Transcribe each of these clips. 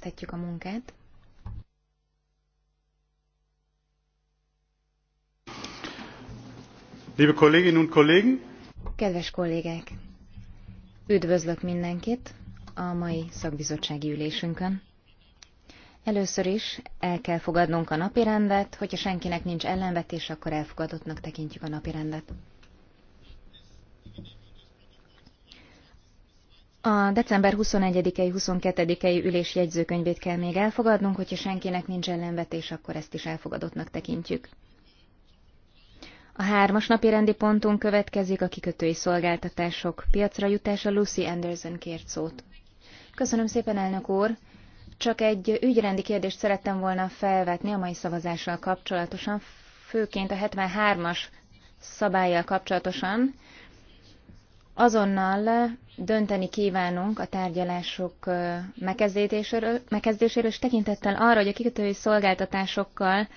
kezdhetjük a munkát. Liebe Kolleginnen und Kollegen! Kedves kollégák! Üdvözlök mindenkit a mai szakbizottsági ülésünkön. Először is el kell fogadnunk a napirendet, hogyha senkinek nincs ellenvetés, akkor elfogadottnak tekintjük a napirendet. A december 21-i, 22-i ülés jegyzőkönyvét kell még elfogadnunk, hogyha senkinek nincs ellenvetés, akkor ezt is elfogadottnak tekintjük. A hármas napi rendi pontunk következik a kikötői szolgáltatások piacra jutása. Lucy Anderson kért szót. Köszönöm szépen, elnök úr! Csak egy ügyrendi kérdést szerettem volna felvetni a mai szavazással kapcsolatosan, főként a 73-as szabályjal kapcsolatosan azonnal dönteni kívánunk a tárgyalások megkezdéséről, megkezdéséről és tekintettel arra, hogy a kikötői szolgáltatásokkal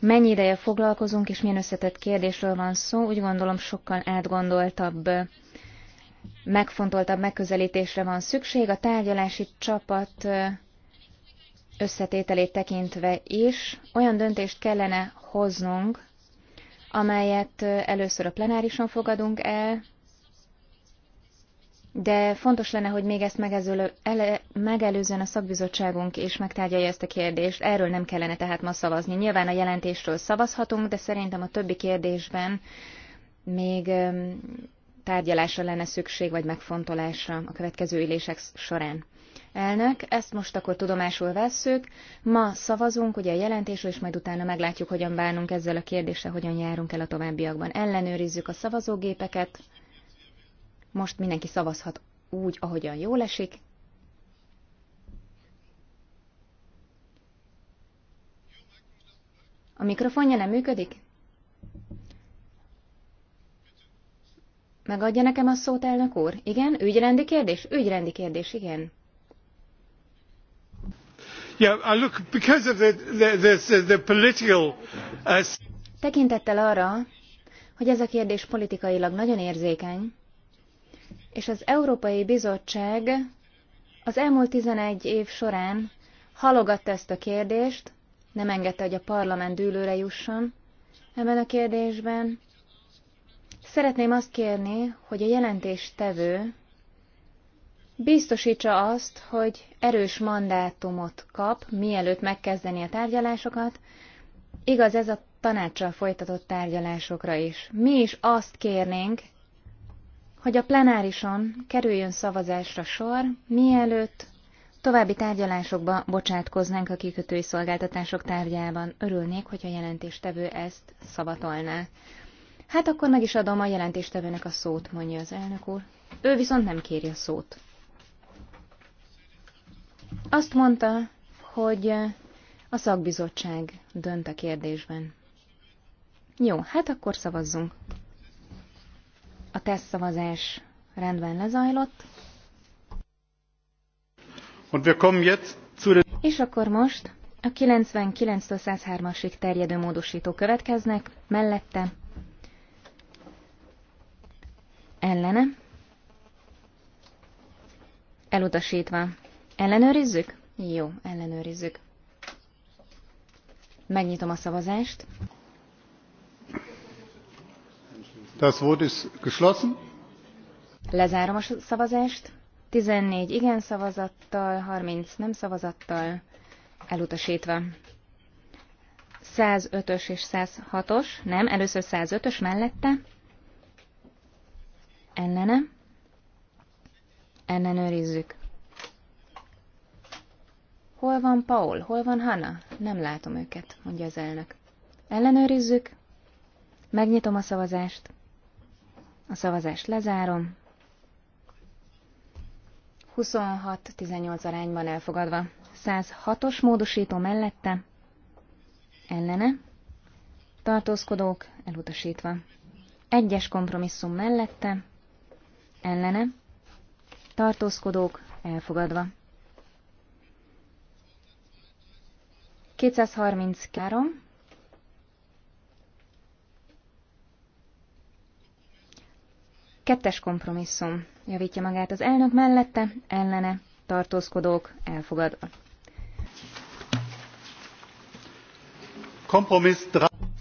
mennyi ideje foglalkozunk, és milyen összetett kérdésről van szó, úgy gondolom sokkal átgondoltabb, megfontoltabb megközelítésre van szükség. A tárgyalási csapat összetételét tekintve is olyan döntést kellene hoznunk, amelyet először a plenárison fogadunk el, de fontos lenne, hogy még ezt ele, megelőzően a szakbizottságunk is megtárgyalja ezt a kérdést. Erről nem kellene tehát ma szavazni. Nyilván a jelentésről szavazhatunk, de szerintem a többi kérdésben még tárgyalásra lenne szükség, vagy megfontolásra a következő ülések során. Elnök, ezt most akkor tudomásul vesszük. Ma szavazunk ugye a jelentésről, és majd utána meglátjuk, hogyan bánunk ezzel a kérdéssel, hogyan járunk el a továbbiakban. Ellenőrizzük a szavazógépeket. Most mindenki szavazhat úgy, ahogyan jól esik. A mikrofonja nem működik? Megadja nekem a szót, elnök úr? Igen? Ügyrendi kérdés? Ügyrendi kérdés, igen. Yeah, look, because of the, the, the, the political... Uh... Tekintettel arra, hogy ez a kérdés politikailag nagyon érzékeny, és az Európai Bizottság az elmúlt 11 év során halogatta ezt a kérdést, nem engedte, hogy a parlament dűlőre jusson ebben a kérdésben. Szeretném azt kérni, hogy a jelentéstevő biztosítsa azt, hogy erős mandátumot kap, mielőtt megkezdeni a tárgyalásokat. Igaz ez a tanácssal folytatott tárgyalásokra is. Mi is azt kérnénk, hogy a plenárison kerüljön szavazásra sor, mielőtt további tárgyalásokba bocsátkoznánk a kikötői szolgáltatások tárgyában. Örülnék, hogy a jelentéstevő ezt szavatolná. Hát akkor meg is adom a jelentéstevőnek a szót, mondja az elnök úr. Ő viszont nem kéri a szót. Azt mondta, hogy a szakbizottság dönt a kérdésben. Jó, hát akkor szavazzunk. A tesztszavazás rendben lezajlott. Und wir kommen jetzt zu den... És akkor most a 99 103-asig terjedő módosító következnek, mellette, ellene, elutasítva. Ellenőrizzük? Jó, ellenőrizzük. Megnyitom a szavazást. Das Wort ist geschlossen. Lezárom a szavazást. 14 igen szavazattal, 30 nem szavazattal elutasítva. 105-ös és 106-os, nem, először 105-ös mellette, ellene, ellenőrizzük. Hol van Paul, hol van Hanna? Nem látom őket, mondja az elnök. Ellenőrizzük, megnyitom a szavazást. A szavazást lezárom. 26-18 arányban elfogadva. 106-os módosító mellette, ellene, tartózkodók elutasítva. Egyes kompromisszum mellette, ellene, tartózkodók elfogadva. 233 Kettes kompromisszum. Javítja magát az elnök mellette, ellene, tartózkodók, elfogadva. Kompromiss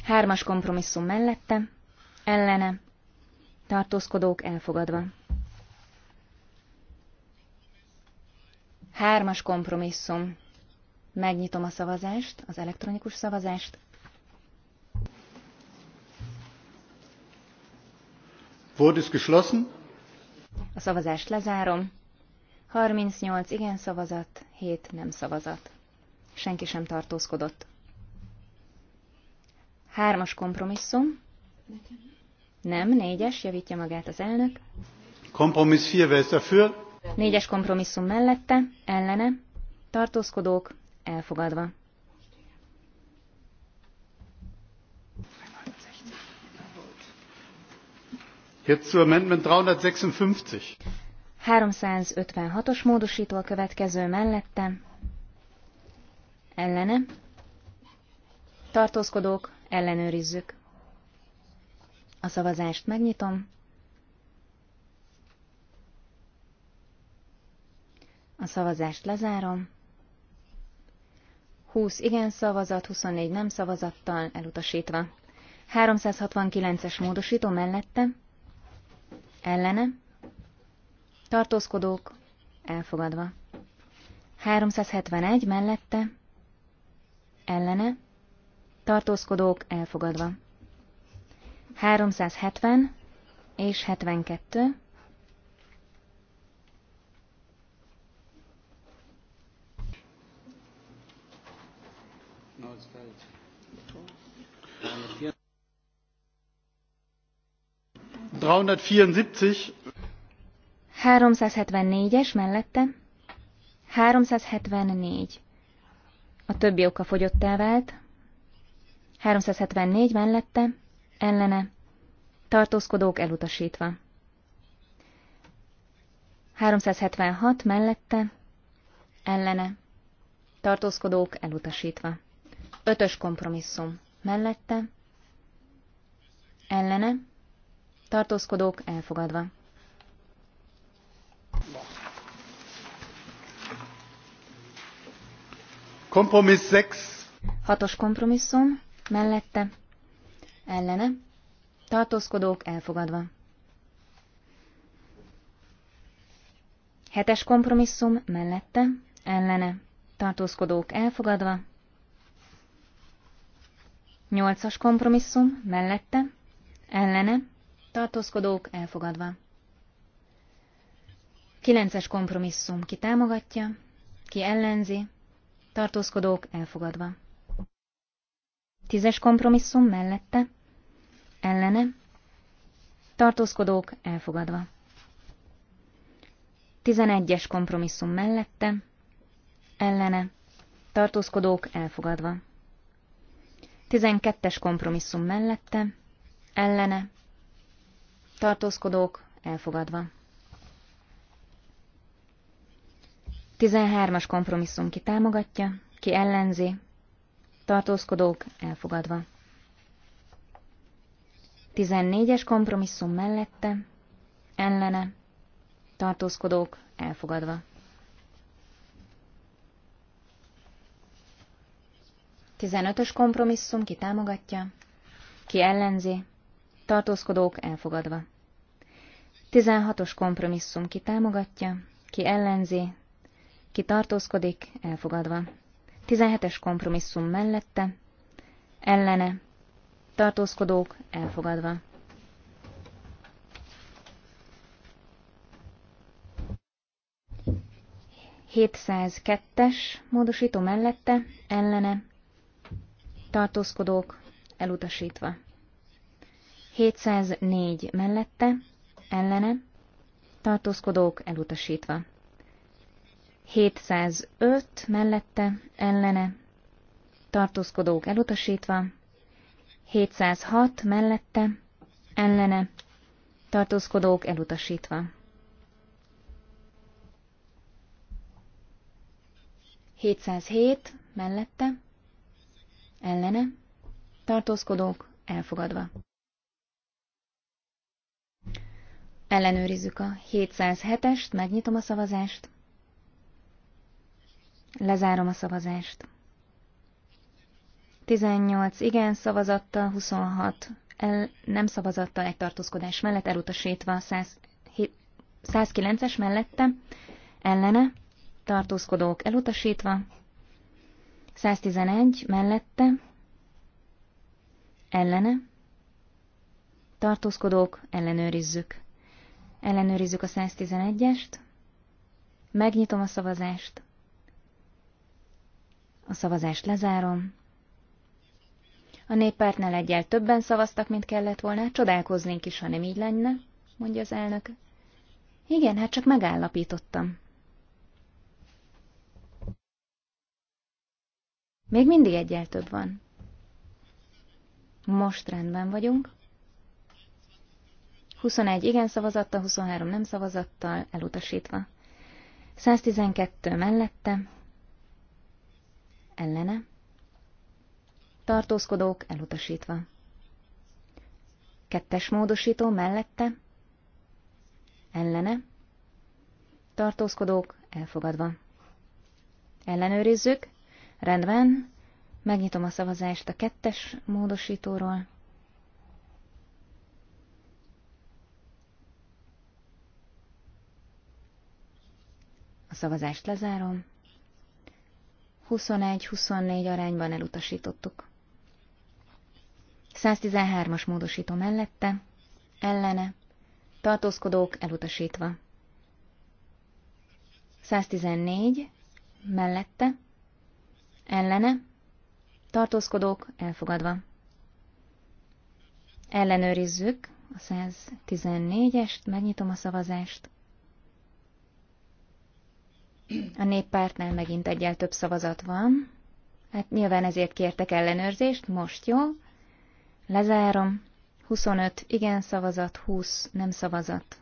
Hármas kompromisszum mellette, ellene, tartózkodók, elfogadva. Hármas kompromisszum. Megnyitom a szavazást, az elektronikus szavazást. Vote is geschlossen. A szavazást lezárom. 38 igen szavazat, 7 nem szavazat. Senki sem tartózkodott. Hármas kompromisszum. Nem, négyes, javítja magát az elnök. Kompromiss 4, wer ist dafür? Négyes kompromisszum mellette, ellene, tartózkodók, elfogadva. Jetzt zu Amendment 356. 356-os módosító a következő mellette. Ellene. Tartózkodók, ellenőrizzük. A szavazást megnyitom. A szavazást lezárom. 20 igen szavazat, 24 nem szavazattal elutasítva. 369-es módosító mellette ellene, tartózkodók, elfogadva. 371 mellette, ellene, tartózkodók, elfogadva. 370 és 72 374. 374-es mellette. 374. A többi oka fogyottá vált. 374 mellette. Ellene. Tartózkodók elutasítva. 376 mellette. Ellene. Tartózkodók elutasítva. Ötös kompromisszum. Mellette. Ellene tartózkodók elfogadva. Kompromiss 6. Hatos kompromisszum, mellette, ellene, tartózkodók elfogadva. Hetes kompromisszum, mellette, ellene, tartózkodók elfogadva. Nyolcas kompromisszum, mellette, ellene, tartózkodók elfogadva. Kilences kompromisszum. Ki támogatja, ki ellenzi, tartózkodók elfogadva. Tízes kompromisszum mellette, ellene, tartózkodók elfogadva. Tizenegyes kompromisszum mellette, ellene, tartózkodók elfogadva. Tizenkettes kompromisszum mellette, ellene, tartózkodók, elfogadva. 13-as kompromisszum ki támogatja, ki ellenzi, tartózkodók, elfogadva. 14-es kompromisszum mellette, ellene, tartózkodók, elfogadva. 15-ös kompromisszum ki támogatja, ki ellenzi, tartózkodók elfogadva. 16-os kompromisszum ki támogatja, ki ellenzi, ki tartózkodik, elfogadva. 17-es kompromisszum mellette, ellene, tartózkodók, elfogadva. es módosító mellette, ellene, tartózkodók, elutasítva. 704 mellette, ellene, tartózkodók elutasítva. 705 mellette, ellene, tartózkodók elutasítva, 706 mellette, ellene, tartózkodók elutasítva. 707 mellette, ellene, tartózkodók elfogadva. Ellenőrizzük a 707-est, megnyitom a szavazást. Lezárom a szavazást. 18 igen szavazatta, 26 el, nem szavazatta egy tartózkodás mellett, elutasítva 109-es mellette, ellene, tartózkodók elutasítva, 111 mellette, ellene, tartózkodók ellenőrizzük. Ellenőrizzük a 111-est. Megnyitom a szavazást. A szavazást lezárom. A néppártnál egyel többen szavaztak, mint kellett volna, hát csodálkoznénk is, ha nem így lenne, mondja az elnök. Igen, hát csak megállapítottam. Még mindig egyel több van. Most rendben vagyunk. 21 igen szavazattal, 23 nem szavazattal, elutasítva. 112 mellette, ellene, tartózkodók elutasítva. Kettes módosító mellette, ellene, tartózkodók elfogadva. Ellenőrizzük, rendben, megnyitom a szavazást a kettes módosítóról. szavazást lezárom. 21-24 arányban elutasítottuk. 113-as módosító mellette, ellene, tartózkodók elutasítva. 114 mellette, ellene, tartózkodók elfogadva. Ellenőrizzük a 114-est, megnyitom a szavazást. A néppártnál megint egyel több szavazat van. Hát nyilván ezért kértek ellenőrzést, most jó. Lezárom. 25 igen szavazat, 20 nem szavazat.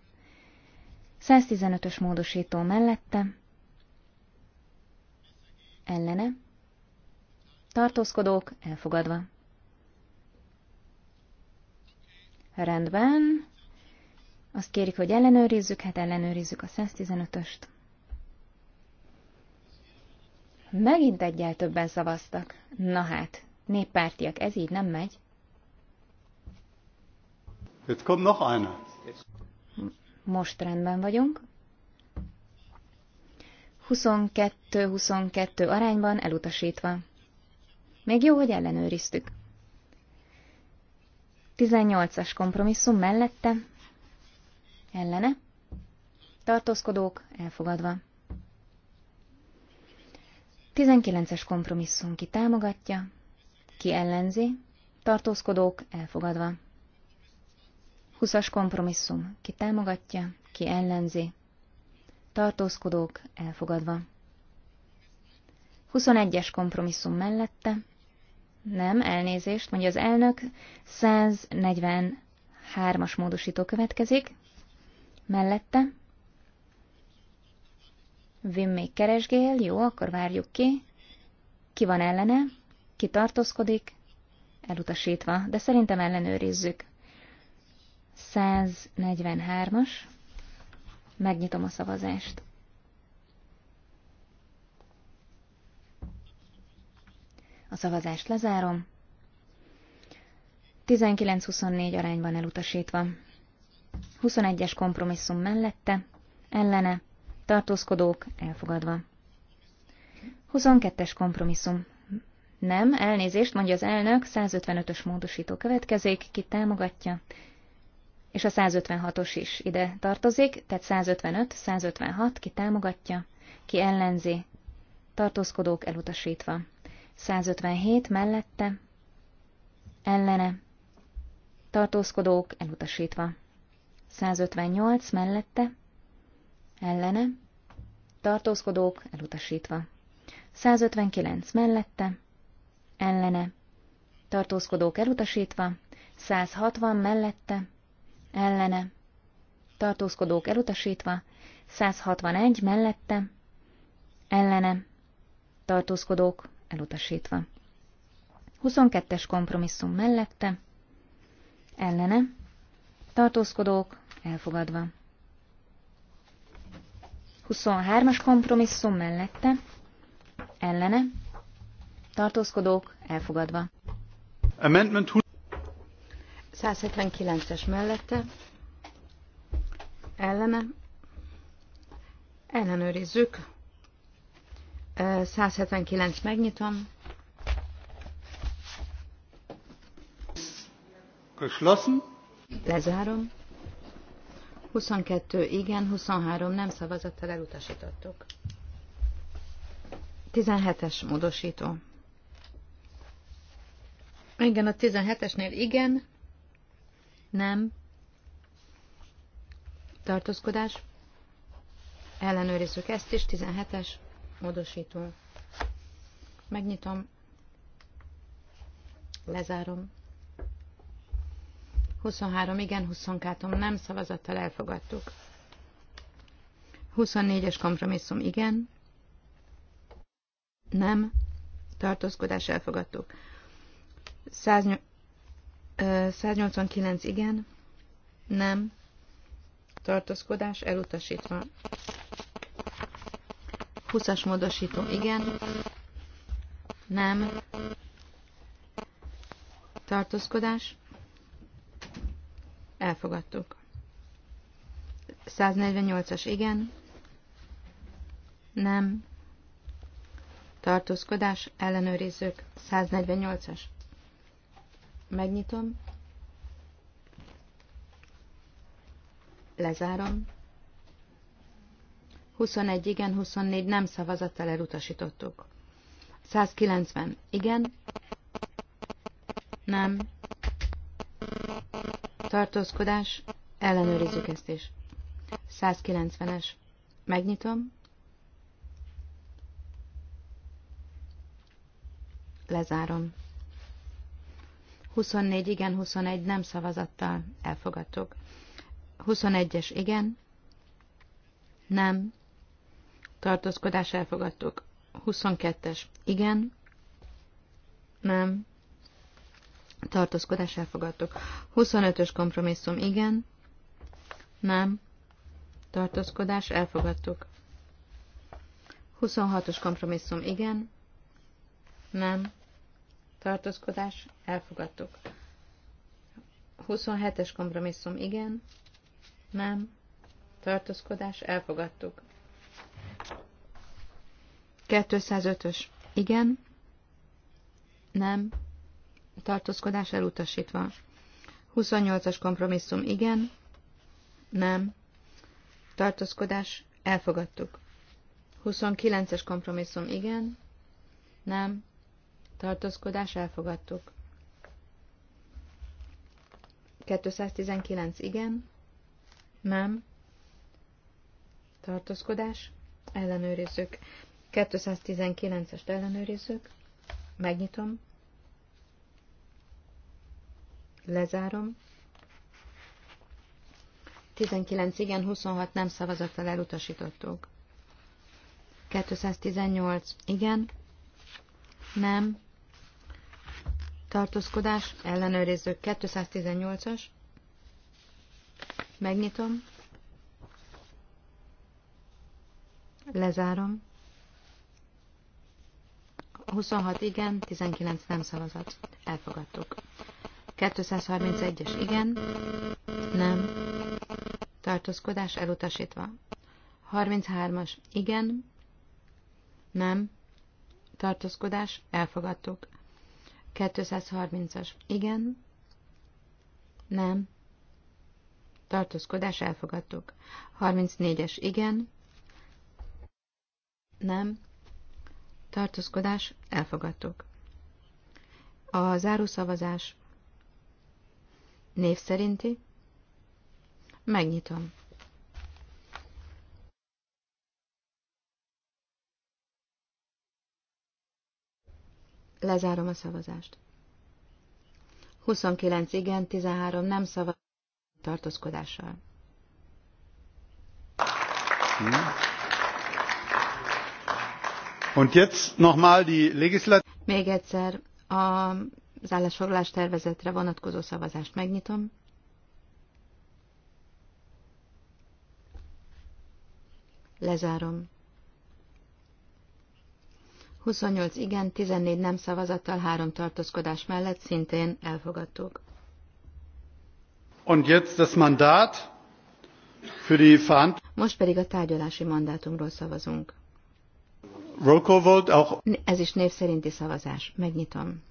115-ös módosító mellette. Ellene. Tartózkodók elfogadva. Rendben. Azt kérik, hogy ellenőrizzük, hát ellenőrizzük a 115-öst. Megint egyel többen szavaztak. Na hát, néppártiak, ez így nem megy. Jetzt kommt noch Most rendben vagyunk. 22-22 arányban elutasítva. Még jó, hogy ellenőriztük. 18-as kompromisszum mellette, ellene, tartózkodók elfogadva. 19-es kompromisszum ki támogatja, ki ellenzi, tartózkodók elfogadva. 20-as kompromisszum ki támogatja, ki ellenzi, tartózkodók elfogadva. 21-es kompromisszum mellette, nem, elnézést, mondja az elnök, 143-as módosító következik, mellette, Vim még keresgél, jó, akkor várjuk ki. Ki van ellene? Ki tartózkodik? Elutasítva, de szerintem ellenőrizzük. 143-as. Megnyitom a szavazást. A szavazást lezárom. 19-24 arányban elutasítva. 21-es kompromisszum mellette, ellene, tartózkodók elfogadva. 22-es kompromisszum. Nem, elnézést, mondja az elnök, 155-ös módosító következik, ki támogatja, és a 156-os is ide tartozik, tehát 155, 156, ki támogatja, ki ellenzi, tartózkodók elutasítva. 157 mellette, ellene, tartózkodók elutasítva. 158 mellette, ellene, tartózkodók elutasítva. 159 mellette, ellene, tartózkodók elutasítva, 160 mellette, ellene, tartózkodók elutasítva, 161 mellette, ellene, tartózkodók elutasítva. 22-es kompromisszum mellette, ellene, tartózkodók elfogadva. 23-as kompromisszum mellette, ellene, tartózkodók elfogadva. Amendment 179-es mellette, ellene, ellenőrizzük, 179 megnyitom. Geschlossen. Lezárom. 22 igen, 23 nem szavazattal elutasítottuk. 17-es módosító. Igen, a 17-esnél igen, nem, tartózkodás, ellenőrizzük ezt is, 17-es módosító. Megnyitom, lezárom. 23 igen, 22 nem szavazattal elfogadtuk. 24-es kompromisszum igen, nem, tartózkodás elfogadtuk. 189 igen, nem, tartózkodás elutasítva. 20-as módosító igen, nem, tartózkodás Elfogadtuk. 148-as igen. Nem. Tartózkodás ellenőrizzük. 148-as. Megnyitom. Lezárom. 21 igen, 24 nem szavazattal elutasítottuk. 190 igen. Nem tartózkodás, ellenőrizzük ezt is. 190-es. Megnyitom. Lezárom. 24 igen, 21 nem szavazattal elfogadtuk. 21-es igen, nem, tartózkodás elfogadtuk. 22-es igen, nem, tartózkodás elfogadtuk. 25-ös kompromisszum igen, nem, tartózkodás elfogadtuk. 26-os kompromisszum igen, nem, tartózkodás elfogadtuk. 27-es kompromisszum igen, nem, tartózkodás elfogadtuk. 205-ös igen, nem, tartózkodás elutasítva. 28-as kompromisszum igen, nem, tartózkodás elfogadtuk. 29-es kompromisszum igen, nem, tartózkodás elfogadtuk. 219 igen, nem, tartózkodás, ellenőrizzük. 219-est ellenőrizzük, megnyitom, Lezárom. 19 igen, 26 nem szavazattal elutasítottuk. 218 igen, nem, tartózkodás, ellenőrizzük 218-as, megnyitom, lezárom, 26 igen, 19 nem szavazat, elfogadtuk. 231-es igen, nem, tartózkodás elutasítva. 33-as igen, nem, tartózkodás elfogadtuk. 230-as igen, nem, tartózkodás elfogadtuk. 34-es igen, nem, tartózkodás elfogadtuk. A zárószavazás Név szerinti. Megnyitom. Lezárom a szavazást. 29 igen, 13 nem szavaz tartózkodással. Hm. Und jetzt nochmal die Legislat- Még egyszer a az állásfoglalás tervezetre vonatkozó szavazást megnyitom. Lezárom. 28 igen, 14 nem szavazattal, 3 tartózkodás mellett szintén elfogadtuk. Und jetzt das Mandat für die Verhand Most pedig a tárgyalási mandátumról szavazunk. Roll call vote auch. Ez is név szerinti szavazás. Megnyitom.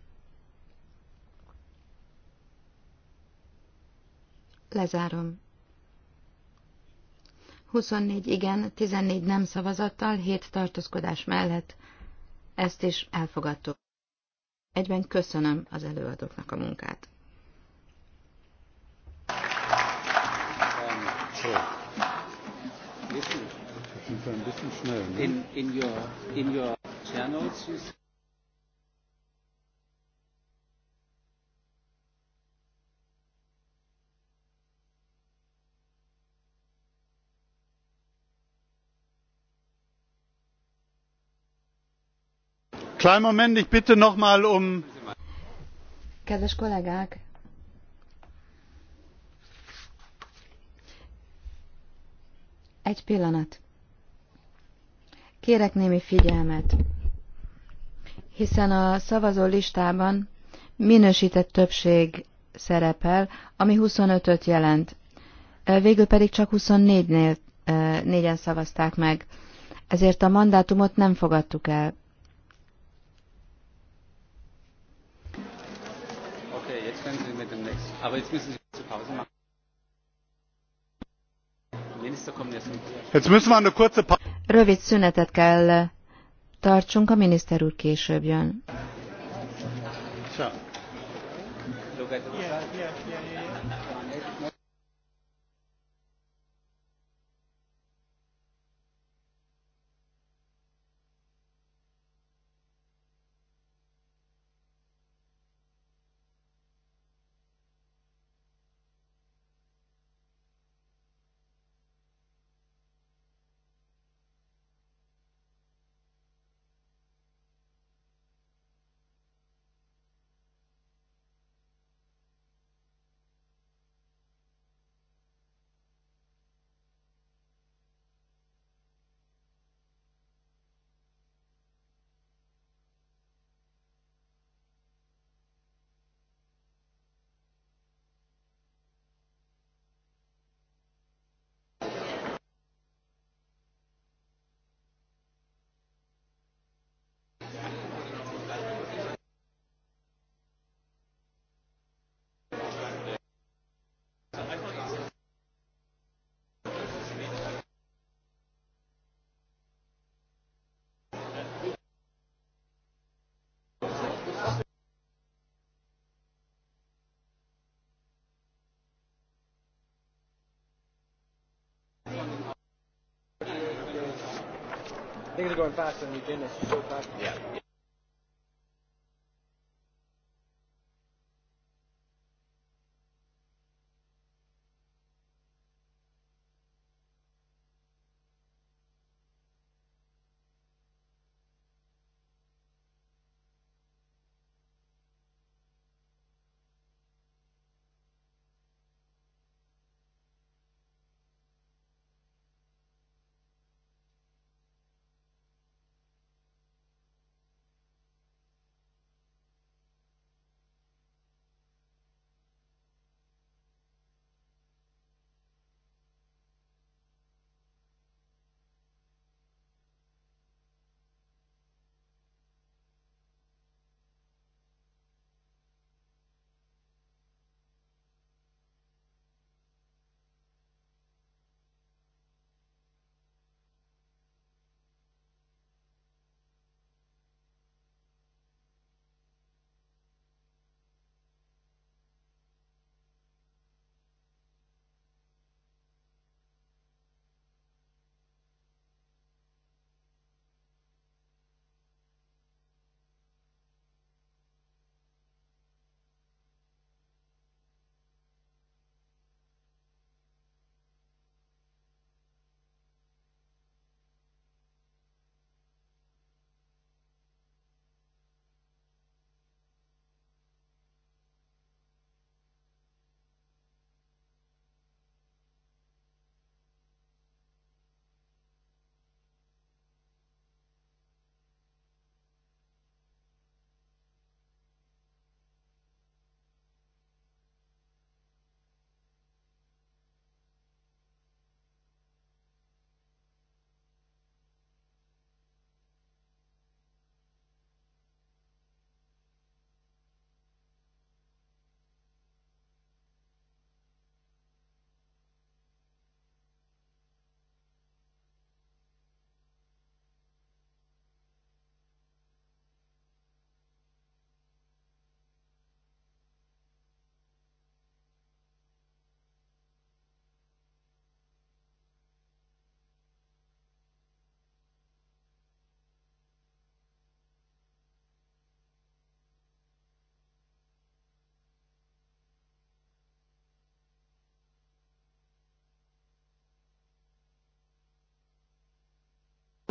Lezárom. 24 igen, 14 nem szavazattal, 7 tartózkodás mellett. Ezt is elfogadtuk. Egyben köszönöm az előadóknak a munkát. In, in your, in your channels, you Kleinen Moment, ich bitte noch mal um. Kedves kollégák! Egy pillanat. Kérek némi figyelmet, hiszen a szavazó listában minősített többség szerepel, ami 25-öt jelent. Végül pedig csak 24-nél négyen szavazták meg, ezért a mandátumot nem fogadtuk el. Rövid szünetet kell tartsunk, a miniszter úr később jön. Yeah, yeah, yeah. I think they're going faster than we've been. It's so fast. Yeah.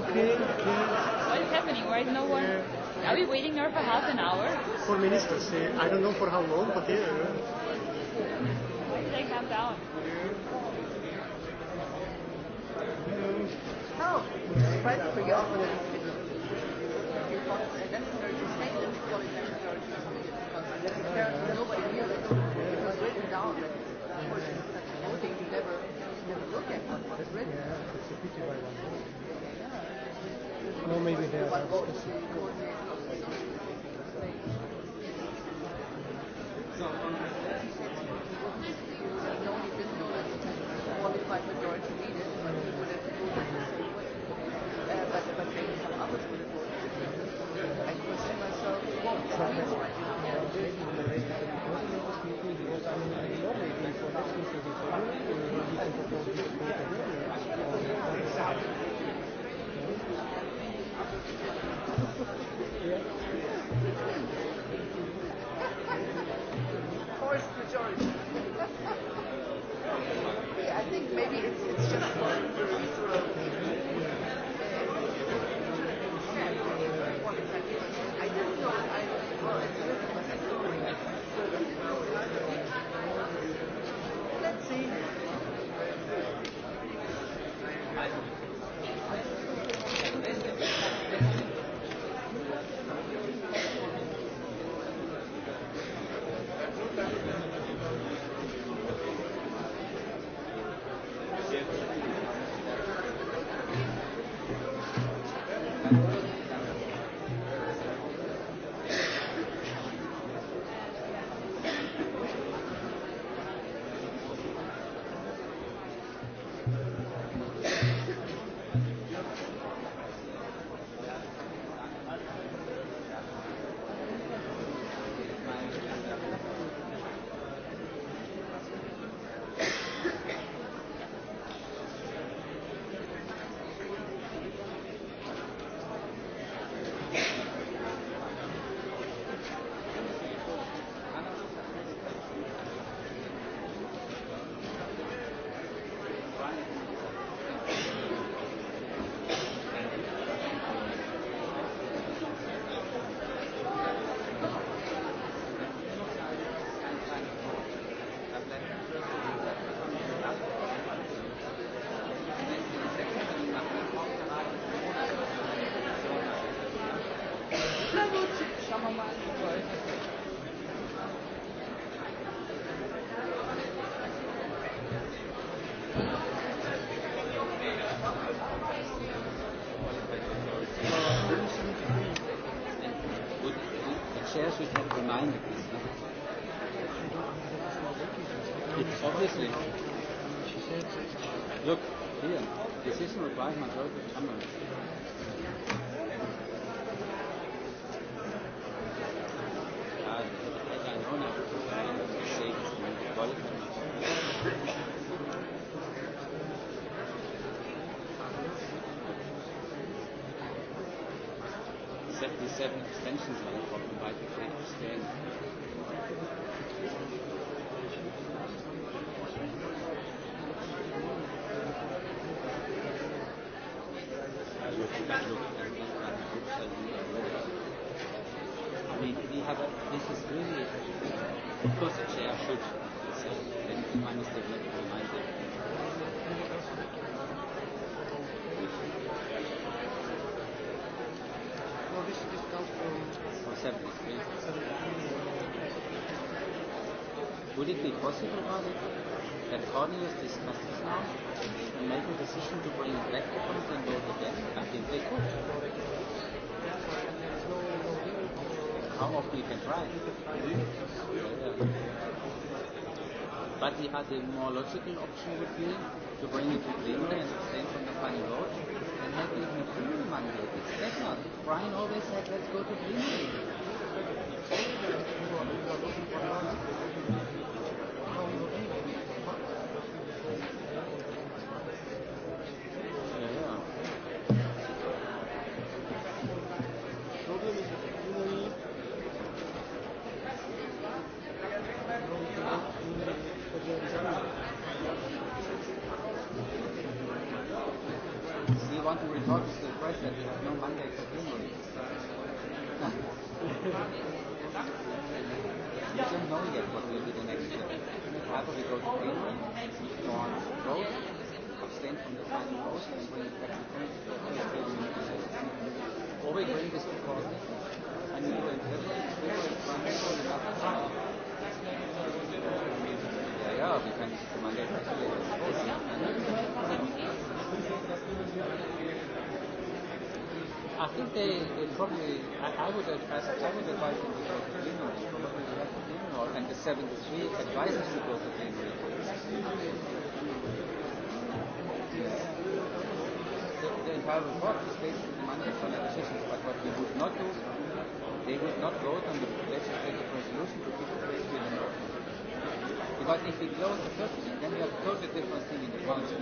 What is happening? Why is no one? Are we waiting there for half an hour? For ministers, uh, I don't know for how long, but yeah. Why did they come down? Oh, surprised for you often. voting. never, at Yeah, it's a pity by one. No, maybe they are qualified majority. maybe it's, just for, for Heathrow. Would it be possible, was it, that Cornelius discuss now and make a decision to bring it back to us and vote again? I think they could. How often you can try? But he uh, a more logical option would be to bring it to Greenland and abstain from the final vote and have even a full mandate. That's not. Brian always said, let's go to Greenland. want to resort the press that we have no Monday for humor. we don't know yet what will be the next step. Either we go to England, join both, abstain from the final process when it actually to the Or we bring this to Cornell, and we will in February, we will in February, we will in Yeah, yeah, we can, man, think they, they probably, I, I would advise, I would advise them to go to Greenwich, probably we have to and the 73 advises to go to Greenwich. The, the entire report is based on mandatory decisions, but what we would not do, they would not vote on the legislative resolution to keep the place in the north. Because if we close the first, then we have a totally different thing in the council.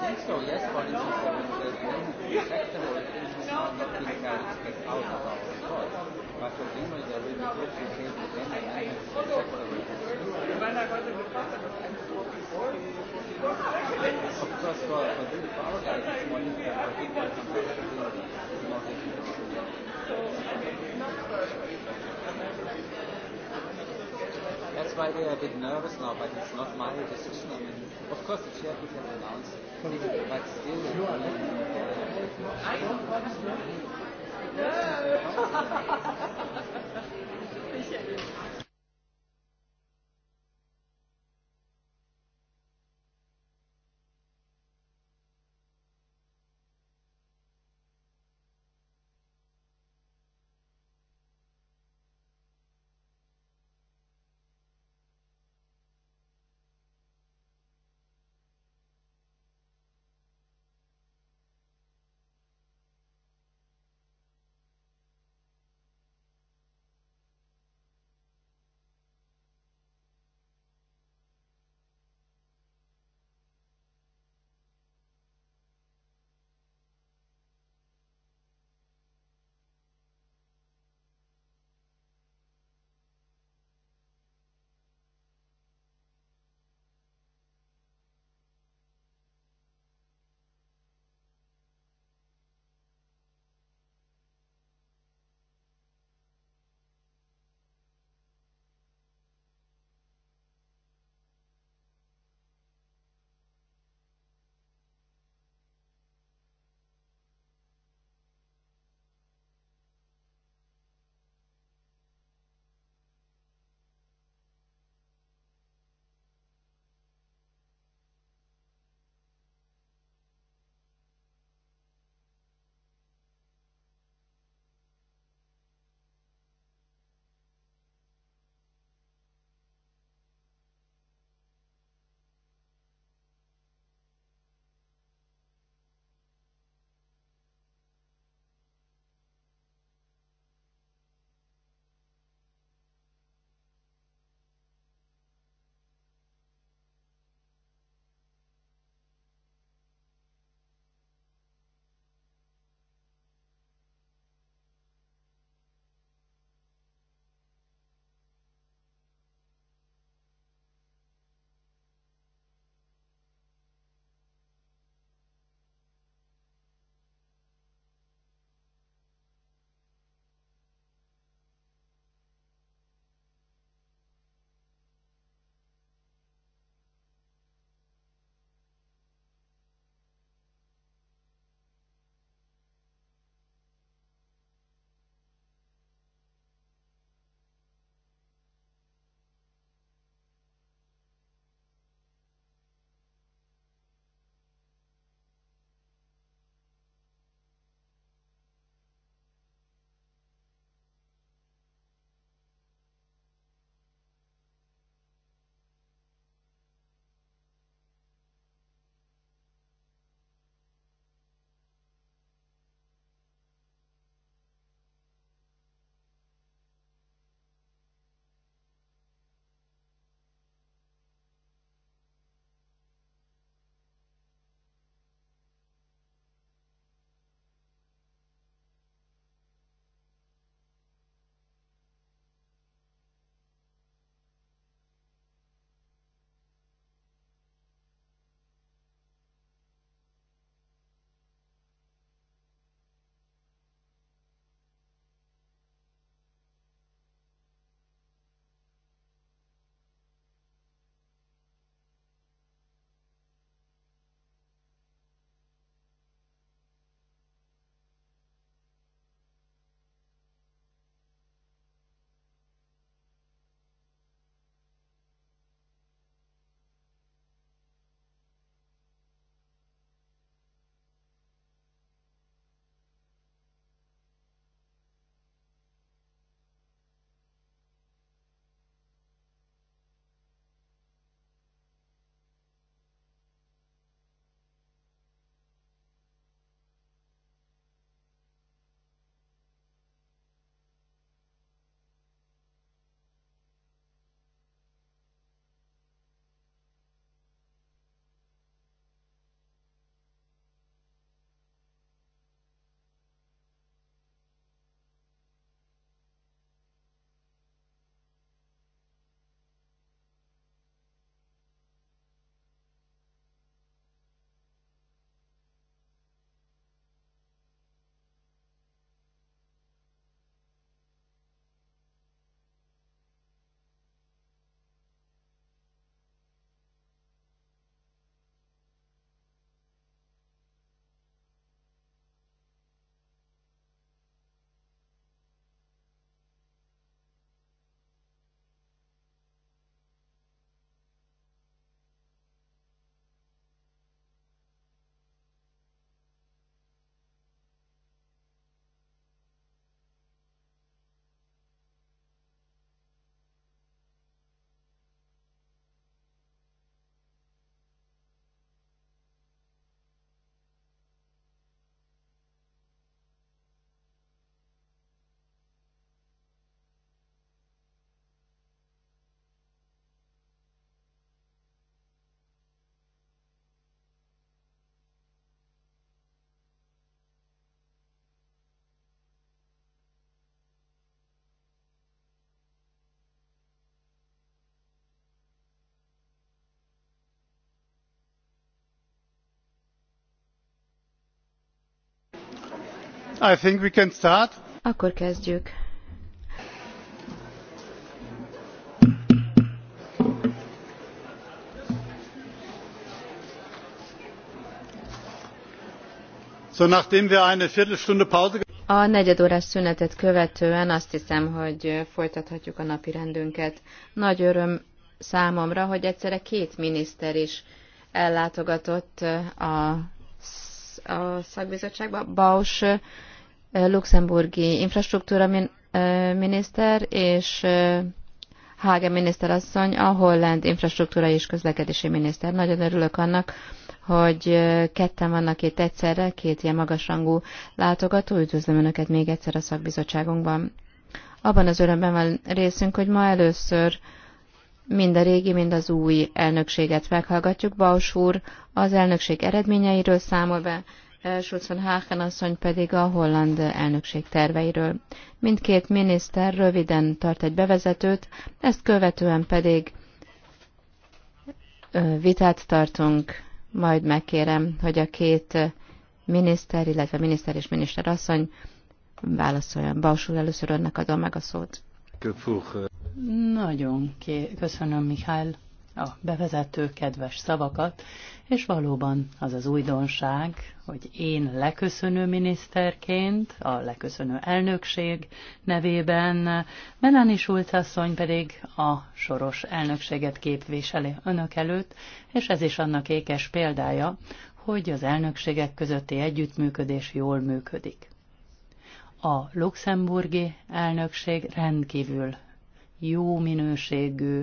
think so, yes, but it's just that there's sector or business looking at it out of our thought. But for Lima, there will be cultural change within the Of course, for, the power guys, one is that I think what comes out of not taking the So, That's why we are a bit nervous now, but it's not my decision. I mean, Of course, the chair could have announced but still. You I don't want to. I think we can start. Akkor kezdjük. So, nachdem wir eine Viertelstunde Pause a órás szünetet követően azt hiszem, hogy folytathatjuk a napi rendünket. Nagy öröm számomra, hogy egyszerre két miniszter is ellátogatott a a szakbizottságban Baus luxemburgi infrastruktúra min, miniszter és Háge miniszterasszony, a holland infrastruktúra és közlekedési miniszter. Nagyon örülök annak, hogy ketten vannak itt egyszerre, két ilyen magasrangú látogató. Üdvözlöm Önöket még egyszer a szakbizottságunkban. Abban az örömben van részünk, hogy ma először mind a régi, mind az új elnökséget meghallgatjuk. Baus úr az elnökség eredményeiről számol be, eh, Schulz von Hagen asszony pedig a holland elnökség terveiről. Mindkét miniszter röviden tart egy bevezetőt, ezt követően pedig eh, vitát tartunk, majd megkérem, hogy a két miniszter, illetve miniszter és miniszter asszony válaszoljon. Baus úr, először önnek adom meg a szót. Nagyon ké- köszönöm, Mihály, a bevezető kedves szavakat, és valóban az az újdonság, hogy én leköszönő miniszterként, a leköszönő elnökség nevében, Melanie Schulz asszony pedig a soros elnökséget képviseli önök előtt, és ez is annak ékes példája, hogy az elnökségek közötti együttműködés jól működik a luxemburgi elnökség rendkívül jó minőségű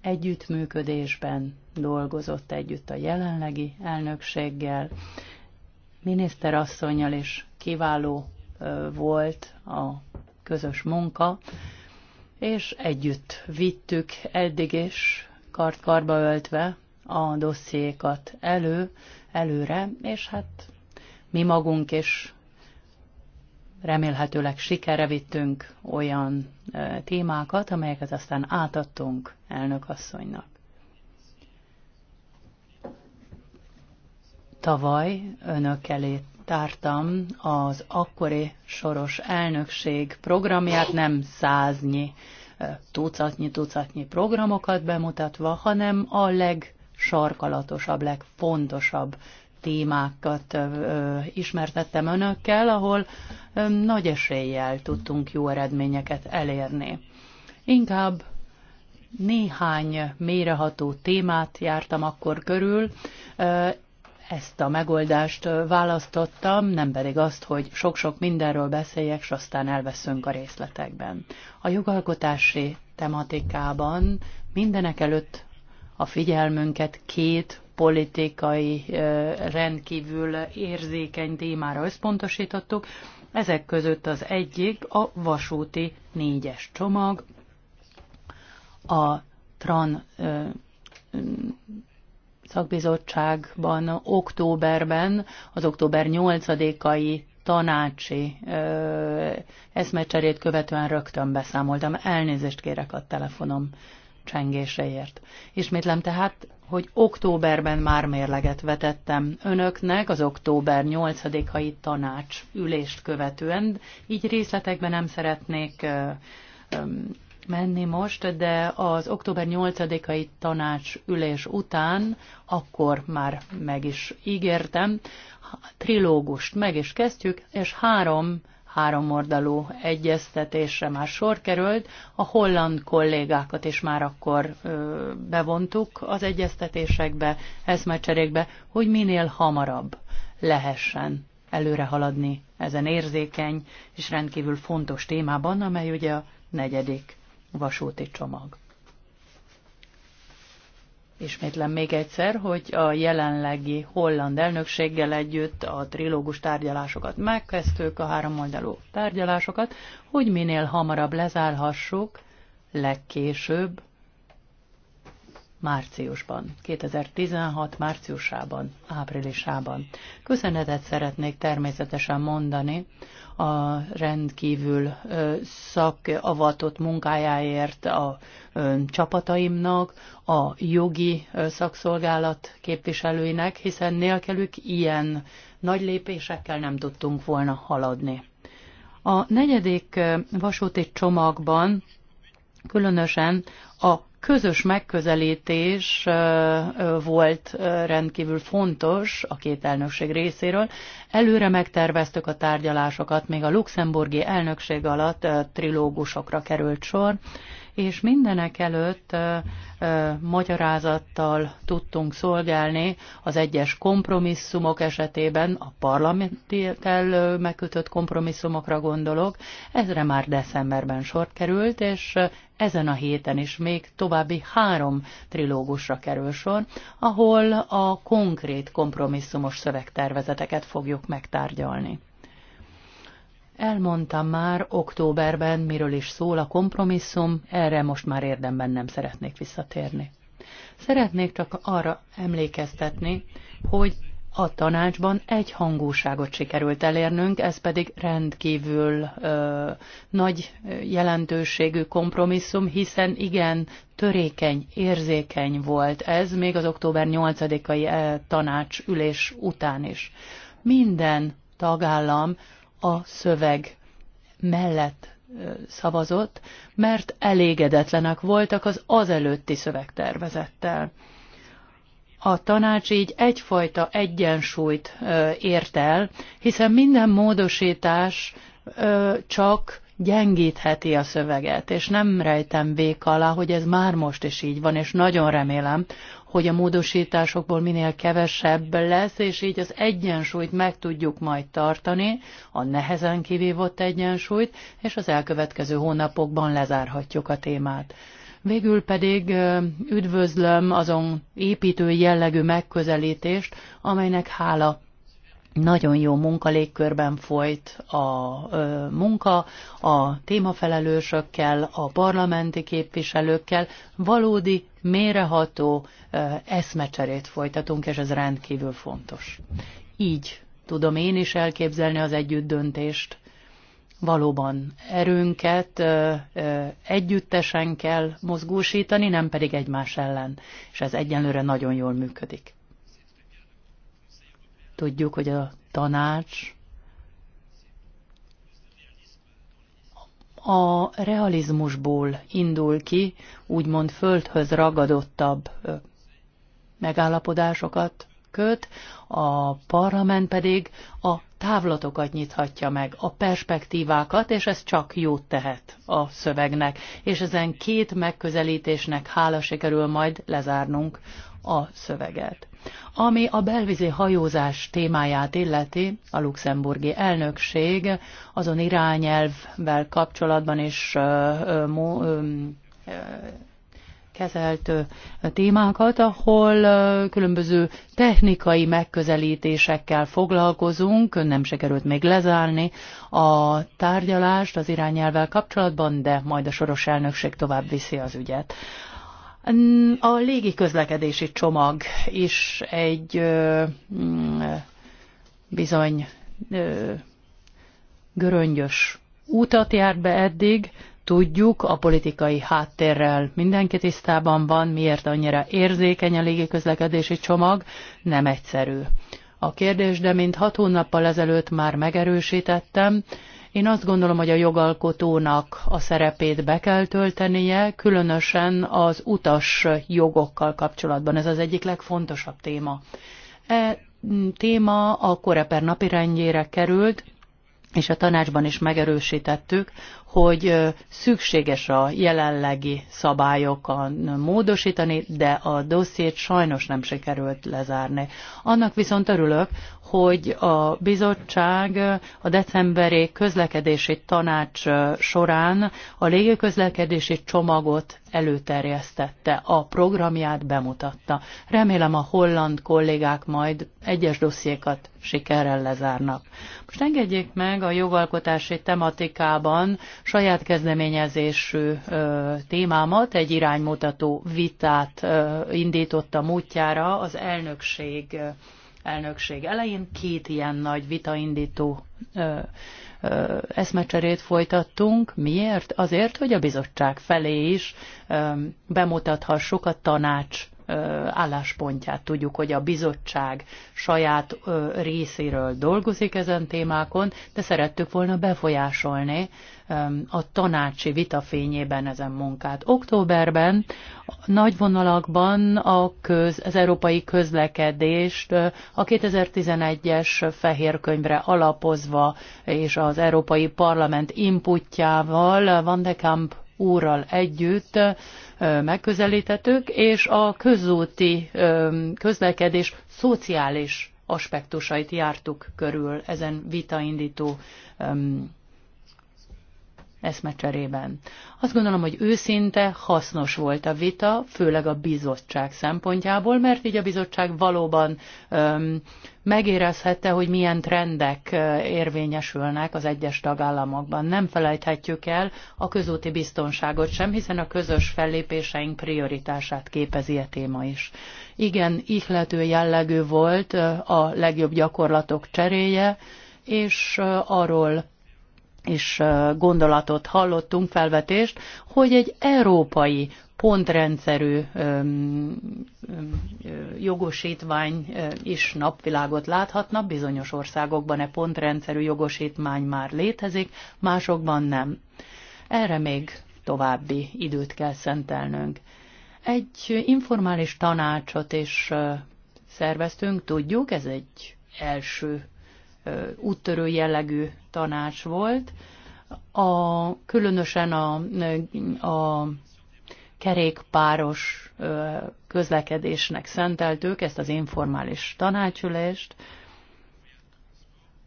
együttműködésben dolgozott együtt a jelenlegi elnökséggel, miniszterasszonyjal is kiváló volt a közös munka, és együtt vittük eddig is kart-karba öltve a dossziékat elő, előre, és hát mi magunk is remélhetőleg sikere vittünk olyan témákat, amelyeket aztán átadtunk elnök asszonynak. Tavaly önök elé tártam az akkori soros elnökség programját, nem száznyi, tucatnyi-tucatnyi programokat bemutatva, hanem a legsarkalatosabb, legfontosabb témákat ismertettem önökkel, ahol nagy eséllyel tudtunk jó eredményeket elérni. Inkább néhány méreható témát jártam akkor körül, ezt a megoldást választottam, nem pedig azt, hogy sok-sok mindenről beszéljek, és aztán elveszünk a részletekben. A jogalkotási tematikában mindenek előtt a figyelmünket két politikai rendkívül érzékeny témára összpontosítottuk. Ezek között az egyik a vasúti négyes csomag, a TRAN szakbizottságban októberben, az október 8-ai tanácsi ö, eszmecserét követően rögtön beszámoltam. Elnézést kérek a telefonom csengéseért. Ismétlem tehát hogy októberben már mérleget vetettem önöknek az október 8-ai tanács ülést követően, így részletekben nem szeretnék menni most, de az október 8-ai tanács ülés után, akkor már meg is ígértem, trilógust meg is kezdjük, és három oldalú egyeztetésre már sor került. A holland kollégákat is már akkor ö, bevontuk az egyeztetésekbe, eszmecserékbe, hogy minél hamarabb lehessen előre haladni ezen érzékeny és rendkívül fontos témában, amely ugye a negyedik vasúti csomag. Ismétlem még egyszer, hogy a jelenlegi holland elnökséggel együtt a trilógus tárgyalásokat megkezdtük, a háromoldalú tárgyalásokat, hogy minél hamarabb lezárhassuk, legkésőbb márciusban, 2016 márciusában, áprilisában. Köszönetet szeretnék természetesen mondani a rendkívül szakavatott munkájáért a csapataimnak, a jogi szakszolgálat képviselőinek, hiszen nélkülük ilyen nagy lépésekkel nem tudtunk volna haladni. A negyedik vasúti csomagban különösen a közös megközelítés volt rendkívül fontos a két elnökség részéről. Előre megterveztük a tárgyalásokat, még a luxemburgi elnökség alatt trilógusokra került sor és mindenek előtt magyarázattal tudtunk szolgálni az egyes kompromisszumok esetében, a parlamenttel megkötött kompromisszumokra gondolok, ezre már decemberben sor került, és ezen a héten is még további három trilógusra kerül sor, ahol a konkrét kompromisszumos szövegtervezeteket fogjuk megtárgyalni. Elmondtam már októberben, miről is szól a kompromisszum, erre most már érdemben nem szeretnék visszatérni. Szeretnék csak arra emlékeztetni, hogy a tanácsban egy hangúságot sikerült elérnünk, ez pedig rendkívül ö, nagy jelentőségű kompromisszum, hiszen igen, törékeny, érzékeny volt ez még az október 8-ai tanácsülés után is. Minden tagállam a szöveg mellett szavazott, mert elégedetlenek voltak az azelőtti szövegtervezettel. A tanács így egyfajta egyensúlyt ért el, hiszen minden módosítás csak gyengítheti a szöveget, és nem rejtem vék alá, hogy ez már most is így van, és nagyon remélem, hogy a módosításokból minél kevesebb lesz, és így az egyensúlyt meg tudjuk majd tartani, a nehezen kivívott egyensúlyt, és az elkövetkező hónapokban lezárhatjuk a témát. Végül pedig üdvözlöm azon építő jellegű megközelítést, amelynek hála nagyon jó munkalégkörben folyt a ö, munka a témafelelősökkel, a parlamenti képviselőkkel, valódi, méreható ö, eszmecserét folytatunk, és ez rendkívül fontos. Így tudom én is elképzelni az együtt döntést. Valóban erőnket ö, ö, együttesen kell mozgósítani, nem pedig egymás ellen, és ez egyenlőre nagyon jól működik. Tudjuk, hogy a tanács a realizmusból indul ki, úgymond földhöz ragadottabb megállapodásokat köt, a parlament pedig a távlatokat nyithatja meg, a perspektívákat, és ez csak jót tehet a szövegnek. És ezen két megközelítésnek hála sikerül majd lezárnunk a szöveget. Ami a belvizi hajózás témáját illeti, a luxemburgi elnökség azon irányelvvel kapcsolatban is kezelt témákat, ahol különböző technikai megközelítésekkel foglalkozunk. Nem sikerült még lezárni a tárgyalást az irányelvvel kapcsolatban, de majd a soros elnökség tovább viszi az ügyet. A légi közlekedési csomag is egy ö, mm, bizony ö, göröngyös útat járt be eddig, tudjuk, a politikai háttérrel mindenki tisztában van, miért annyira érzékeny a légiközlekedési csomag, nem egyszerű. A kérdés, de mint hat hónappal ezelőtt már megerősítettem, én azt gondolom, hogy a jogalkotónak a szerepét be kell töltenie, különösen az utas jogokkal kapcsolatban. Ez az egyik legfontosabb téma. E téma a Koreper napirendjére került, és a tanácsban is megerősítettük, hogy szükséges a jelenlegi szabályokon módosítani, de a dossziét sajnos nem sikerült lezárni. Annak viszont örülök, hogy a bizottság a decemberi közlekedési tanács során a légiközlekedési csomagot előterjesztette, a programját bemutatta. Remélem a holland kollégák majd egyes dossziékat sikerrel lezárnak. Most engedjék meg a jogalkotási tematikában saját kezdeményezésű témámat, egy iránymutató vitát indította múltjára az elnökség elnökség elején két ilyen nagy vitaindító eszmecserét folytattunk. Miért? Azért, hogy a bizottság felé is bemutathassuk a tanács álláspontját. Tudjuk, hogy a bizottság saját részéről dolgozik ezen témákon, de szerettük volna befolyásolni a tanácsi vita fényében ezen munkát. Októberben nagy vonalakban a köz, az európai közlekedést a 2011-es fehér könyvre alapozva és az Európai Parlament inputjával Van de Kamp úrral együtt megközelíthetők, és a közúti közlekedés szociális aspektusait jártuk körül ezen vitaindító eszmecserében. Azt gondolom, hogy őszinte hasznos volt a vita, főleg a bizottság szempontjából, mert így a bizottság valóban öm, megérezhette, hogy milyen trendek érvényesülnek az egyes tagállamokban. Nem felejthetjük el a közúti biztonságot sem, hiszen a közös fellépéseink prioritását képezi a e téma is. Igen, ihlető jellegű volt a legjobb gyakorlatok cseréje, és arról és gondolatot hallottunk, felvetést, hogy egy európai pontrendszerű jogosítvány is napvilágot láthatna. Bizonyos országokban e pontrendszerű jogosítvány már létezik, másokban nem. Erre még további időt kell szentelnünk. Egy informális tanácsot is szerveztünk, tudjuk, ez egy első úttörő jellegű tanács volt. A, különösen a, a kerékpáros közlekedésnek szenteltük ezt az informális tanácsülést,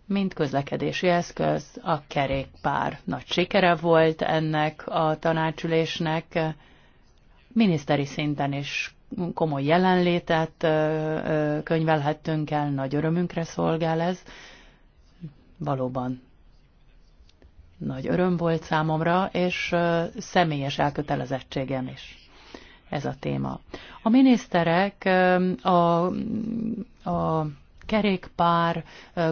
mint közlekedési eszköz a kerékpár. Nagy sikere volt ennek a tanácsülésnek, miniszteri szinten is komoly jelenlétet könyvelhettünk el, nagy örömünkre szolgál ez, Valóban nagy öröm volt számomra, és személyes elkötelezettségem is ez a téma. A miniszterek a, a kerékpár,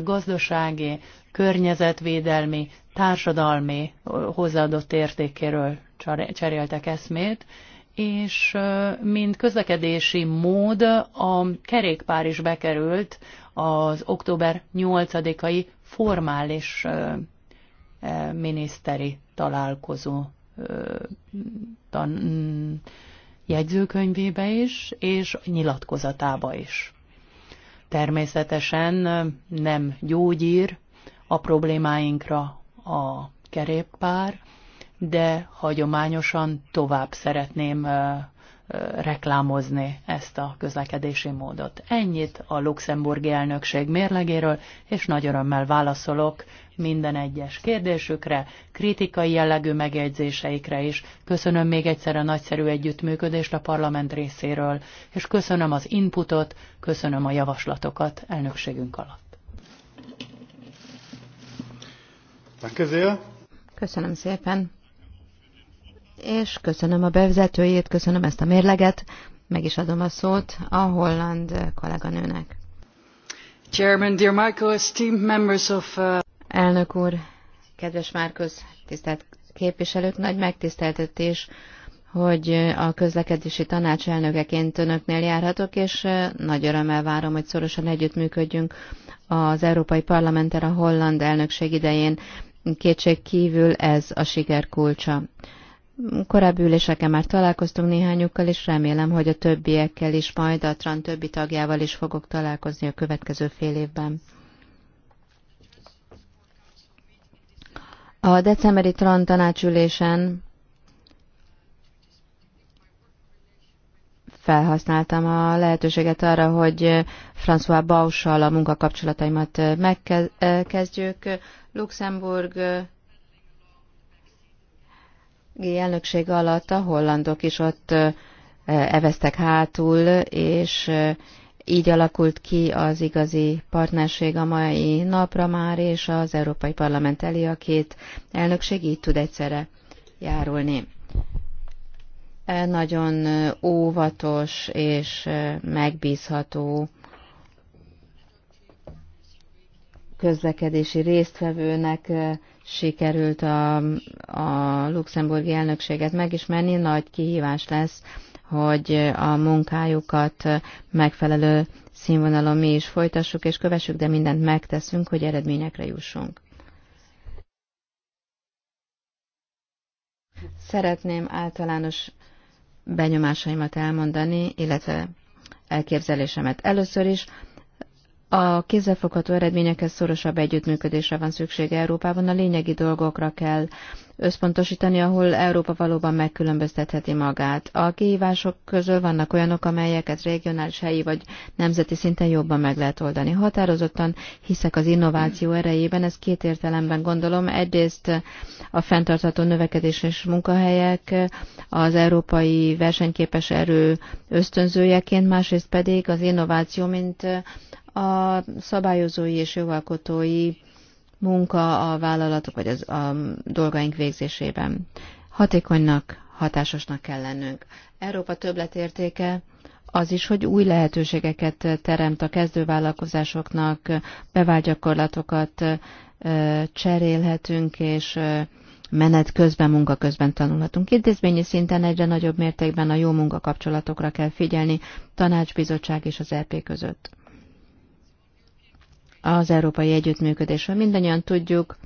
gazdasági, környezetvédelmi, társadalmi hozzáadott értékéről cseréltek eszmét, és mint közlekedési mód a kerékpár is bekerült az október 8-ai formális miniszteri találkozó jegyzőkönyvébe is, és nyilatkozatába is. Természetesen nem gyógyír a problémáinkra a kerékpár, de hagyományosan tovább szeretném reklámozni ezt a közlekedési módot. Ennyit a luxemburgi elnökség mérlegéről, és nagy örömmel válaszolok minden egyes kérdésükre, kritikai jellegű megjegyzéseikre is. Köszönöm még egyszer a nagyszerű együttműködést a parlament részéről, és köszönöm az inputot, köszönöm a javaslatokat elnökségünk alatt. Köszönöm szépen és köszönöm a bevezetőjét, köszönöm ezt a mérleget, meg is adom a szót a holland kolléganőnek. Chairman, dear Michael, esteemed members of... Uh... Elnök úr, kedves Márkusz, tisztelt képviselők, nagy megtiszteltetés, hogy a közlekedési tanács elnökeként önöknél járhatok, és uh, nagy örömmel várom, hogy szorosan együttműködjünk az Európai Parlamenttel a holland elnökség idején. Kétség kívül ez a siker kulcsa. Korábbi üléseken már találkoztunk néhányukkal, és remélem, hogy a többiekkel is, majd a TRAN többi tagjával is fogok találkozni a következő fél évben. A decemberi TRAN tanácsülésen felhasználtam a lehetőséget arra, hogy François Baussal a munkakapcsolataimat megkezdjük. Luxemburg elnökség alatt a hollandok is ott eveztek hátul, és így alakult ki az igazi partnerség a mai napra már, és az Európai Parlament elé a két elnökség így tud egyszerre járulni. Nagyon óvatos és megbízható közlekedési résztvevőnek sikerült a, a luxemburgi elnökséget megismerni. Nagy kihívás lesz, hogy a munkájukat megfelelő színvonalon mi is folytassuk és kövessük, de mindent megteszünk, hogy eredményekre jussunk. Szeretném általános benyomásaimat elmondani, illetve elképzelésemet. Először is a kézzelfogható eredményekhez szorosabb együttműködésre van szükség Európában, a lényegi dolgokra kell összpontosítani, ahol Európa valóban megkülönböztetheti magát. A kihívások közül vannak olyanok, amelyeket regionális, helyi vagy nemzeti szinten jobban meg lehet oldani. Határozottan hiszek az innováció erejében, ez két értelemben gondolom. Egyrészt a fenntartható növekedés és munkahelyek az európai versenyképes erő ösztönzőjeként, másrészt pedig az innováció, mint a szabályozói és jogalkotói munka a vállalatok vagy az, a dolgaink végzésében. Hatékonynak, hatásosnak kell lennünk. Európa többletértéke az is, hogy új lehetőségeket teremt a kezdővállalkozásoknak, bevált gyakorlatokat cserélhetünk, és menet közben, munka közben tanulhatunk. Intézményi szinten egyre nagyobb mértékben a jó munkakapcsolatokra kell figyelni, tanácsbizottság és az EP között az európai együttműködésről. Mindannyian tudjuk,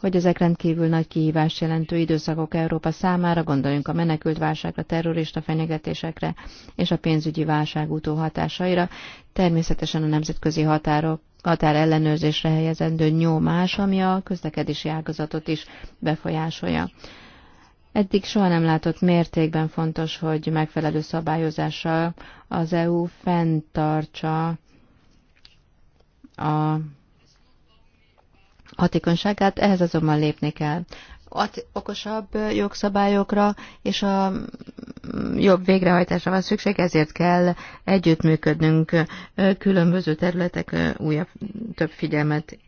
hogy ezek rendkívül nagy kihívás jelentő időszakok Európa számára, gondoljunk a menekült válságra, terrorista fenyegetésekre és a pénzügyi válság utóhatásaira, természetesen a nemzetközi határok határ ellenőrzésre helyezendő nyomás, ami a közlekedési ágazatot is befolyásolja. Eddig soha nem látott mértékben fontos, hogy megfelelő szabályozással az EU fenntartsa a hatékonyságát, ehhez azonban lépni kell. Okosabb jogszabályokra és a jobb végrehajtásra van szükség, ezért kell együttműködnünk különböző területek újabb, több figyelmet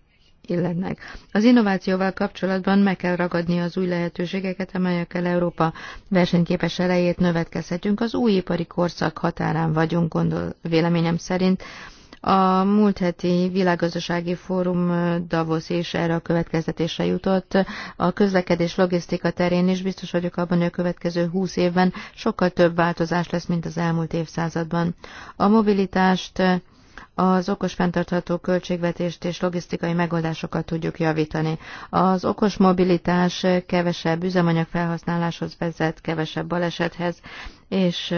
illetnek. Az innovációval kapcsolatban meg kell ragadni az új lehetőségeket, amelyekkel Európa versenyképes elejét növetkezhetünk. Az új ipari korszak határán vagyunk, gondol véleményem szerint, a múlt heti világgazdasági fórum Davos is erre a következtetésre jutott. A közlekedés logisztika terén is biztos vagyok abban, hogy a következő húsz évben sokkal több változás lesz, mint az elmúlt évszázadban. A mobilitást az okos fenntartható költségvetést és logisztikai megoldásokat tudjuk javítani. Az okos mobilitás kevesebb üzemanyag felhasználáshoz vezet, kevesebb balesethez, és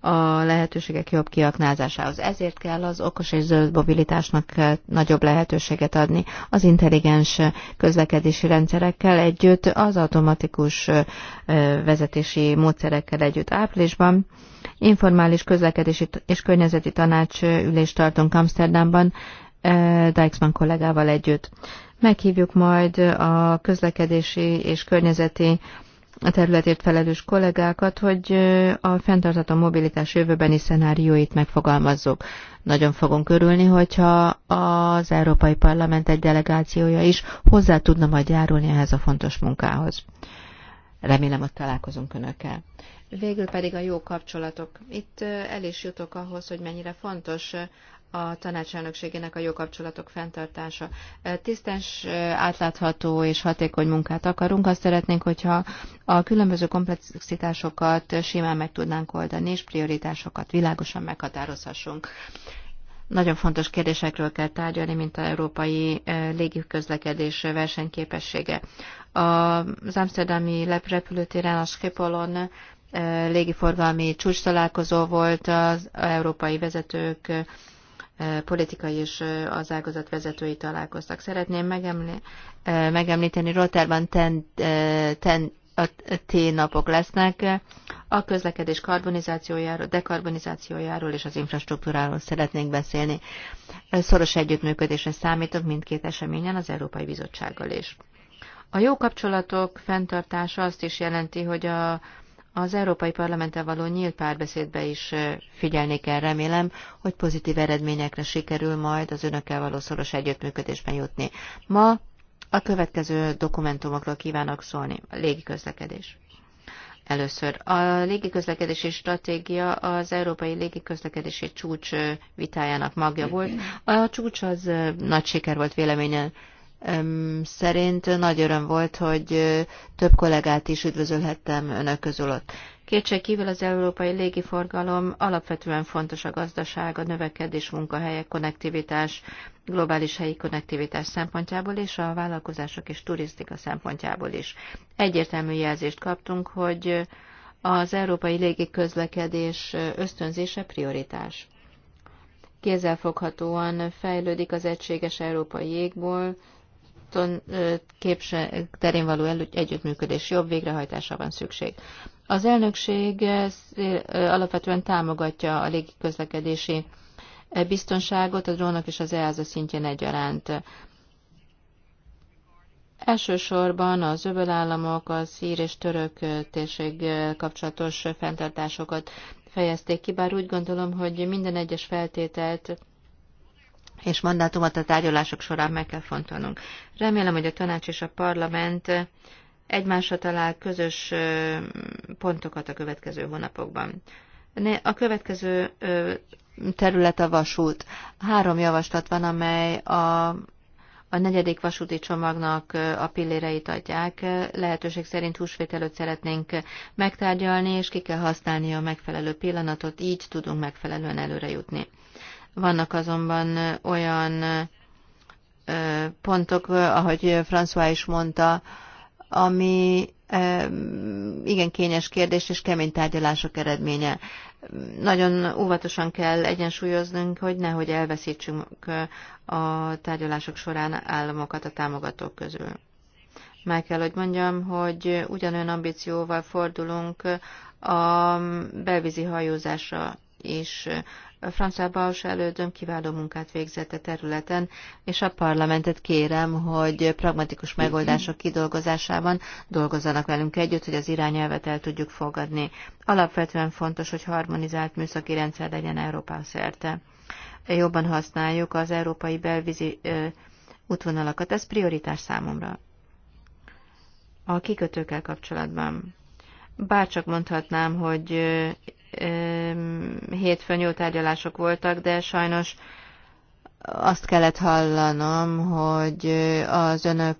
a lehetőségek jobb kiaknázásához. Ezért kell az okos és zöld mobilitásnak nagyobb lehetőséget adni az intelligens közlekedési rendszerekkel együtt, az automatikus vezetési módszerekkel együtt áprilisban informális közlekedési és környezeti tanács ülést tartunk Amsterdamban, eh, Dijksman kollégával együtt. Meghívjuk majd a közlekedési és környezeti a területért felelős kollégákat, hogy eh, a fenntartható mobilitás jövőbeni szenárióit megfogalmazzuk. Nagyon fogunk örülni, hogyha az Európai Parlament egy delegációja is hozzá tudna majd járulni ehhez a fontos munkához. Remélem, ott találkozunk Önökkel. Végül pedig a jó kapcsolatok. Itt el is jutok ahhoz, hogy mennyire fontos a tanácselnökségének a jó kapcsolatok fenntartása. Tisztens, átlátható és hatékony munkát akarunk. Azt szeretnénk, hogyha a különböző komplexitásokat simán meg tudnánk oldani, és prioritásokat világosan meghatározhassunk. Nagyon fontos kérdésekről kell tárgyalni, mint a európai légiközlekedés versenyképessége. Az Amsterdami repülőtéren, a Schipholon légiforgalmi csúcs találkozó volt az európai vezetők politikai és az ágazat vezetői találkoztak. Szeretném megemlíteni, Rotterdam ten, ten, T napok lesznek. A közlekedés karbonizációjáról, dekarbonizációjáról és az infrastruktúráról szeretnénk beszélni. Szoros együttműködésre számítok mindkét eseményen az Európai Bizottsággal is. A jó kapcsolatok fenntartása azt is jelenti, hogy a, az Európai Parlamenttel való nyílt párbeszédbe is figyelni kell, remélem, hogy pozitív eredményekre sikerül majd az önökkel való szoros együttműködésben jutni. Ma a következő dokumentumokról kívánok szólni. A légiközlekedés. Először a légiközlekedési stratégia az Európai Légiközlekedési Csúcs vitájának magja volt. A csúcs az nagy siker volt véleményen szerint nagy öröm volt, hogy több kollégát is üdvözölhettem önök közül ott. Kétség kívül az európai légiforgalom alapvetően fontos a gazdaság, a növekedés, munkahelyek, konnektivitás, globális helyi konnektivitás szempontjából és a vállalkozások és turisztika szempontjából is. Egyértelmű jelzést kaptunk, hogy az európai légiközlekedés ösztönzése prioritás. Kézzelfoghatóan fejlődik az egységes európai jégból, ton képse terén való együttműködés jobb végrehajtása van szükség. Az elnökség alapvetően támogatja a légiközlekedési biztonságot a drónok és az EASA szintjén egyaránt. Elsősorban az öbölállamok, a szír és török térség kapcsolatos fenntartásokat fejezték ki, bár úgy gondolom, hogy minden egyes feltételt és mandátumot a tárgyalások során meg kell fontolnunk. Remélem, hogy a tanács és a parlament egymásra talál közös pontokat a következő hónapokban. A következő terület a vasút. Három javaslat van, amely a, a negyedik vasúti csomagnak a pilléreit adják. Lehetőség szerint húsvét előtt szeretnénk megtárgyalni, és ki kell használni a megfelelő pillanatot, így tudunk megfelelően előre jutni. Vannak azonban olyan pontok, ahogy François is mondta, ami igen kényes kérdés és kemény tárgyalások eredménye. Nagyon óvatosan kell egyensúlyoznunk, hogy nehogy elveszítsünk a tárgyalások során államokat a támogatók közül. Meg kell, hogy mondjam, hogy ugyanolyan ambícióval fordulunk a belvízi hajózásra is, Francia Baus elődöm kiváló munkát végzett a területen, és a parlamentet kérem, hogy pragmatikus megoldások kidolgozásában dolgozzanak velünk együtt, hogy az irányelvet el tudjuk fogadni. Alapvetően fontos, hogy harmonizált műszaki rendszer legyen Európán szerte. Jobban használjuk az európai belvízi útvonalakat, ez prioritás számomra. A kikötőkkel kapcsolatban. Bárcsak mondhatnám, hogy hétfőn jó tárgyalások voltak, de sajnos azt kellett hallanom, hogy az önök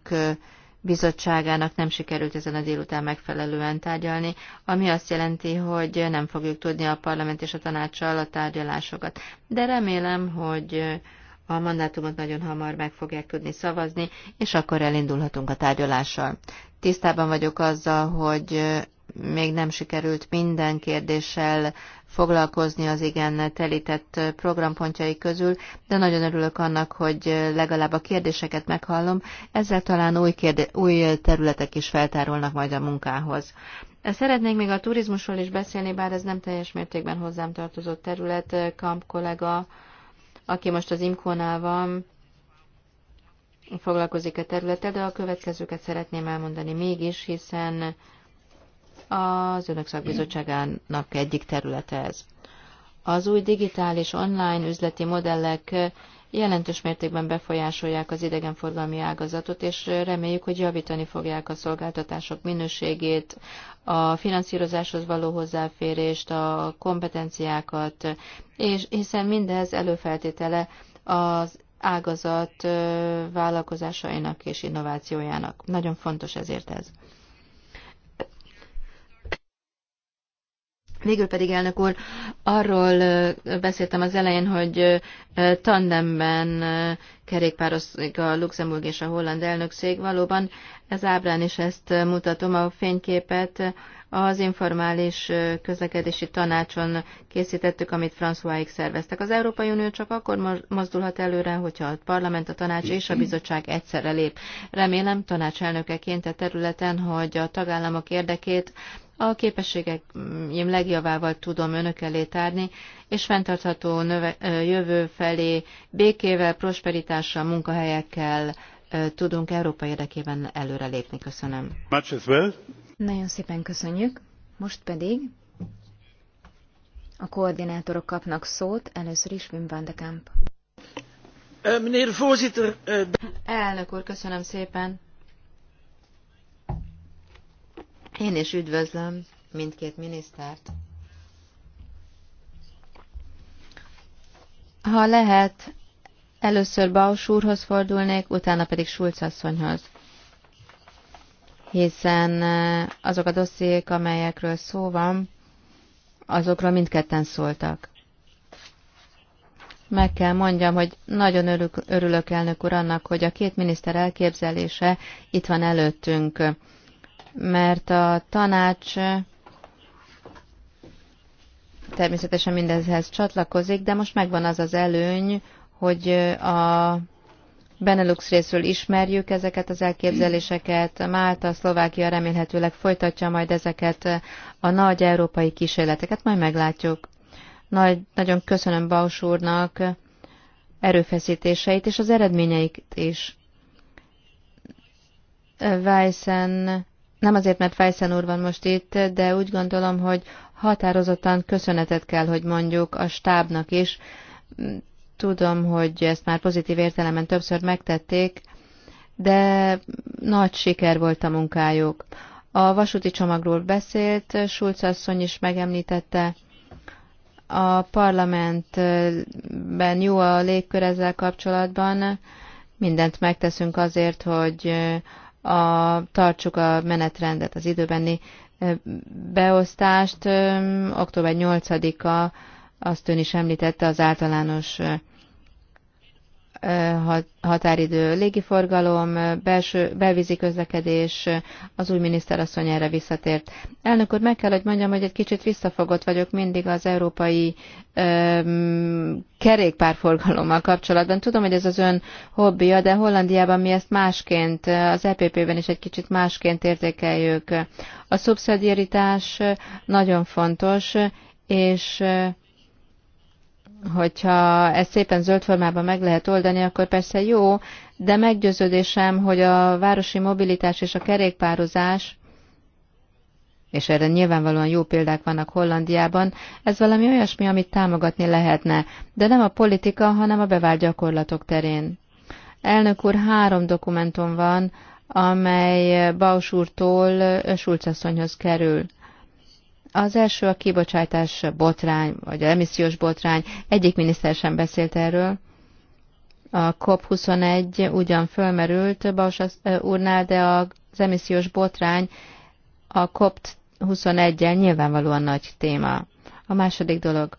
bizottságának nem sikerült ezen a délután megfelelően tárgyalni, ami azt jelenti, hogy nem fogjuk tudni a parlament és a tanácssal a tárgyalásokat. De remélem, hogy a mandátumot nagyon hamar meg fogják tudni szavazni, és akkor elindulhatunk a tárgyalással. Tisztában vagyok azzal, hogy még nem sikerült minden kérdéssel foglalkozni az igen telített programpontjai közül, de nagyon örülök annak, hogy legalább a kérdéseket meghallom, ezzel talán új, kérde- új területek is feltárolnak majd a munkához. Szeretnék még a turizmusról is beszélni, bár ez nem teljes mértékben hozzám tartozó terület. Kamp kollega, aki most az Imkónál van, foglalkozik a területe, de a következőket szeretném elmondani mégis, hiszen az Önök szakbizottságának egyik területe ez. Az új digitális online üzleti modellek jelentős mértékben befolyásolják az idegenforgalmi ágazatot, és reméljük, hogy javítani fogják a szolgáltatások minőségét, a finanszírozáshoz való hozzáférést, a kompetenciákat, és hiszen mindez előfeltétele az ágazat vállalkozásainak és innovációjának. Nagyon fontos ezért ez. Végül pedig, elnök úr, arról beszéltem az elején, hogy tandemben kerékpározik a Luxemburg és a holland elnökség. Valóban ez ábrán is ezt mutatom, a fényképet az informális közlekedési tanácson készítettük, amit Françoisig szerveztek. Az Európai Unió csak akkor mozdulhat előre, hogyha a parlament, a tanács és a bizottság egyszerre lép. Remélem tanácselnökeként a területen, hogy a tagállamok érdekét a képességeim legjavával tudom önök elé tárni, és fenntartható növe, jövő felé békével, prosperitással, munkahelyekkel tudunk Európa érdekében előrelépni. Köszönöm. Nagyon szépen köszönjük. Most pedig a koordinátorok kapnak szót, először is Wim van de Kamp. Eh, meneer voorzitter. Eh, Elnök úr, köszönöm szépen. Én is üdvözlöm mindkét minisztert. Ha lehet, először Baus úrhoz fordulnék, utána pedig Schulz asszonyhoz hiszen azok a dossziék, amelyekről szó van, azokról mindketten szóltak. Meg kell mondjam, hogy nagyon örülök, örülök elnök úr annak, hogy a két miniszter elképzelése itt van előttünk, mert a tanács természetesen mindezhez csatlakozik, de most megvan az az előny, hogy a Benelux részről ismerjük ezeket az elképzeléseket. Málta, Szlovákia remélhetőleg folytatja majd ezeket a nagy európai kísérleteket, majd meglátjuk. Nagy, nagyon köszönöm Baus úrnak erőfeszítéseit és az eredményeit is. Weissen, nem azért, mert Weissen úr van most itt, de úgy gondolom, hogy határozottan köszönetet kell, hogy mondjuk a stábnak is, Tudom, hogy ezt már pozitív értelemben többször megtették, de nagy siker volt a munkájuk. A vasúti csomagról beszélt, Schulz asszony is megemlítette, a parlamentben jó a légkör ezzel kapcsolatban, mindent megteszünk azért, hogy a, tartsuk a menetrendet, az időbeni beosztást. Október 8-a, azt ön is említette, az általános határidő, légiforgalom, belső, belvízi közlekedés, az új miniszterasszony erre visszatért. Elnök úr, meg kell, hogy mondjam, hogy egy kicsit visszafogott vagyok mindig az európai öm, kerékpárforgalommal kapcsolatban. Tudom, hogy ez az ön hobbija, de Hollandiában mi ezt másként, az EPP-ben is egy kicsit másként értékeljük. A szubszidiaritás nagyon fontos, és hogyha ezt szépen zöld formában meg lehet oldani, akkor persze jó, de meggyőződésem, hogy a városi mobilitás és a kerékpározás és erre nyilvánvalóan jó példák vannak Hollandiában, ez valami olyasmi, amit támogatni lehetne, de nem a politika, hanem a bevált gyakorlatok terén. Elnök úr, három dokumentum van, amely Baus úrtól Schulz kerül. Az első a kibocsátás botrány, vagy a emissziós botrány. Egyik miniszter sem beszélt erről. A COP21 ugyan fölmerült Baus úrnál, de az emissziós botrány a COP21-el nyilvánvalóan nagy téma. A második dolog,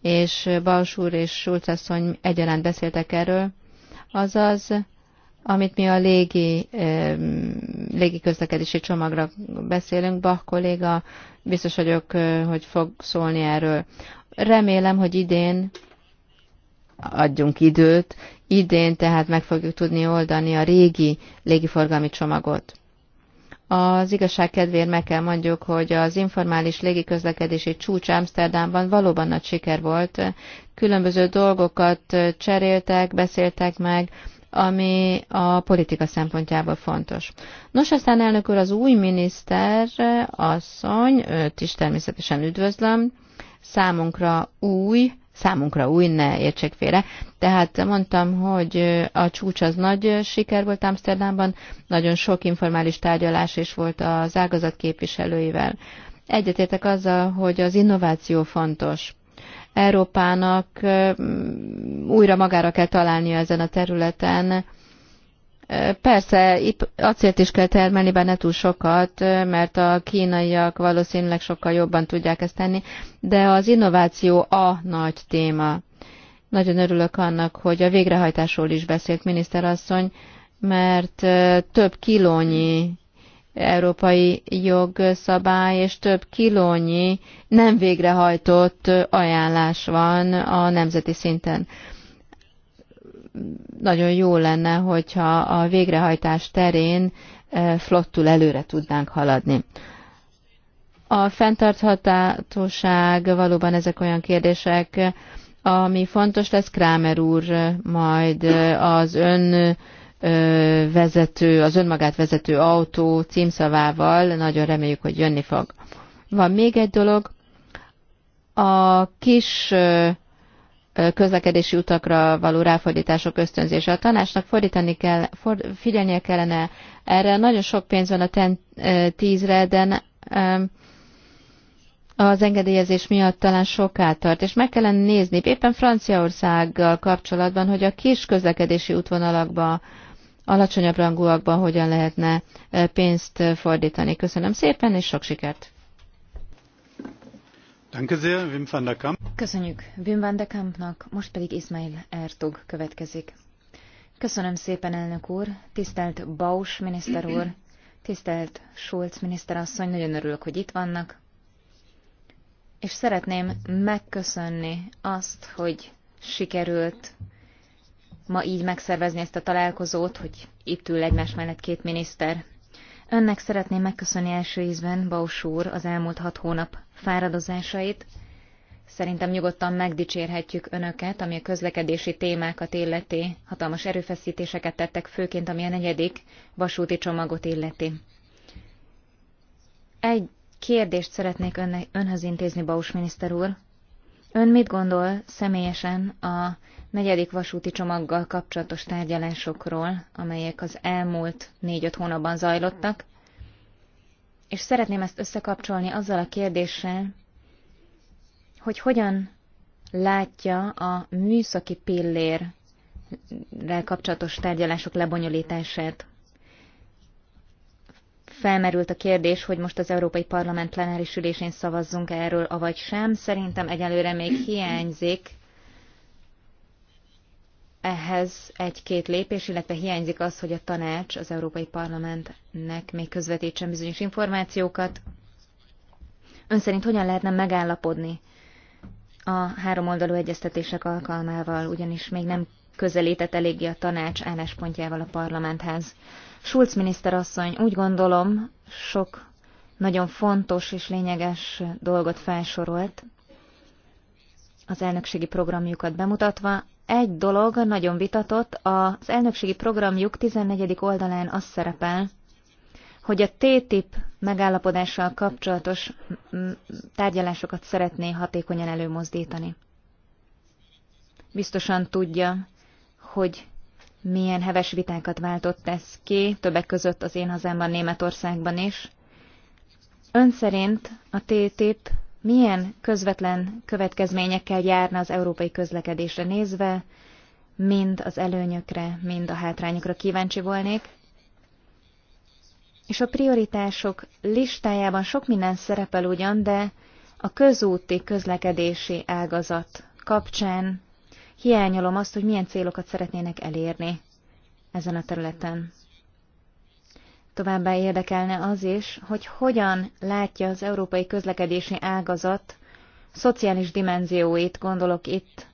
és Baus úr és Schulz asszony egyaránt beszéltek erről, azaz amit mi a légi, légi közlekedési csomagra beszélünk, Bach kolléga, biztos vagyok, hogy fog szólni erről. Remélem, hogy idén adjunk időt, idén tehát meg fogjuk tudni oldani a régi légiforgalmi csomagot. Az igazság kedvéért meg kell mondjuk, hogy az informális légiközlekedési csúcs Amsterdamban valóban nagy siker volt. Különböző dolgokat cseréltek, beszéltek meg, ami a politika szempontjából fontos. Nos, aztán elnök úr, az új miniszter asszony, őt is természetesen üdvözlöm, számunkra új, számunkra új, ne értsék félre. Tehát mondtam, hogy a csúcs az nagy siker volt Amsterdamban, nagyon sok informális tárgyalás is volt az ágazat képviselőivel. Egyetértek azzal, hogy az innováció fontos Európának újra magára kell találnia ezen a területen. Persze, acélt is kell termelni, bár ne túl sokat, mert a kínaiak valószínűleg sokkal jobban tudják ezt tenni, de az innováció a nagy téma. Nagyon örülök annak, hogy a végrehajtásról is beszélt miniszterasszony, mert több kilónyi európai jogszabály és több kilónyi nem végrehajtott ajánlás van a nemzeti szinten. Nagyon jó lenne, hogyha a végrehajtás terén eh, flottul előre tudnánk haladni. A fenntarthatóság valóban ezek olyan kérdések, ami fontos lesz, Krámer úr majd eh, az ön vezető, az önmagát vezető autó címszavával, nagyon reméljük, hogy jönni fog. Van még egy dolog, a kis közlekedési utakra való ráfordítások ösztönzése. A tanácsnak fordítani kell, ford, figyelnie kellene erre. Nagyon sok pénz van a ten, tízre, de az engedélyezés miatt talán soká tart, és meg kellene nézni éppen Franciaországgal kapcsolatban, hogy a kis közlekedési útvonalakban alacsonyabb rangúakban hogyan lehetne e, pénzt e, fordítani. Köszönöm szépen, és sok sikert! Köszönjük Wim van de Kampnak, most pedig Ismail Ertug következik. Köszönöm szépen, elnök úr, tisztelt Baus miniszter úr, tisztelt Schulz asszony, nagyon örülök, hogy itt vannak. És szeretném megköszönni azt, hogy sikerült ma így megszervezni ezt a találkozót, hogy itt ül egymás mellett két miniszter. Önnek szeretném megköszönni első ízben, Baus úr, az elmúlt hat hónap fáradozásait. Szerintem nyugodtan megdicsérhetjük önöket, ami a közlekedési témákat illeti. Hatalmas erőfeszítéseket tettek, főként ami a negyedik vasúti csomagot illeti. Egy kérdést szeretnék önne, önhöz intézni, Baus miniszter úr. Ön mit gondol személyesen a negyedik vasúti csomaggal kapcsolatos tárgyalásokról, amelyek az elmúlt négy-öt hónapban zajlottak? És szeretném ezt összekapcsolni azzal a kérdéssel, hogy hogyan látja a műszaki pillérrel kapcsolatos tárgyalások lebonyolítását felmerült a kérdés, hogy most az Európai Parlament plenáris ülésén szavazzunk -e erről, avagy sem. Szerintem egyelőre még hiányzik ehhez egy-két lépés, illetve hiányzik az, hogy a tanács az Európai Parlamentnek még közvetítsen bizonyos információkat. Ön szerint hogyan lehetne megállapodni a háromoldalú egyeztetések alkalmával, ugyanis még nem közelített eléggé a tanács álláspontjával a parlamenthez. Schulz miniszterasszony, úgy gondolom, sok nagyon fontos és lényeges dolgot felsorolt az elnökségi programjukat bemutatva. Egy dolog nagyon vitatott, az elnökségi programjuk 14. oldalán az szerepel, hogy a TTIP megállapodással kapcsolatos mm, tárgyalásokat szeretné hatékonyan előmozdítani. Biztosan tudja, hogy milyen heves vitákat váltott ez ki, többek között az én hazámban, Németországban is. Ön szerint a TTIP milyen közvetlen következményekkel járna az európai közlekedésre nézve, mind az előnyökre, mind a hátrányokra kíváncsi volnék. És a prioritások listájában sok minden szerepel ugyan, de a közúti közlekedési ágazat kapcsán hiányolom azt, hogy milyen célokat szeretnének elérni ezen a területen. Továbbá érdekelne az is, hogy hogyan látja az európai közlekedési ágazat szociális dimenzióit, gondolok itt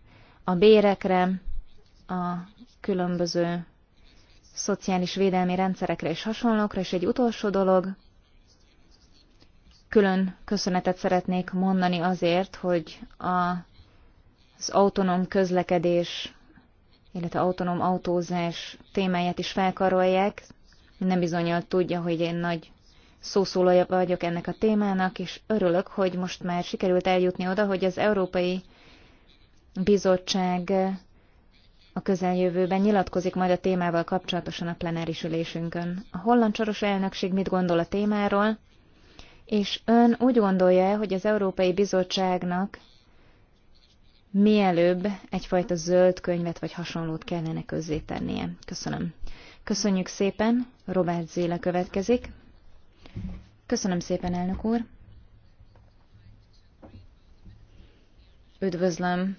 a bérekre, a különböző szociális védelmi rendszerekre és hasonlókra, és egy utolsó dolog, külön köszönetet szeretnék mondani azért, hogy a az autonóm közlekedés, illetve autonóm autózás témáját is felkarolják. Nem bizonyal tudja, hogy én nagy szószólója vagyok ennek a témának, és örülök, hogy most már sikerült eljutni oda, hogy az Európai Bizottság a közeljövőben nyilatkozik majd a témával kapcsolatosan a plenáris ülésünkön. A holland soros elnökség mit gondol a témáról, és ön úgy gondolja hogy az Európai Bizottságnak mielőbb egyfajta zöld könyvet vagy hasonlót kellene közzétennie. Köszönöm. Köszönjük szépen, Robert Zéla következik. Köszönöm szépen, elnök úr. Üdvözlöm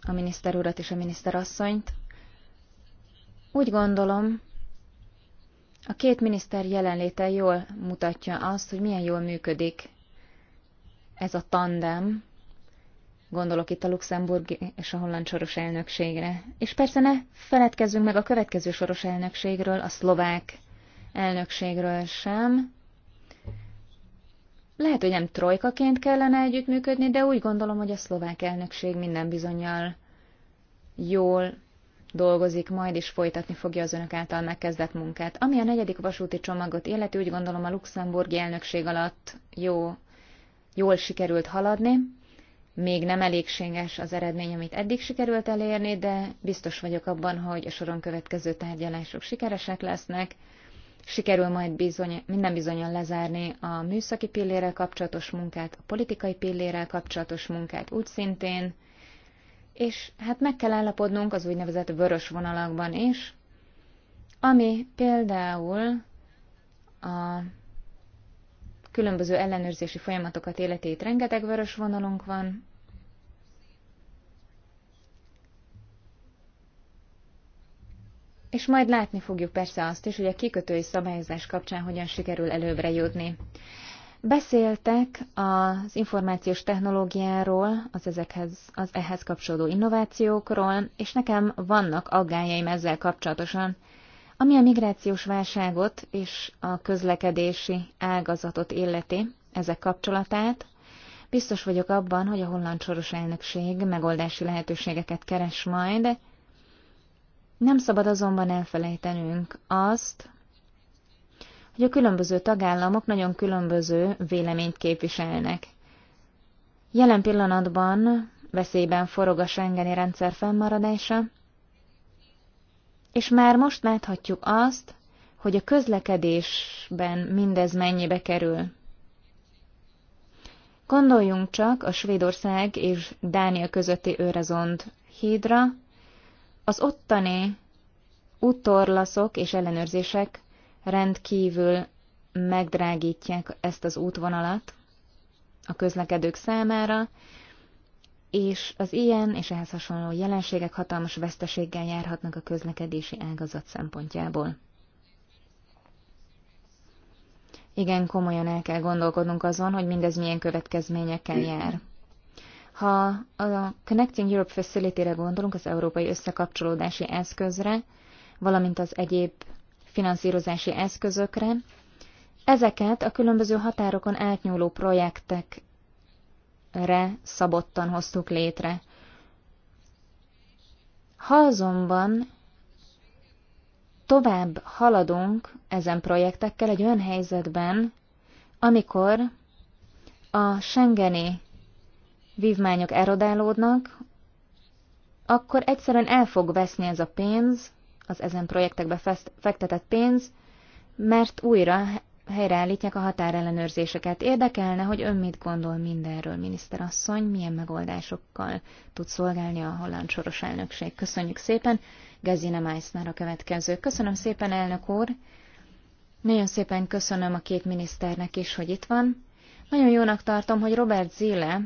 a miniszter urat és a miniszter asszonyt. Úgy gondolom, a két miniszter jelenléte jól mutatja azt, hogy milyen jól működik ez a tandem, Gondolok itt a luxemburgi és a holland soros elnökségre. És persze ne feledkezzünk meg a következő soros elnökségről, a szlovák elnökségről sem. Lehet, hogy nem trojkaként kellene együttműködni, de úgy gondolom, hogy a szlovák elnökség minden bizonyal jól dolgozik majd, és folytatni fogja az önök által megkezdett munkát. Ami a negyedik vasúti csomagot illeti, úgy gondolom a luxemburgi elnökség alatt jó, jól sikerült haladni még nem elégséges az eredmény, amit eddig sikerült elérni, de biztos vagyok abban, hogy a soron következő tárgyalások sikeresek lesznek. Sikerül majd bizony, minden bizonyan lezárni a műszaki pillérrel kapcsolatos munkát, a politikai pillérrel kapcsolatos munkát úgy szintén, és hát meg kell állapodnunk az úgynevezett vörös vonalakban is, ami például a különböző ellenőrzési folyamatokat életét rengeteg vörös vonalunk van. És majd látni fogjuk persze azt is, hogy a kikötői szabályozás kapcsán hogyan sikerül előbbre jutni. Beszéltek az információs technológiáról, az, ezekhez, az ehhez kapcsolódó innovációkról, és nekem vannak aggájaim ezzel kapcsolatosan. Ami a migrációs válságot és a közlekedési ágazatot illeti, ezek kapcsolatát, biztos vagyok abban, hogy a holland soros elnökség megoldási lehetőségeket keres majd. Nem szabad azonban elfelejtenünk azt, hogy a különböző tagállamok nagyon különböző véleményt képviselnek. Jelen pillanatban veszélyben forog a Schengeni rendszer fennmaradása, és már most láthatjuk azt, hogy a közlekedésben mindez mennyibe kerül. Gondoljunk csak a Svédország és Dánia közötti Örazond hídra, az ottani úttorlaszok és ellenőrzések rendkívül megdrágítják ezt az útvonalat a közlekedők számára, és az ilyen és ehhez hasonló jelenségek hatalmas veszteséggel járhatnak a közlekedési ágazat szempontjából. Igen, komolyan el kell gondolkodnunk azon, hogy mindez milyen következményekkel jár. Ha a Connecting Europe Facility-re gondolunk, az európai összekapcsolódási eszközre, valamint az egyéb finanszírozási eszközökre, ezeket a különböző határokon átnyúló projektek re szabottan hoztuk létre. Ha azonban tovább haladunk ezen projektekkel egy olyan helyzetben, amikor a Schengeni vívmányok erodálódnak, akkor egyszerűen el fog veszni ez a pénz, az ezen projektekbe fektetett pénz, mert újra helyreállítják a határellenőrzéseket. Érdekelne, hogy ön mit gondol mindenről, miniszterasszony, milyen megoldásokkal tud szolgálni a holland soros elnökség. Köszönjük szépen. Gezine Meissner a következő. Köszönöm szépen, elnök úr. Nagyon szépen köszönöm a két miniszternek is, hogy itt van. Nagyon jónak tartom, hogy Robert Zille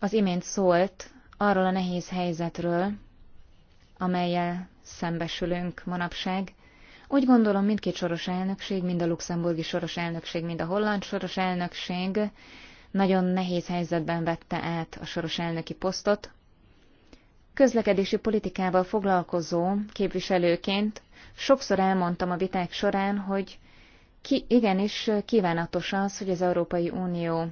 az imént szólt arról a nehéz helyzetről, amelyel szembesülünk manapság – úgy gondolom, mindkét soros elnökség, mind a luxemburgi soros elnökség, mind a holland soros elnökség nagyon nehéz helyzetben vette át a soros elnöki posztot. Közlekedési politikával foglalkozó képviselőként sokszor elmondtam a viták során, hogy ki, igenis kívánatos az, hogy az Európai Unió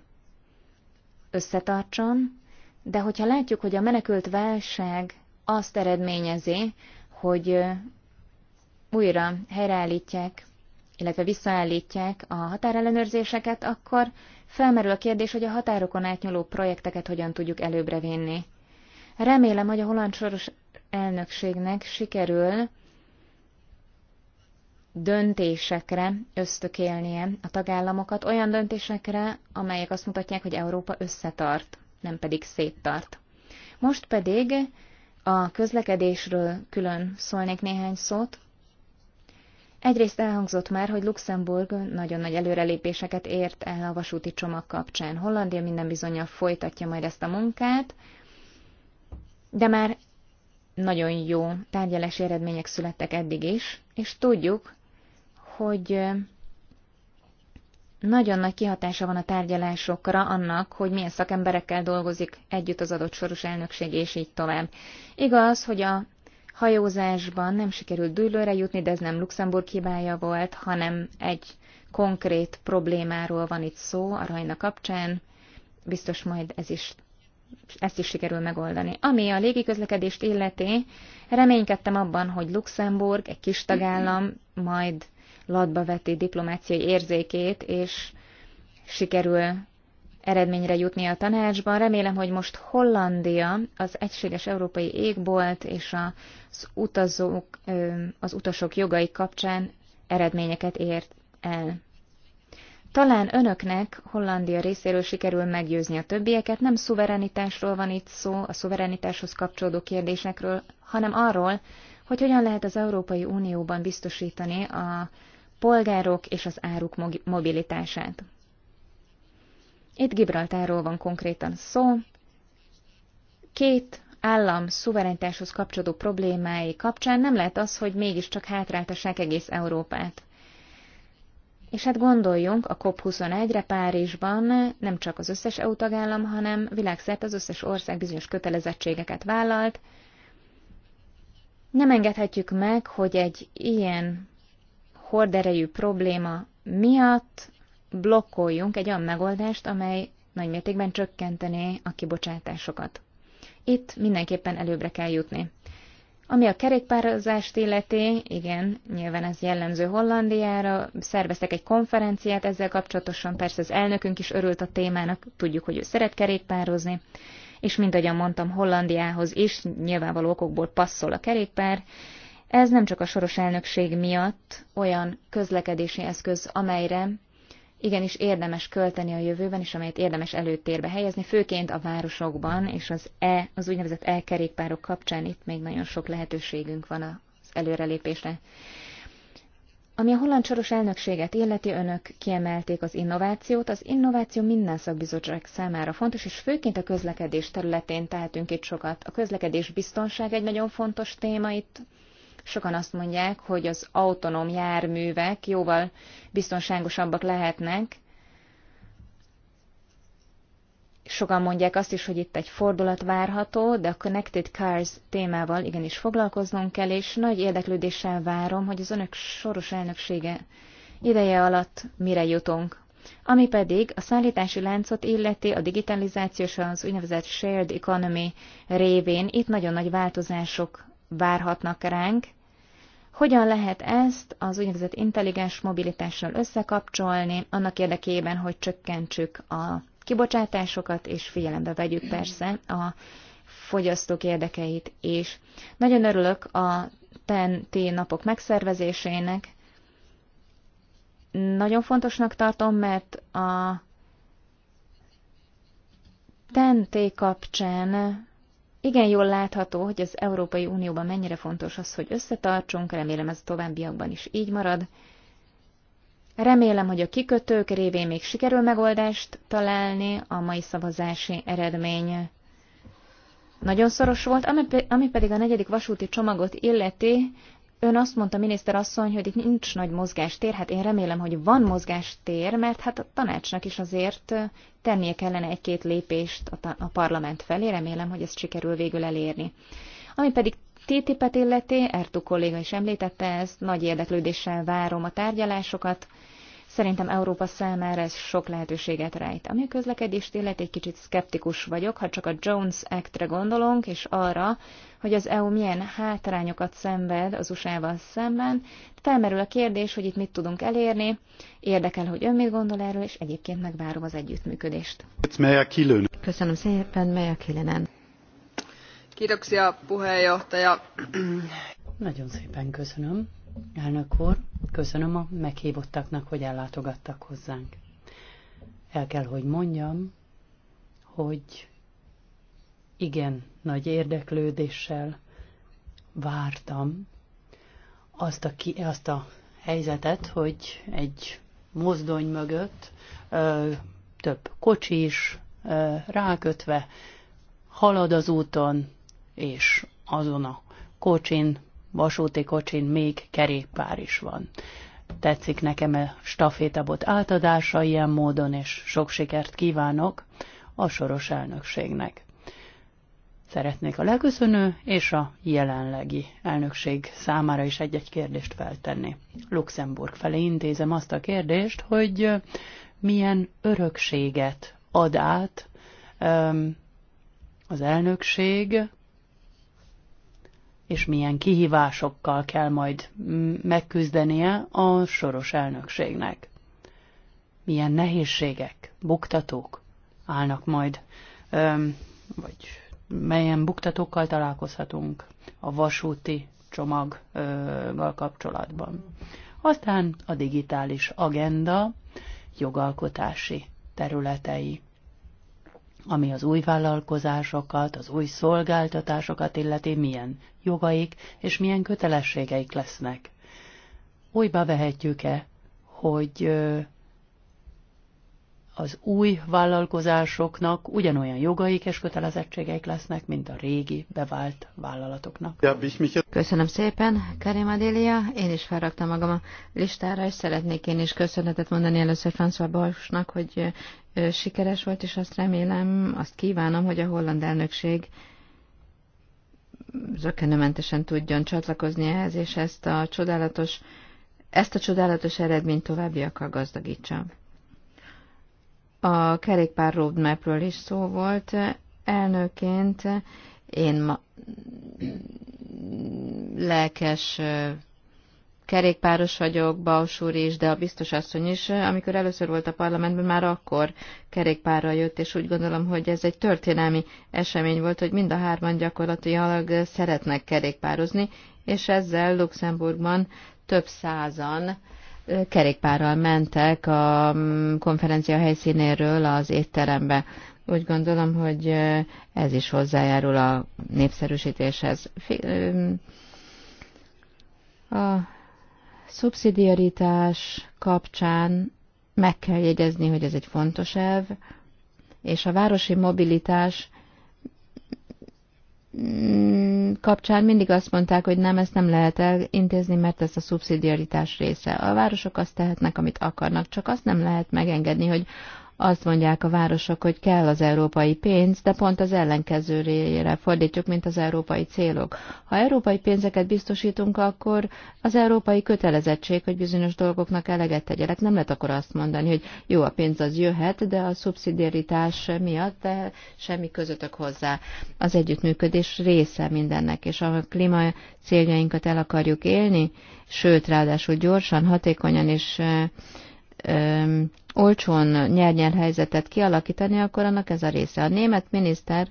összetartson, de hogyha látjuk, hogy a menekült válság azt eredményezi, hogy újra helyreállítják, illetve visszaállítják a határellenőrzéseket, akkor felmerül a kérdés, hogy a határokon átnyúló projekteket hogyan tudjuk előbbre vinni. Remélem, hogy a holland soros elnökségnek sikerül döntésekre ösztökélnie a tagállamokat, olyan döntésekre, amelyek azt mutatják, hogy Európa összetart, nem pedig széttart. Most pedig a közlekedésről külön szólnék néhány szót. Egyrészt elhangzott már, hogy Luxemburg nagyon nagy előrelépéseket ért el a vasúti csomag kapcsán. Hollandia minden bizonyal folytatja majd ezt a munkát, de már nagyon jó tárgyalási eredmények születtek eddig is, és tudjuk, hogy nagyon nagy kihatása van a tárgyalásokra annak, hogy milyen szakemberekkel dolgozik együtt az adott soros elnökség, és így tovább. Igaz, hogy a hajózásban nem sikerült dűlőre jutni, de ez nem Luxemburg hibája volt, hanem egy konkrét problémáról van itt szó a rajna kapcsán. Biztos majd ez is, ezt is sikerül megoldani. Ami a légiközlekedést illeti, reménykedtem abban, hogy Luxemburg, egy kis tagállam, majd latba veti diplomáciai érzékét, és sikerül eredményre jutni a tanácsban. Remélem, hogy most Hollandia, az Egységes Európai Égbolt és az, utazók, az utasok jogai kapcsán eredményeket ért el. Talán önöknek Hollandia részéről sikerül meggyőzni a többieket, nem szuverenitásról van itt szó, a szuverenitáshoz kapcsolódó kérdésekről, hanem arról, hogy hogyan lehet az Európai Unióban biztosítani a polgárok és az áruk mobilitását. Itt Gibraltárról van konkrétan szó. Két állam szuverenitáshoz kapcsolódó problémái kapcsán nem lehet az, hogy mégiscsak hátráltassák egész Európát. És hát gondoljunk a COP21-re Párizsban nem csak az összes EU tagállam, hanem világszerte az összes ország bizonyos kötelezettségeket vállalt. Nem engedhetjük meg, hogy egy ilyen horderejű probléma miatt blokkoljunk egy olyan megoldást, amely nagymértékben csökkentené a kibocsátásokat. Itt mindenképpen előbbre kell jutni. Ami a kerékpározást illeti, igen, nyilván ez jellemző Hollandiára, szerveztek egy konferenciát ezzel kapcsolatosan, persze az elnökünk is örült a témának, tudjuk, hogy ő szeret kerékpározni, és mint ahogyan mondtam, Hollandiához is nyilvánvaló okokból passzol a kerékpár. Ez nem csak a soros elnökség miatt olyan közlekedési eszköz, amelyre igenis érdemes költeni a jövőben, és amelyet érdemes előtérbe helyezni, főként a városokban, és az, e, az úgynevezett e-kerékpárok kapcsán itt még nagyon sok lehetőségünk van az előrelépésre. Ami a holland soros elnökséget illeti, önök kiemelték az innovációt. Az innováció minden szakbizottság számára fontos, és főként a közlekedés területén tehetünk itt sokat. A közlekedés biztonság egy nagyon fontos téma itt, Sokan azt mondják, hogy az autonóm járművek jóval biztonságosabbak lehetnek. Sokan mondják azt is, hogy itt egy fordulat várható, de a Connected Cars témával igenis foglalkoznunk kell, és nagy érdeklődéssel várom, hogy az önök soros elnöksége ideje alatt mire jutunk. Ami pedig a szállítási láncot illeti a digitalizáció és az úgynevezett shared economy révén itt nagyon nagy változások várhatnak ránk. Hogyan lehet ezt az úgynevezett intelligens mobilitással összekapcsolni, annak érdekében, hogy csökkentsük a kibocsátásokat, és figyelembe vegyük persze a fogyasztók érdekeit is. Nagyon örülök a ten napok megszervezésének. Nagyon fontosnak tartom, mert a ten kapcsán igen jól látható, hogy az Európai Unióban mennyire fontos az, hogy összetartsunk, remélem ez a továbbiakban is így marad. Remélem, hogy a kikötők révén még sikerül megoldást találni, a mai szavazási eredmény nagyon szoros volt, ami, ami pedig a negyedik vasúti csomagot illeti, Ön azt mondta, miniszter asszony, hogy itt nincs nagy mozgástér, hát én remélem, hogy van mozgástér, mert hát a tanácsnak is azért tennie kellene egy-két lépést a, a parlament felé, remélem, hogy ezt sikerül végül elérni. Ami pedig TTIP-et illeti, Ertu kolléga is említette ezt, nagy érdeklődéssel várom a tárgyalásokat, Szerintem Európa számára ez sok lehetőséget rejt. Ami a közlekedést illeti, egy kicsit szkeptikus vagyok, ha csak a Jones Act-re gondolunk, és arra, hogy az EU milyen hátrányokat szenved az USA-val szemben. Felmerül a kérdés, hogy itt mit tudunk elérni, érdekel, hogy ön mit gondol erről, és egyébként megvárom az együttműködést. Köszönöm szépen, Meja Kilönen. Kiroksia, puheenjohtaja. Nagyon szépen köszönöm. Elnök úr, köszönöm a meghívottaknak, hogy ellátogattak hozzánk. El kell, hogy mondjam, hogy igen, nagy érdeklődéssel vártam azt a, ki, azt a helyzetet, hogy egy mozdony mögött ö, több kocsi is ö, rákötve halad az úton, és azon a kocsin vasúti kocsin még kerékpár is van. Tetszik nekem a stafétabot átadása ilyen módon, és sok sikert kívánok a soros elnökségnek. Szeretnék a legköszönő és a jelenlegi elnökség számára is egy-egy kérdést feltenni. Luxemburg felé intézem azt a kérdést, hogy milyen örökséget ad át az elnökség és milyen kihívásokkal kell majd megküzdenie a soros elnökségnek. Milyen nehézségek, buktatók állnak majd, öm, vagy melyen buktatókkal találkozhatunk a vasúti csomaggal kapcsolatban. Aztán a digitális agenda jogalkotási területei ami az új vállalkozásokat, az új szolgáltatásokat illeti, milyen jogaik és milyen kötelességeik lesznek. Újba vehetjük-e, hogy az új vállalkozásoknak ugyanolyan jogaik és kötelezettségeik lesznek, mint a régi bevált vállalatoknak. Köszönöm szépen, Karim Adélia. Én is felraktam magam a listára, és szeretnék én is köszönetet mondani először François Borsnak, hogy sikeres volt, és azt remélem, azt kívánom, hogy a holland elnökség zökenőmentesen tudjon csatlakozni ehhez, és ezt a csodálatos ezt a csodálatos eredményt továbbiakkal gazdagítsa. A kerékpár roadmapről is szó volt. Elnőként én ma lelkes kerékpáros vagyok, Baus úr is, de a biztos asszony is, amikor először volt a parlamentben, már akkor kerékpárra jött, és úgy gondolom, hogy ez egy történelmi esemény volt, hogy mind a hárman gyakorlatilag szeretnek kerékpározni, és ezzel Luxemburgban több százan kerékpárral mentek a mm, konferencia helyszínéről az étterembe. Úgy gondolom, hogy ez is hozzájárul a népszerűsítéshez. Mm, a szubszidiaritás kapcsán meg kell jegyezni, hogy ez egy fontos elv, és a városi mobilitás Mm, kapcsán mindig azt mondták, hogy nem, ezt nem lehet elintézni, mert ez a szubszidiaritás része. A városok azt tehetnek, amit akarnak, csak azt nem lehet megengedni, hogy azt mondják a városok, hogy kell az európai pénz, de pont az ellenkezőjére fordítjuk, mint az európai célok. Ha európai pénzeket biztosítunk, akkor az európai kötelezettség, hogy bizonyos dolgoknak eleget tegyenek. Nem lehet akkor azt mondani, hogy jó, a pénz az jöhet, de a szubszidiaritás miatt de semmi közöttök hozzá. Az együttműködés része mindennek, és a klíma céljainkat el akarjuk élni, sőt, ráadásul gyorsan, hatékonyan és olcsón nyernyer helyzetet kialakítani, akkor annak ez a része. A német miniszter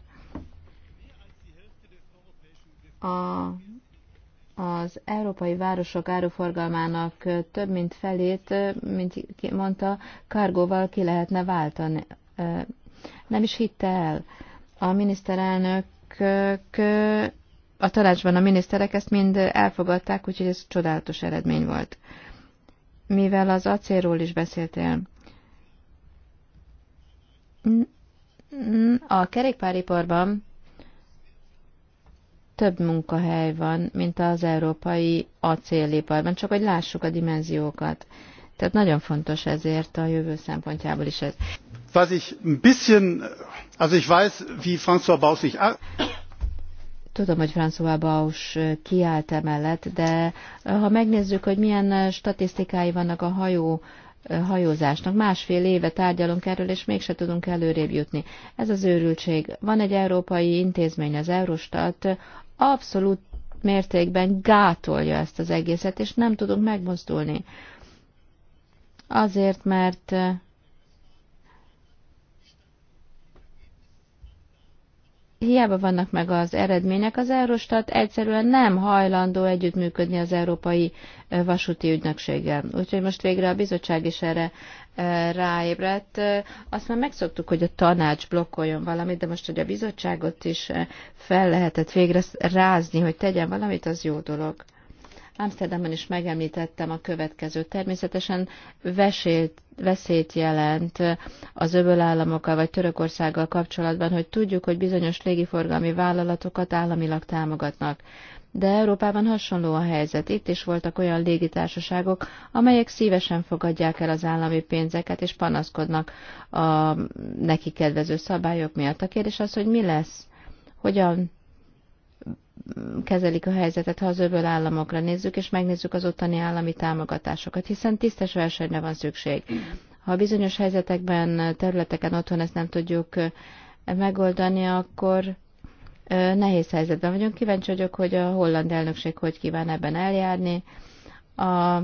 a, az európai városok áruforgalmának több mint felét, mint mondta, kargóval ki lehetne váltani. Nem is hitte el. A miniszterelnök a tanácsban a miniszterek ezt mind elfogadták, úgyhogy ez csodálatos eredmény volt. Mivel az acélról is beszéltél, a kerékpáriparban több munkahely van, mint az európai acéliparban, csak hogy lássuk a dimenziókat. Tehát nagyon fontos ezért a jövő szempontjából is ez. Was ich ein bisschen, also ich weiß, wie François Baus sich Tudom, hogy François Baus kiállt emellett, de ha megnézzük, hogy milyen statisztikái vannak a hajó hajózásnak. Másfél éve tárgyalunk erről, és mégse tudunk előrébb jutni. Ez az őrültség. Van egy európai intézmény, az Eurostat, abszolút mértékben gátolja ezt az egészet, és nem tudunk megmozdulni. Azért, mert hiába vannak meg az eredmények, az Eurostat egyszerűen nem hajlandó együttműködni az Európai Vasúti Ügynökséggel. Úgyhogy most végre a bizottság is erre ráébredt. Azt már megszoktuk, hogy a tanács blokkoljon valamit, de most, hogy a bizottságot is fel lehetett végre rázni, hogy tegyen valamit, az jó dolog. Amsterdamban is megemlítettem a következő, Természetesen vesélt, veszélyt jelent az öbölállamokkal vagy Törökországgal kapcsolatban, hogy tudjuk, hogy bizonyos légiforgalmi vállalatokat államilag támogatnak. De Európában hasonló a helyzet. Itt is voltak olyan légitársaságok, amelyek szívesen fogadják el az állami pénzeket, és panaszkodnak a neki kedvező szabályok miatt. A kérdés az, hogy mi lesz, hogyan kezelik a helyzetet, ha az öböl államokra nézzük, és megnézzük az ottani állami támogatásokat, hiszen tisztes versenyre van szükség. Ha bizonyos helyzetekben, területeken otthon ezt nem tudjuk megoldani, akkor nehéz helyzetben vagyunk. Kíváncsi vagyok, hogy a holland elnökség hogy kíván ebben eljárni. A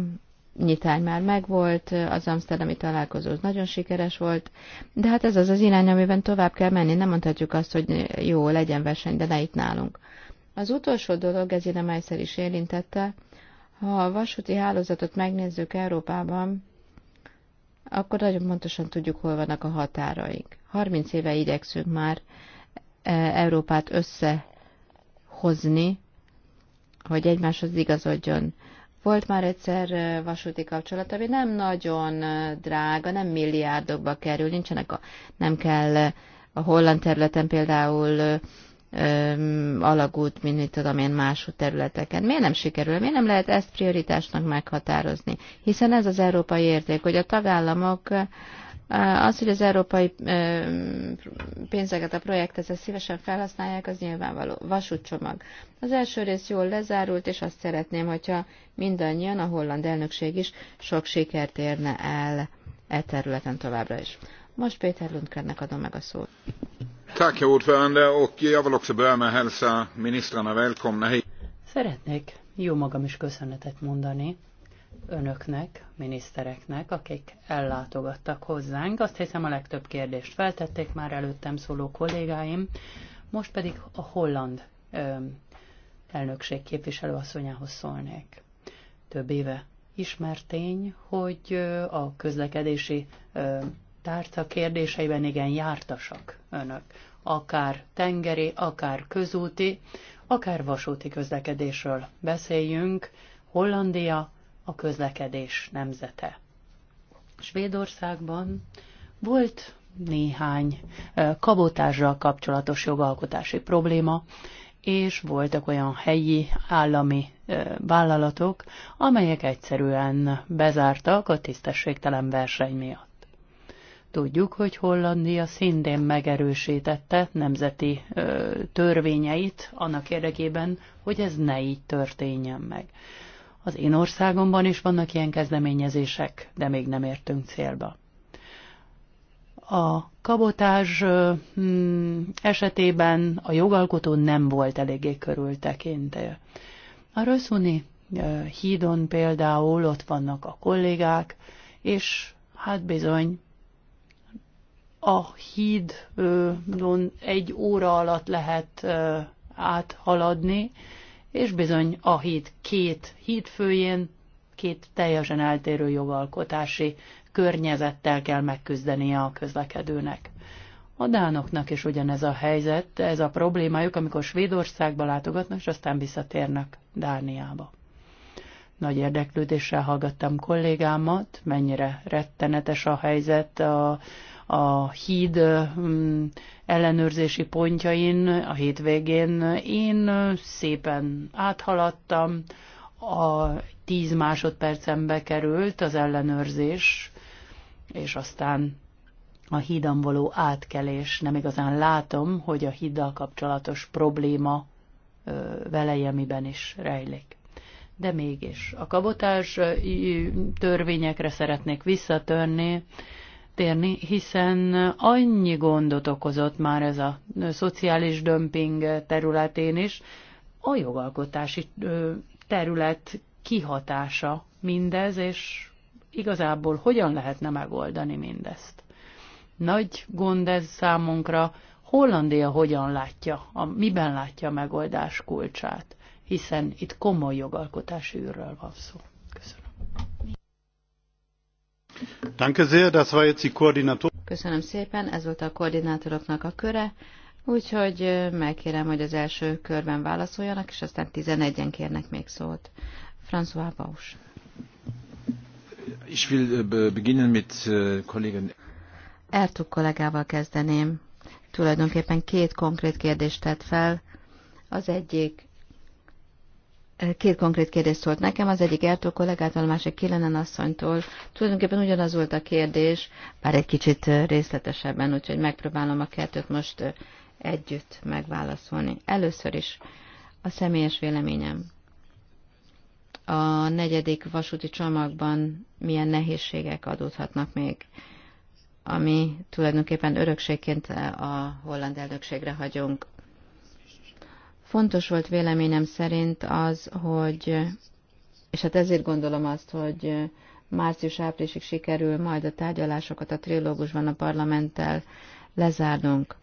nyitány már megvolt, az amsterdami találkozó nagyon sikeres volt, de hát ez az az irány, amiben tovább kell menni. Nem mondhatjuk azt, hogy jó, legyen verseny, de ne itt nálunk. Az utolsó dolog, ez Ine Meisszer is érintette, ha a vasúti hálózatot megnézzük Európában, akkor nagyon pontosan tudjuk, hol vannak a határaink. 30 éve igyekszünk már e, Európát összehozni, hogy egymáshoz igazodjon. Volt már egyszer e, vasúti kapcsolat, ami nem nagyon e, drága, nem milliárdokba kerül, nincsenek a, nem kell a holland területen például alagút, mint mit tudom én más területeken. Miért nem sikerül? Miért nem lehet ezt prioritásnak meghatározni? Hiszen ez az európai érték, hogy a tagállamok az, hogy az európai pénzeket a projekthez szívesen felhasználják, az nyilvánvaló. Vasútcsomag. Az első rész jól lezárult, és azt szeretném, hogyha mindannyian, a holland elnökség is sok sikert érne el e területen továbbra is. Most Péter Lundkernek adom meg a szót. Szeretnék jó magam is köszönetet mondani önöknek, minisztereknek, akik ellátogattak hozzánk. Azt hiszem a legtöbb kérdést feltették már előttem szóló kollégáim, most pedig a holland ö, elnökség képviselőasszonyához szólnék. Több éve ismertény, tény, hogy a közlekedési tárca kérdéseiben igen jártasak önök, akár tengeri, akár közúti, akár vasúti közlekedésről beszéljünk, Hollandia a közlekedés nemzete. Svédországban volt néhány kabotással kapcsolatos jogalkotási probléma, és voltak olyan helyi állami vállalatok, amelyek egyszerűen bezártak a tisztességtelen verseny miatt. Tudjuk, hogy Hollandia szintén megerősítette nemzeti ö, törvényeit annak érdekében, hogy ez ne így történjen meg. Az én országomban is vannak ilyen kezdeményezések, de még nem értünk célba. A kabotás hmm, esetében a jogalkotó nem volt eléggé körültekintő. A Röszuni hídon például ott vannak a kollégák, és hát bizony a hídon egy óra alatt lehet áthaladni, és bizony a híd két hídfőjén két teljesen eltérő jogalkotási környezettel kell megküzdenie a közlekedőnek. A dánoknak is ugyanez a helyzet, ez a problémájuk, amikor Svédországba látogatnak, és aztán visszatérnek Dániába. Nagy érdeklődéssel hallgattam kollégámat, mennyire rettenetes a helyzet a, a híd mm, ellenőrzési pontjain a hétvégén én szépen áthaladtam, a tíz másodpercen került az ellenőrzés, és aztán a hídan való átkelés. Nem igazán látom, hogy a híddal kapcsolatos probléma veleje miben is rejlik. De mégis a kabotás törvényekre szeretnék visszatörni, térni, hiszen annyi gondot okozott már ez a szociális dömping területén is, a jogalkotási terület kihatása mindez, és igazából hogyan lehetne megoldani mindezt. Nagy gond ez számunkra, Hollandia hogyan látja, a, miben látja a megoldás kulcsát, hiszen itt komoly jogalkotási űrről van szó. Köszönöm szépen, ez volt a koordinátoroknak a köre, úgyhogy megkérem, hogy az első körben válaszoljanak, és aztán 11-en kérnek még szót. François Baus. Ich will äh, beginnen mit äh, Kollegen. Ertug kollégával kezdeném. Tulajdonképpen két konkrét kérdést tett fel. Az egyik Két konkrét kérdést szólt nekem, az egyik Ertó kollégától, a másik Kilenen asszonytól. Tulajdonképpen ugyanaz volt a kérdés, bár egy kicsit részletesebben, úgyhogy megpróbálom a kettőt most együtt megválaszolni. Először is a személyes véleményem. A negyedik vasúti csomagban milyen nehézségek adódhatnak még, ami tulajdonképpen örökségként a holland elnökségre hagyunk. Fontos volt véleményem szerint az, hogy, és hát ezért gondolom azt, hogy március-áprilisig sikerül majd a tárgyalásokat a trilógusban a parlamenttel lezárnunk.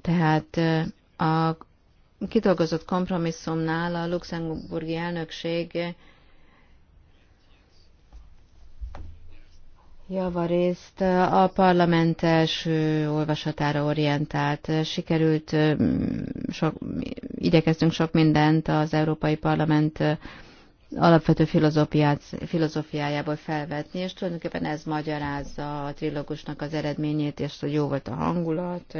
Tehát eh, a kidolgozott kompromisszumnál a luxemburgi elnökség Javarészt a parlament első olvasatára orientált. Sikerült, sok, igyekeztünk sok mindent az Európai Parlament alapvető filozófiájából felvetni, és tulajdonképpen ez magyarázza a trilógusnak az eredményét, és hogy jó volt a hangulat,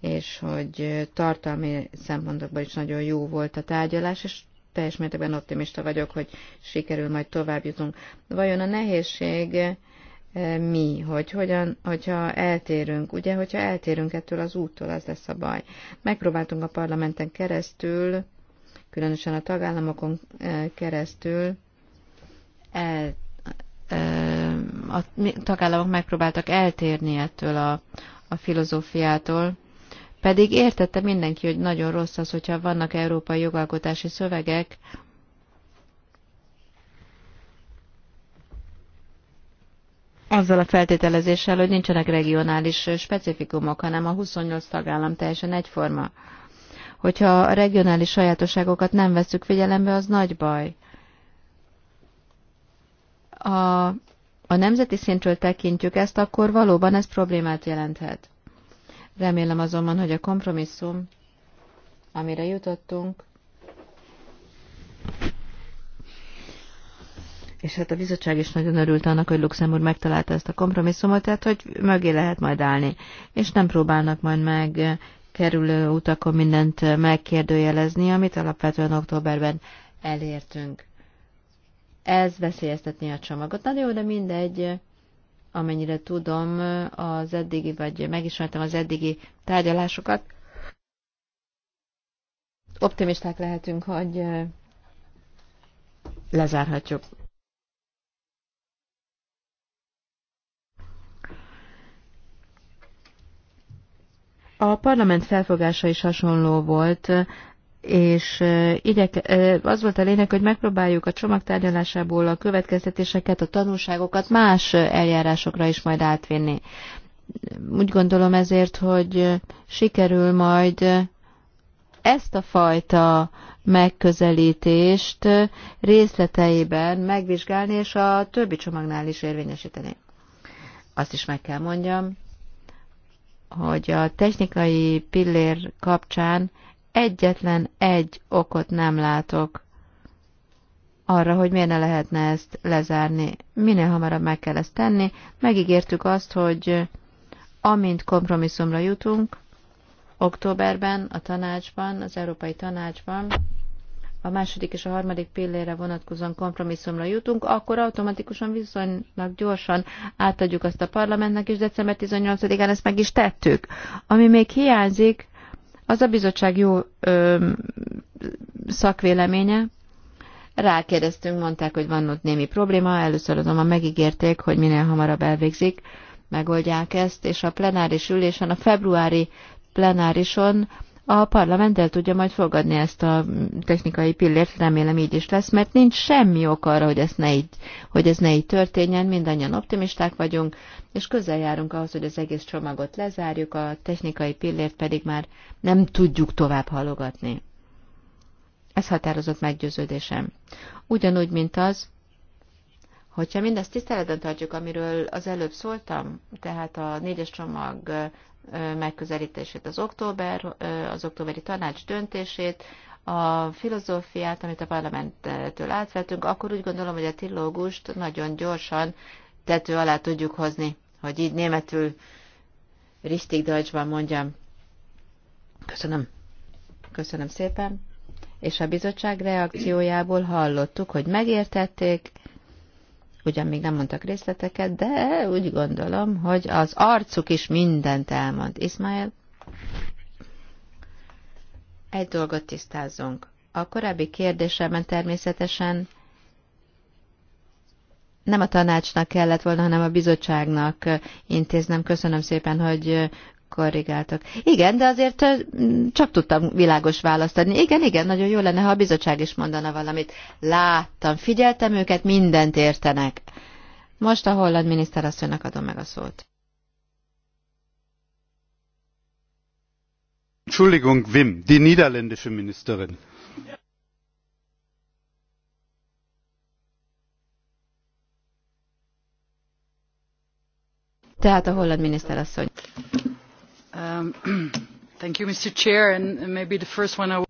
és hogy tartalmi szempontokban is nagyon jó volt a tárgyalás, és teljes mértékben optimista vagyok, hogy sikerül majd tovább jutunk. Vajon a nehézség E, mi, hogy hogyan, hogyha eltérünk, ugye, hogyha eltérünk ettől az úttól, az lesz a baj. Megpróbáltunk a parlamenten keresztül, különösen a tagállamokon e, keresztül, el, e, a tagállamok megpróbáltak eltérni ettől a, a filozófiától, pedig értette mindenki, hogy nagyon rossz az, hogyha vannak európai jogalkotási szövegek, azzal a feltételezéssel, hogy nincsenek regionális specifikumok, hanem a 28 tagállam teljesen egyforma. Hogyha a regionális sajátosságokat nem veszük figyelembe, az nagy baj. A, a nemzeti szintről tekintjük ezt, akkor valóban ez problémát jelenthet. Remélem azonban, hogy a kompromisszum, amire jutottunk, és hát a bizottság is nagyon örült annak, hogy Luxemburg megtalálta ezt a kompromisszumot, tehát hogy mögé lehet majd állni, és nem próbálnak majd meg kerülő utakon mindent megkérdőjelezni, amit alapvetően októberben elértünk. Ez veszélyeztetni a csomagot. Na jó, de mindegy, amennyire tudom az eddigi, vagy megismertem az eddigi tárgyalásokat, optimisták lehetünk, hogy lezárhatjuk. A parlament felfogása is hasonló volt, és az volt a lényeg, hogy megpróbáljuk a csomag tárgyalásából a következtetéseket, a tanulságokat más eljárásokra is majd átvinni. Úgy gondolom ezért, hogy sikerül majd ezt a fajta megközelítést részleteiben megvizsgálni, és a többi csomagnál is érvényesíteni. Azt is meg kell mondjam, hogy a technikai pillér kapcsán egyetlen egy okot nem látok arra, hogy miért ne lehetne ezt lezárni. Minél hamarabb meg kell ezt tenni. Megígértük azt, hogy amint kompromisszumra jutunk, októberben a tanácsban, az Európai Tanácsban, a második és a harmadik pillére vonatkozóan kompromisszumra jutunk, akkor automatikusan viszonylag gyorsan átadjuk azt a parlamentnek, és december 18-án ezt meg is tettük. Ami még hiányzik, az a bizottság jó ö, szakvéleménye. Rákérdeztünk, mondták, hogy van ott némi probléma, először azonban megígérték, hogy minél hamarabb elvégzik, megoldják ezt, és a plenáris ülésen, a februári plenárison a parlament el tudja majd fogadni ezt a technikai pillért, remélem így is lesz, mert nincs semmi ok arra, hogy ez ne így, hogy ez ne így történjen, mindannyian optimisták vagyunk, és közel járunk ahhoz, hogy az egész csomagot lezárjuk, a technikai pillért pedig már nem tudjuk tovább halogatni. Ez határozott meggyőződésem. Ugyanúgy, mint az, hogyha mindezt tiszteletben tartjuk, amiről az előbb szóltam, tehát a négyes csomag megközelítését, az október, az októberi tanács döntését, a filozófiát, amit a parlamenttől átvettünk, akkor úgy gondolom, hogy a trilógust nagyon gyorsan tető alá tudjuk hozni, hogy így németül richtig Deutschban mondjam. Köszönöm. Köszönöm szépen. És a bizottság reakciójából hallottuk, hogy megértették, Ugyan még nem mondtak részleteket, de úgy gondolom, hogy az arcuk is mindent elmond. Ismail, egy dolgot tisztázzunk. A korábbi kérdésemben természetesen nem a tanácsnak kellett volna, hanem a bizottságnak intéznem. Köszönöm szépen, hogy korrigáltak. Igen, de azért csak tudtam világos választ adni. Igen, igen, nagyon jó lenne, ha a bizottság is mondana valamit. Láttam, figyeltem őket, mindent értenek. Most a holland miniszter asszonynak adom meg a szót. Entschuldigung, Wim, die niederländische Ministerin. Tehát a holland asszony.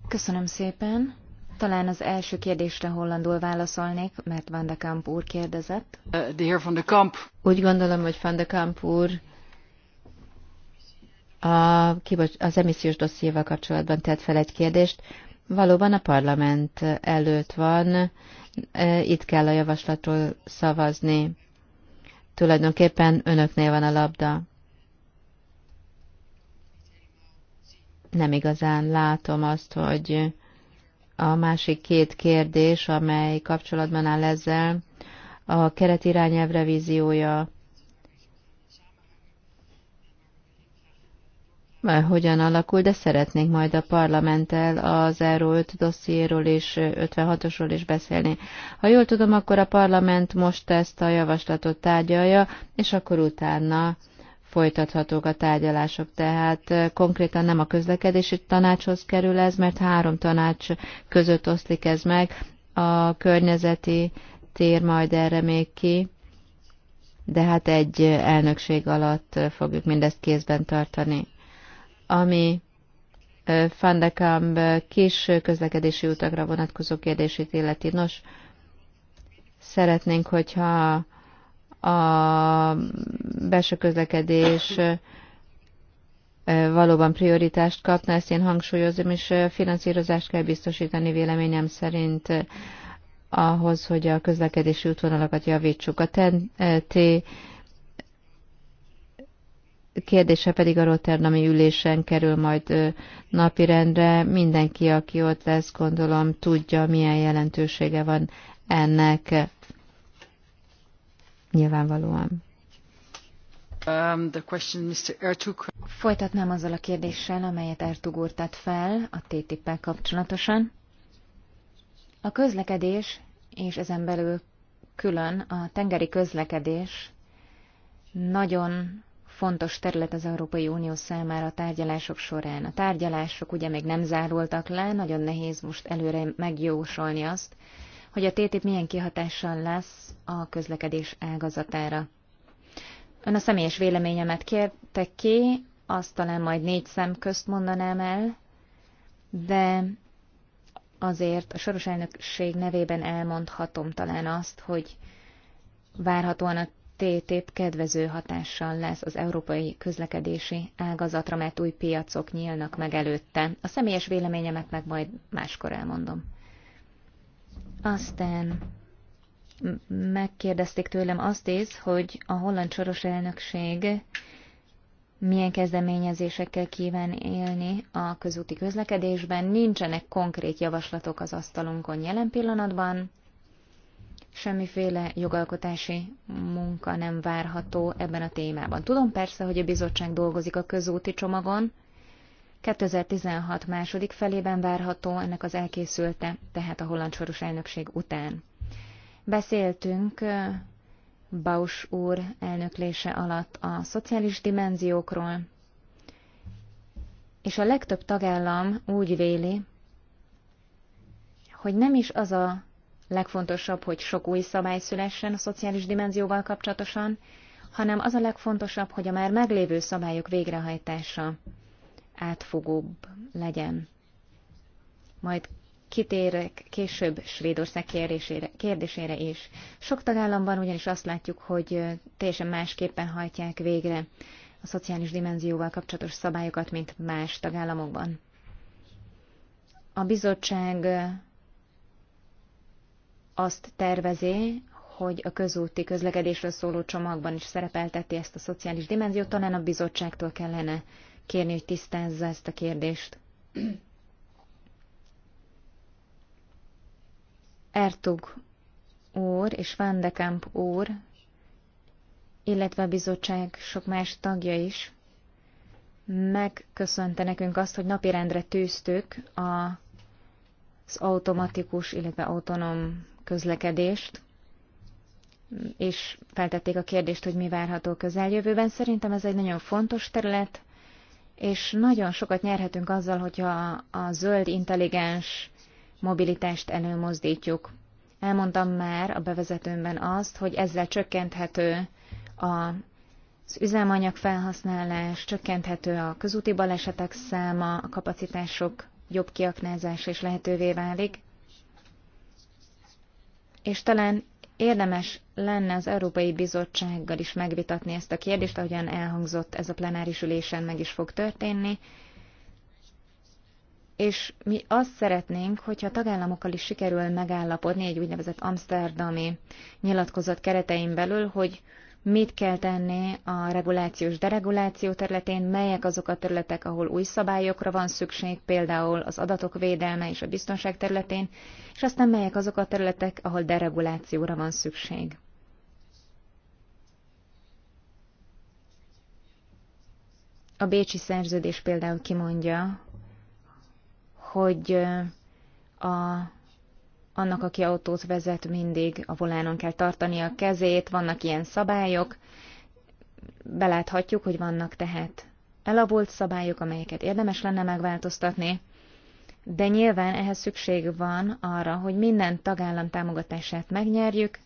Köszönöm szépen. Talán az első kérdésre hollandul válaszolnék, mert Van de Kamp úr kérdezett. Uh, de Van de Kamp. Úgy gondolom, hogy Van de Kamp úr a, kibocs, az emissziós dossziéval kapcsolatban tett fel egy kérdést. Valóban a parlament előtt van, e, itt kell a javaslatról szavazni. Tulajdonképpen önöknél van a labda. nem igazán látom azt, hogy a másik két kérdés, amely kapcsolatban áll ezzel, a keretirányelv revíziója hogyan alakul, de szeretnék majd a parlamenttel az Euró 5 dossziéról és 56-osról is beszélni. Ha jól tudom, akkor a parlament most ezt a javaslatot tárgyalja, és akkor utána folytathatók a tárgyalások. Tehát konkrétan nem a közlekedési tanácshoz kerül ez, mert három tanács között oszlik ez meg. A környezeti tér majd erre még ki, de hát egy elnökség alatt fogjuk mindezt kézben tartani. Ami Van kis közlekedési utakra vonatkozó kérdését illeti. Nos, szeretnénk, hogyha a belső közlekedés valóban prioritást kapna, ezt én hangsúlyozom, és finanszírozást kell biztosítani véleményem szerint ahhoz, hogy a közlekedési útvonalakat javítsuk. A TNT kérdése pedig a Rotterdami ülésen kerül majd napirendre. Mindenki, aki ott lesz, gondolom, tudja, milyen jelentősége van ennek nyilvánvalóan. Um, the question, Mr. Ertug. Folytatnám azzal a kérdéssel, amelyet Ertug úr tett fel a ttip kapcsolatosan. A közlekedés, és ezen belül külön a tengeri közlekedés nagyon fontos terület az Európai Unió számára a tárgyalások során. A tárgyalások ugye még nem zárultak le, nagyon nehéz most előre megjósolni azt, hogy a TTIP milyen kihatással lesz a közlekedés ágazatára. Ön a személyes véleményemet kérte ki, azt talán majd négy szem közt mondanám el, de azért a soros elnökség nevében elmondhatom talán azt, hogy várhatóan a TTIP kedvező hatással lesz az európai közlekedési ágazatra, mert új piacok nyílnak meg előtte. A személyes véleményemet meg majd máskor elmondom. Aztán megkérdezték tőlem azt is, hogy a holland soros elnökség milyen kezdeményezésekkel kíván élni a közúti közlekedésben. Nincsenek konkrét javaslatok az asztalunkon jelen pillanatban, semmiféle jogalkotási munka nem várható ebben a témában. Tudom persze, hogy a bizottság dolgozik a közúti csomagon, 2016 második felében várható ennek az elkészülte, tehát a holland soros elnökség után. Beszéltünk Baus úr elnöklése alatt a szociális dimenziókról, és a legtöbb tagállam úgy véli, hogy nem is az a legfontosabb, hogy sok új szabály szülessen a szociális dimenzióval kapcsolatosan, hanem az a legfontosabb, hogy a már meglévő szabályok végrehajtása átfogóbb legyen. Majd kitérek később Svédország kérdésére, kérdésére is. Sok tagállamban ugyanis azt látjuk, hogy teljesen másképpen hajtják végre a szociális dimenzióval kapcsolatos szabályokat, mint más tagállamokban. A bizottság azt tervezi, hogy a közúti közlekedésről szóló csomagban is szerepelteti ezt a szociális dimenziót, talán a bizottságtól kellene kérni, hogy tisztázza ezt a kérdést. Ertug úr és Van de Kamp úr, illetve a bizottság sok más tagja is megköszönte nekünk azt, hogy napirendre tűztük a, az automatikus, illetve autonóm közlekedést, és feltették a kérdést, hogy mi várható közeljövőben. Szerintem ez egy nagyon fontos terület, és nagyon sokat nyerhetünk azzal, hogyha a zöld intelligens mobilitást előmozdítjuk. Elmondtam már a bevezetőmben azt, hogy ezzel csökkenthető a az üzemanyag felhasználás, csökkenthető a közúti balesetek száma, a kapacitások jobb kiaknázása is lehetővé válik, és talán Érdemes lenne az Európai Bizottsággal is megvitatni ezt a kérdést, ahogyan elhangzott ez a plenáris ülésen meg is fog történni. És mi azt szeretnénk, hogyha a tagállamokkal is sikerül megállapodni egy úgynevezett amsterdami nyilatkozat keretein belül, hogy mit kell tenni a regulációs dereguláció területén, melyek azok a területek, ahol új szabályokra van szükség, például az adatok védelme és a biztonság területén, és aztán melyek azok a területek, ahol deregulációra van szükség. A Bécsi szerződés például kimondja, hogy a annak, aki autót vezet, mindig a volánon kell tartani a kezét, vannak ilyen szabályok, beláthatjuk, hogy vannak tehát elavult szabályok, amelyeket érdemes lenne megváltoztatni, de nyilván ehhez szükség van arra, hogy minden tagállam támogatását megnyerjük,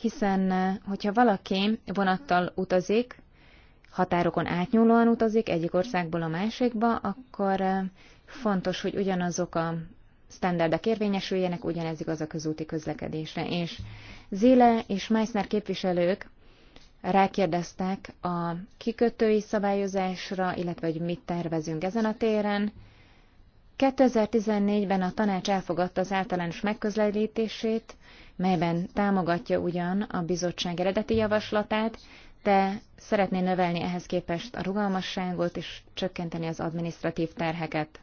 hiszen hogyha valaki vonattal utazik, határokon átnyúlóan utazik egyik országból a másikba, akkor eh, fontos, hogy ugyanazok a sztenderdek érvényesüljenek, ugyanez igaz a közúti közlekedésre. És Zile és Meissner képviselők rákérdeztek a kikötői szabályozásra, illetve hogy mit tervezünk ezen a téren. 2014-ben a tanács elfogadta az általános megközelítését, melyben támogatja ugyan a bizottság eredeti javaslatát, de szeretné növelni ehhez képest a rugalmasságot és csökkenteni az administratív terheket.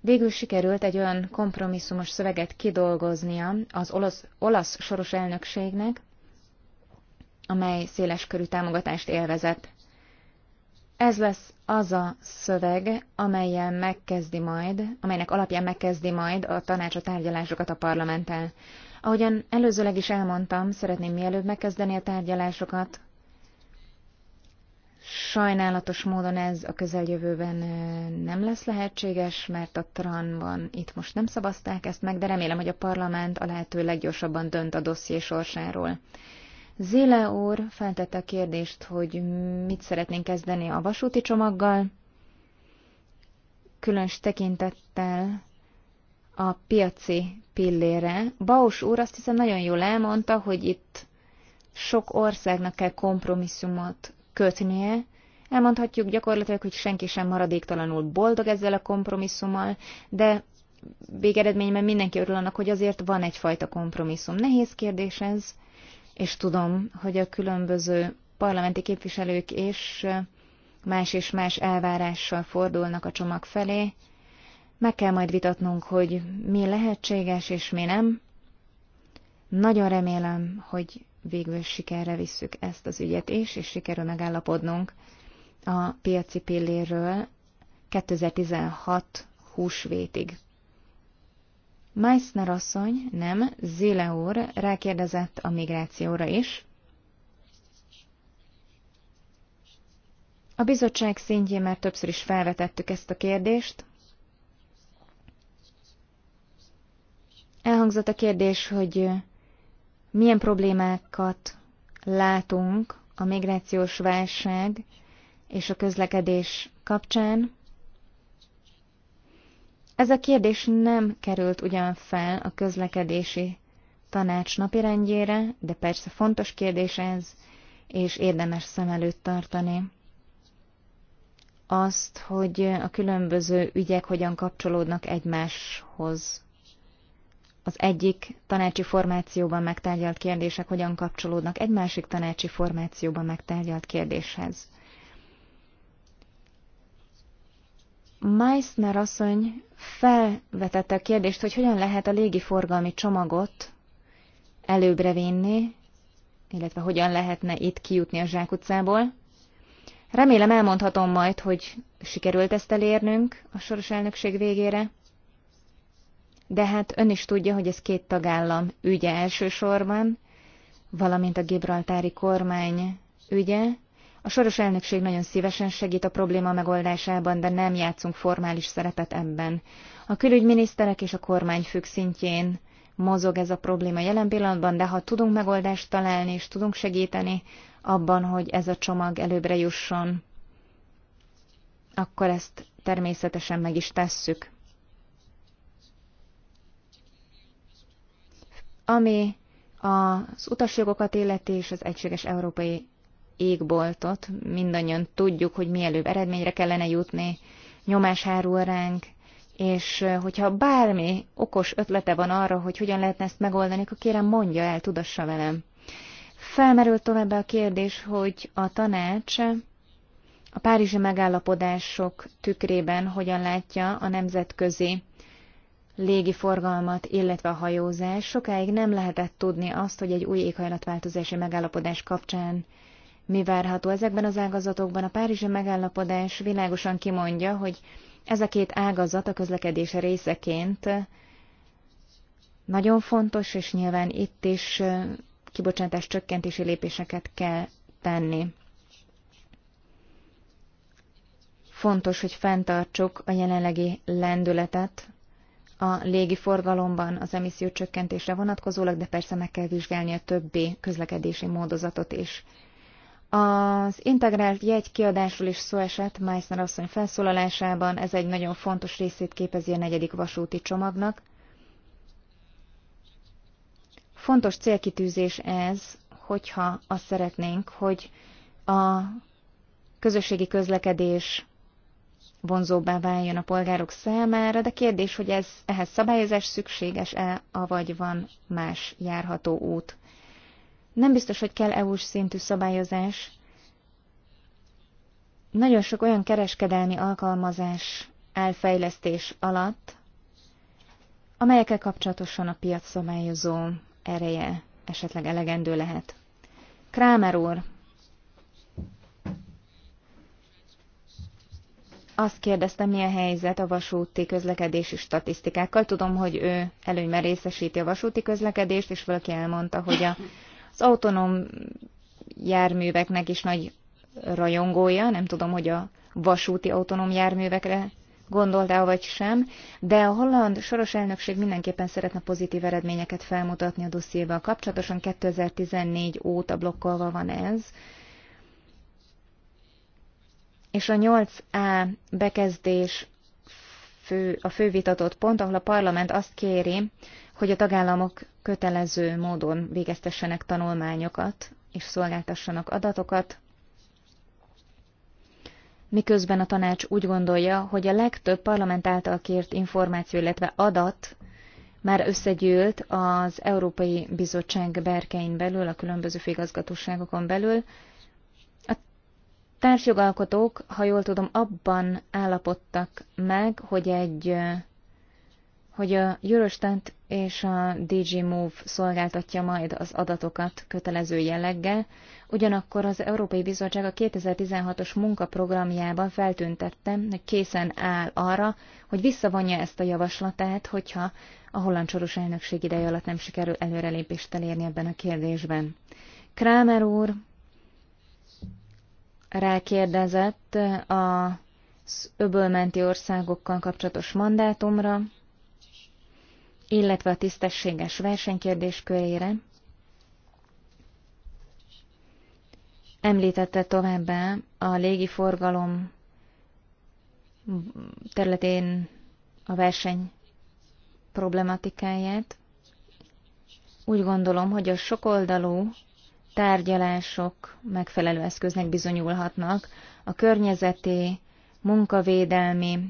Végül sikerült egy olyan kompromisszumos szöveget kidolgoznia az olasz, olasz soros elnökségnek, amely széles körű támogatást élvezett. Ez lesz az a szöveg, amelyen megkezdi majd, amelynek alapján megkezdi majd a tanács a tárgyalásokat a parlamenttel. Ahogyan előzőleg is elmondtam, szeretném mielőbb megkezdeni a tárgyalásokat. Sajnálatos módon ez a közeljövőben nem lesz lehetséges, mert a Tranban itt most nem szavazták ezt meg, de remélem, hogy a parlament a lehető leggyorsabban dönt a dosszié sorsáról. Zéle úr feltette a kérdést, hogy mit szeretnénk kezdeni a vasúti csomaggal, különös tekintettel a piaci pillére. Baus úr azt hiszem nagyon jól elmondta, hogy itt sok országnak kell kompromisszumot kötnie. Elmondhatjuk gyakorlatilag, hogy senki sem maradéktalanul boldog ezzel a kompromisszummal, de végeredményben mindenki örül annak, hogy azért van egyfajta kompromisszum. Nehéz kérdés ez, és tudom, hogy a különböző parlamenti képviselők és más és más elvárással fordulnak a csomag felé, meg kell majd vitatnunk, hogy mi lehetséges és mi nem. Nagyon remélem, hogy végül sikerre visszük ezt az ügyet is, és sikerül megállapodnunk a piaci pilléről 2016 húsvétig. Meissner asszony, nem, Zile úr rákérdezett a migrációra is. A bizottság szintjén már többször is felvetettük ezt a kérdést. Elhangzott a kérdés, hogy milyen problémákat látunk a migrációs válság és a közlekedés kapcsán. Ez a kérdés nem került ugyan fel a közlekedési tanács napirendjére, de persze fontos kérdés ez, és érdemes szem előtt tartani. Azt, hogy a különböző ügyek hogyan kapcsolódnak egymáshoz az egyik tanácsi formációban megtárgyalt kérdések hogyan kapcsolódnak egy másik tanácsi formációban megtárgyalt kérdéshez. Meissner asszony felvetette a kérdést, hogy hogyan lehet a légiforgalmi csomagot előbbre vinni, illetve hogyan lehetne itt kijutni a zsákutcából. Remélem elmondhatom majd, hogy sikerült ezt elérnünk a soros elnökség végére de hát ön is tudja, hogy ez két tagállam ügye elsősorban, valamint a gibraltári kormány ügye. A soros elnökség nagyon szívesen segít a probléma megoldásában, de nem játszunk formális szerepet ebben. A külügyminiszterek és a függ szintjén mozog ez a probléma jelen pillanatban, de ha tudunk megoldást találni és tudunk segíteni abban, hogy ez a csomag előbbre jusson, akkor ezt természetesen meg is tesszük. ami az utasjogokat illeti és az egységes európai égboltot. Mindannyian tudjuk, hogy mielőbb eredményre kellene jutni, nyomás hárul ránk, és hogyha bármi okos ötlete van arra, hogy hogyan lehetne ezt megoldani, akkor kérem mondja el, tudassa velem. Felmerült továbbá a kérdés, hogy a tanács a párizsi megállapodások tükrében hogyan látja a nemzetközi légi forgalmat illetve a hajózás. Sokáig nem lehetett tudni azt, hogy egy új éghajlatváltozási megállapodás kapcsán mi várható ezekben az ágazatokban. A Párizsi megállapodás világosan kimondja, hogy ez a két ágazat a közlekedése részeként nagyon fontos, és nyilván itt is kibocsátás csökkentési lépéseket kell tenni. Fontos, hogy fenntartsuk a jelenlegi lendületet, a légi forgalomban az emisszió csökkentésre vonatkozólag, de persze meg kell vizsgálni a többi közlekedési módozatot is. Az integrált kiadásról is szó esett Meissner asszony felszólalásában, ez egy nagyon fontos részét képezi a negyedik vasúti csomagnak. Fontos célkitűzés ez, hogyha azt szeretnénk, hogy a közösségi közlekedés vonzóbbá váljon a polgárok számára, de kérdés, hogy ez, ehhez szabályozás szükséges-e, avagy van más járható út. Nem biztos, hogy kell EU-s szintű szabályozás. Nagyon sok olyan kereskedelmi alkalmazás elfejlesztés alatt, amelyekkel kapcsolatosan a piac szabályozó ereje esetleg elegendő lehet. Krámer úr, Azt kérdeztem, mi a helyzet a vasúti közlekedési statisztikákkal. Tudom, hogy ő előnyben részesíti a vasúti közlekedést, és valaki elmondta, hogy a, az autonóm járműveknek is nagy rajongója. Nem tudom, hogy a vasúti autonóm járművekre gondoltál vagy sem, de a holland soros elnökség mindenképpen szeretne pozitív eredményeket felmutatni a dossziéval kapcsolatosan. 2014 óta blokkolva van ez és a 8A bekezdés fő, a fővitatott pont, ahol a parlament azt kéri, hogy a tagállamok kötelező módon végeztessenek tanulmányokat és szolgáltassanak adatokat, miközben a tanács úgy gondolja, hogy a legtöbb parlament által kért információ, illetve adat már összegyűlt az Európai Bizottság berkein belül, a különböző figazgatóságokon belül, társjogalkotók, ha jól tudom, abban állapodtak meg, hogy egy hogy a Eurostat és a DG Move szolgáltatja majd az adatokat kötelező jelleggel, ugyanakkor az Európai Bizottság a 2016-os munkaprogramjában feltüntette, hogy készen áll arra, hogy visszavonja ezt a javaslatát, hogyha a holland soros elnökség ideje alatt nem sikerül előrelépést elérni ebben a kérdésben. Krámer úr rákérdezett a öbölmenti országokkal kapcsolatos mandátumra, illetve a tisztességes versenykérdés körére. Említette továbbá a légiforgalom területén a verseny problematikáját. Úgy gondolom, hogy a sokoldalú tárgyalások megfelelő eszköznek bizonyulhatnak a környezeti, munkavédelmi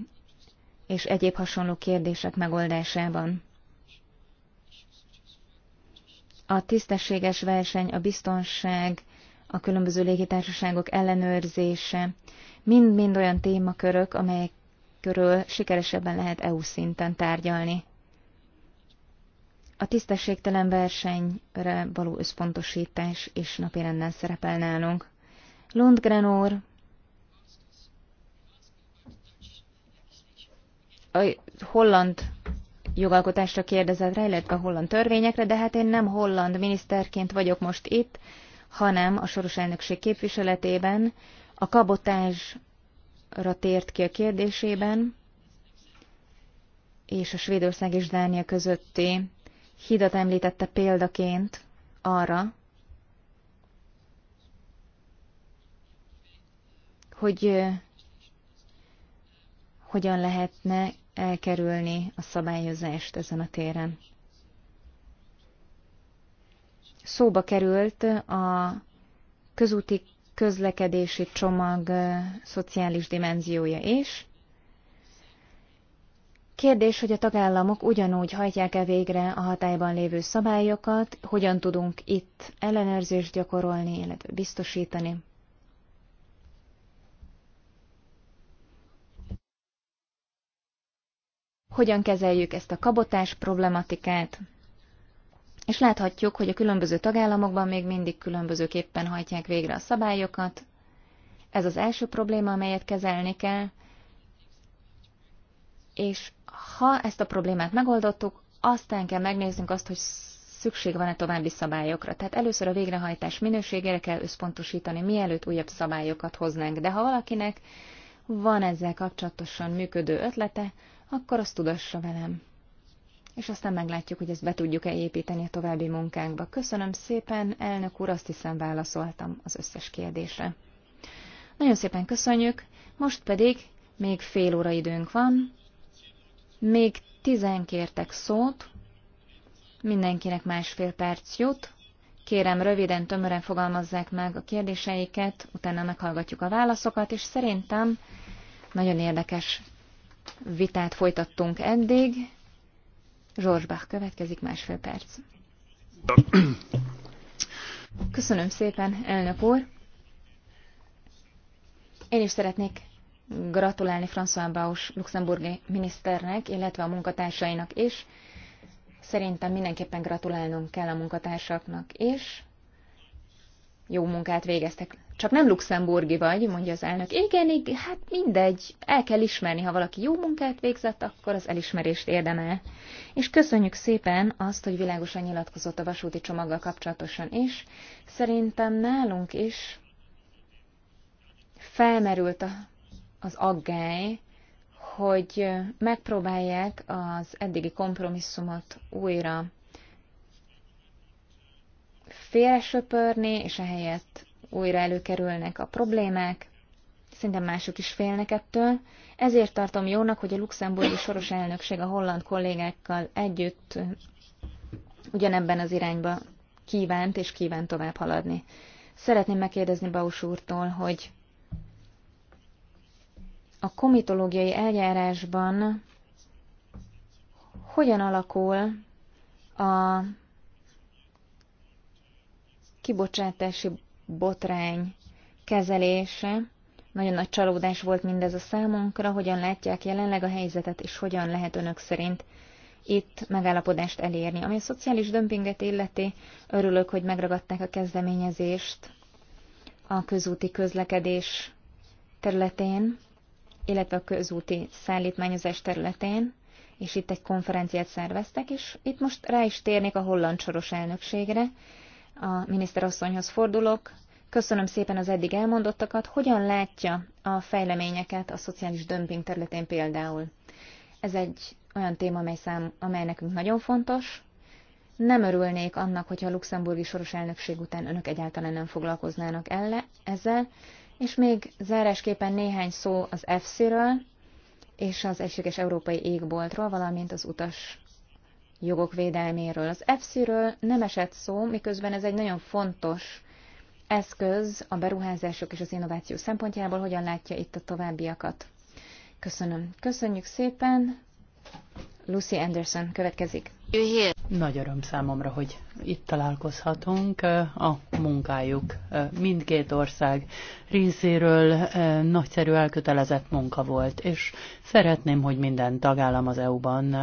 és egyéb hasonló kérdések megoldásában. A tisztességes verseny, a biztonság, a különböző légitársaságok ellenőrzése, mind-mind olyan témakörök, amelyek körül sikeresebben lehet EU szinten tárgyalni a tisztességtelen versenyre való összpontosítás és napirenden szerepel nálunk. Lundgren úr, a holland jogalkotásra kérdezett rá, illetve a holland törvényekre, de hát én nem holland miniszterként vagyok most itt, hanem a soros elnökség képviseletében a kabotázsra tért ki a kérdésében, és a Svédország és Dánia közötti hidat említette példaként arra, hogy hogyan lehetne elkerülni a szabályozást ezen a téren. Szóba került a közúti közlekedési csomag szociális dimenziója is, Kérdés, hogy a tagállamok ugyanúgy hajtják-e végre a hatályban lévő szabályokat, hogyan tudunk itt ellenőrzést gyakorolni, illetve biztosítani. Hogyan kezeljük ezt a kabotás problematikát, és láthatjuk, hogy a különböző tagállamokban még mindig különbözőképpen hajtják végre a szabályokat. Ez az első probléma, amelyet kezelni kell, és ha ezt a problémát megoldottuk, aztán kell megnéznünk azt, hogy szükség van-e további szabályokra. Tehát először a végrehajtás minőségére kell összpontosítani, mielőtt újabb szabályokat hoznánk. De ha valakinek van ezzel kapcsolatosan működő ötlete, akkor azt tudassa velem. És aztán meglátjuk, hogy ezt be tudjuk-e építeni a további munkánkba. Köszönöm szépen, elnök úr, azt hiszem válaszoltam az összes kérdésre. Nagyon szépen köszönjük, most pedig még fél óra időnk van, még tizen kértek szót, mindenkinek másfél perc jut. Kérem, röviden, tömören fogalmazzák meg a kérdéseiket, utána meghallgatjuk a válaszokat, és szerintem nagyon érdekes vitát folytattunk eddig. Zsorsbach következik másfél perc. Köszönöm szépen, elnök úr. Én is szeretnék gratulálni François Baus luxemburgi miniszternek, illetve a munkatársainak is. Szerintem mindenképpen gratulálnunk kell a munkatársaknak is. Jó munkát végeztek. Csak nem luxemburgi vagy, mondja az elnök. Igen, igen, hát mindegy. El kell ismerni, ha valaki jó munkát végzett, akkor az elismerést érdemel. És köszönjük szépen azt, hogy világosan nyilatkozott a vasúti csomaggal kapcsolatosan is. Szerintem nálunk is felmerült a az aggály, hogy megpróbálják az eddigi kompromisszumot újra félresöpörni, és ehelyett újra előkerülnek a problémák, szinte mások is félnek ettől. Ezért tartom jónak, hogy a luxemburgi soros elnökség a holland kollégákkal együtt ugyanebben az irányba kívánt és kíván tovább haladni. Szeretném megkérdezni Baus úrtól, hogy a komitológiai eljárásban hogyan alakul a kibocsátási botrány kezelése. Nagyon nagy csalódás volt mindez a számunkra, hogyan látják jelenleg a helyzetet, és hogyan lehet önök szerint itt megállapodást elérni. Ami a szociális dömpinget illeti, örülök, hogy megragadták a kezdeményezést a közúti közlekedés területén illetve a közúti szállítmányozás területén, és itt egy konferenciát szerveztek, és itt most rá is térnék a holland soros elnökségre. A miniszterasszonyhoz fordulok. Köszönöm szépen az eddig elmondottakat. Hogyan látja a fejleményeket a szociális dömping területén például? Ez egy olyan téma, amely, szám, amely nekünk nagyon fontos. Nem örülnék annak, hogyha a luxemburgi soros elnökség után önök egyáltalán nem foglalkoznának elle, ezzel, és még zárásképpen néhány szó az EFSZ-ről és az Egységes Európai Égboltról, valamint az utas jogok védelméről. Az EFSZ-ről nem esett szó, miközben ez egy nagyon fontos eszköz a beruházások és az innováció szempontjából. Hogyan látja itt a továbbiakat? Köszönöm. Köszönjük szépen. Lucy Anderson következik. Nagy öröm számomra, hogy itt találkozhatunk. A munkájuk mindkét ország részéről nagyszerű elkötelezett munka volt, és szeretném, hogy minden tagállam az EU-ban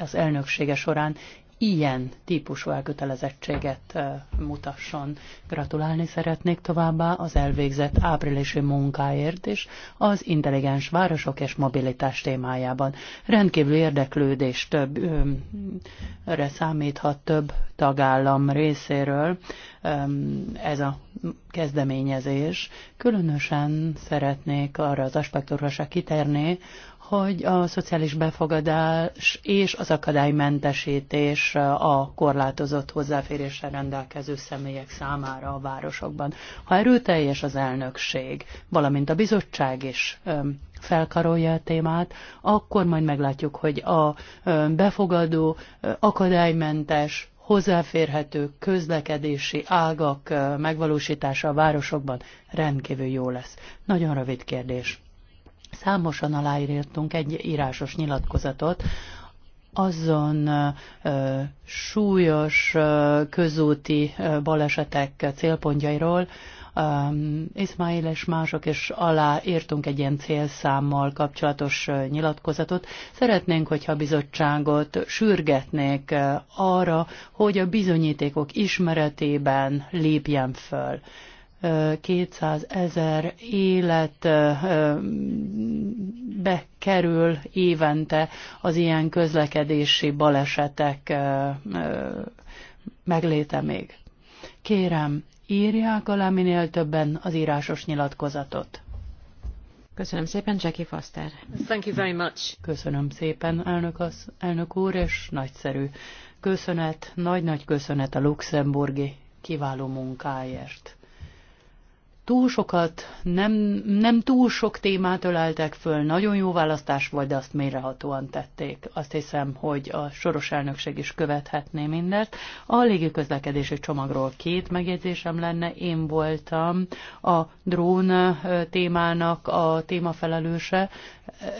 az elnöksége során ilyen típusú elkötelezettséget mutasson. Gratulálni szeretnék továbbá az elvégzett áprilisi munkáért is az intelligens városok és mobilitás témájában. Rendkívül érdeklődés több, erre számíthat több tagállam részéről ez a kezdeményezés. Különösen szeretnék arra az aspektusra se kiterni, hogy a szociális befogadás és az akadálymentesítés a korlátozott hozzáféréssel rendelkező személyek számára a városokban. Ha erőteljes az elnökség, valamint a bizottság is felkarolja a témát, akkor majd meglátjuk, hogy a befogadó, akadálymentes, hozzáférhető közlekedési ágak megvalósítása a városokban rendkívül jó lesz. Nagyon rövid kérdés. Számosan aláírtunk egy írásos nyilatkozatot, azon ö, súlyos ö, közúti ö, balesetek célpontjairól, Ismail és mások is alá írtunk egy ilyen célszámmal kapcsolatos nyilatkozatot. Szeretnénk, hogyha a bizottságot sürgetnék arra, hogy a bizonyítékok ismeretében lépjen föl. 200 ezer élet bekerül évente az ilyen közlekedési balesetek megléte még. Kérem, írják alá minél többen az írásos nyilatkozatot. Köszönöm szépen, Jackie Foster. Thank you very much. Köszönöm szépen, elnök, az, elnök úr, és nagyszerű. Köszönet, nagy-nagy köszönet a luxemburgi kiváló munkáért túl sokat, nem, nem túl sok témát öleltek föl, nagyon jó választás volt, de azt mélyrehatóan tették. Azt hiszem, hogy a soros elnökség is követhetné mindent. A légiközlekedési csomagról két megjegyzésem lenne. Én voltam a drón témának a témafelelőse,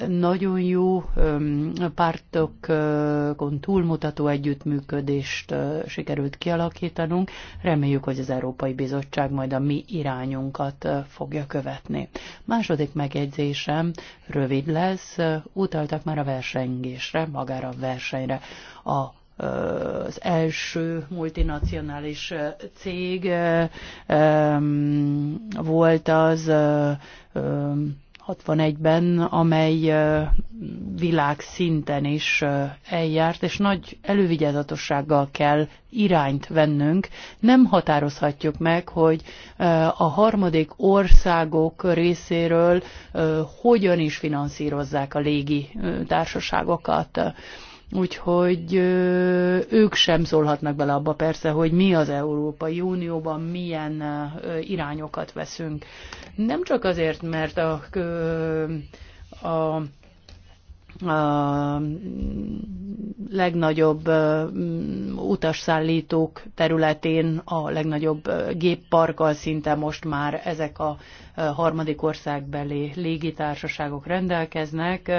nagyon jó pártokon túlmutató együttműködést sikerült kialakítanunk. Reméljük, hogy az Európai Bizottság majd a mi irányunkat fogja követni. Második megjegyzésem rövid lesz, utaltak már a versengésre, magára a versenyre. A az első multinacionális cég volt az 61-ben, amely világszinten is eljárt, és nagy elővigyázatossággal kell irányt vennünk. Nem határozhatjuk meg, hogy a harmadik országok részéről hogyan is finanszírozzák a légi társaságokat Úgyhogy ők sem szólhatnak bele abba persze, hogy mi az Európai Unióban milyen irányokat veszünk. Nem csak azért, mert a, a a legnagyobb utasszállítók területén a legnagyobb gépparkkal szinte most már ezek a harmadik országbeli légitársaságok rendelkeznek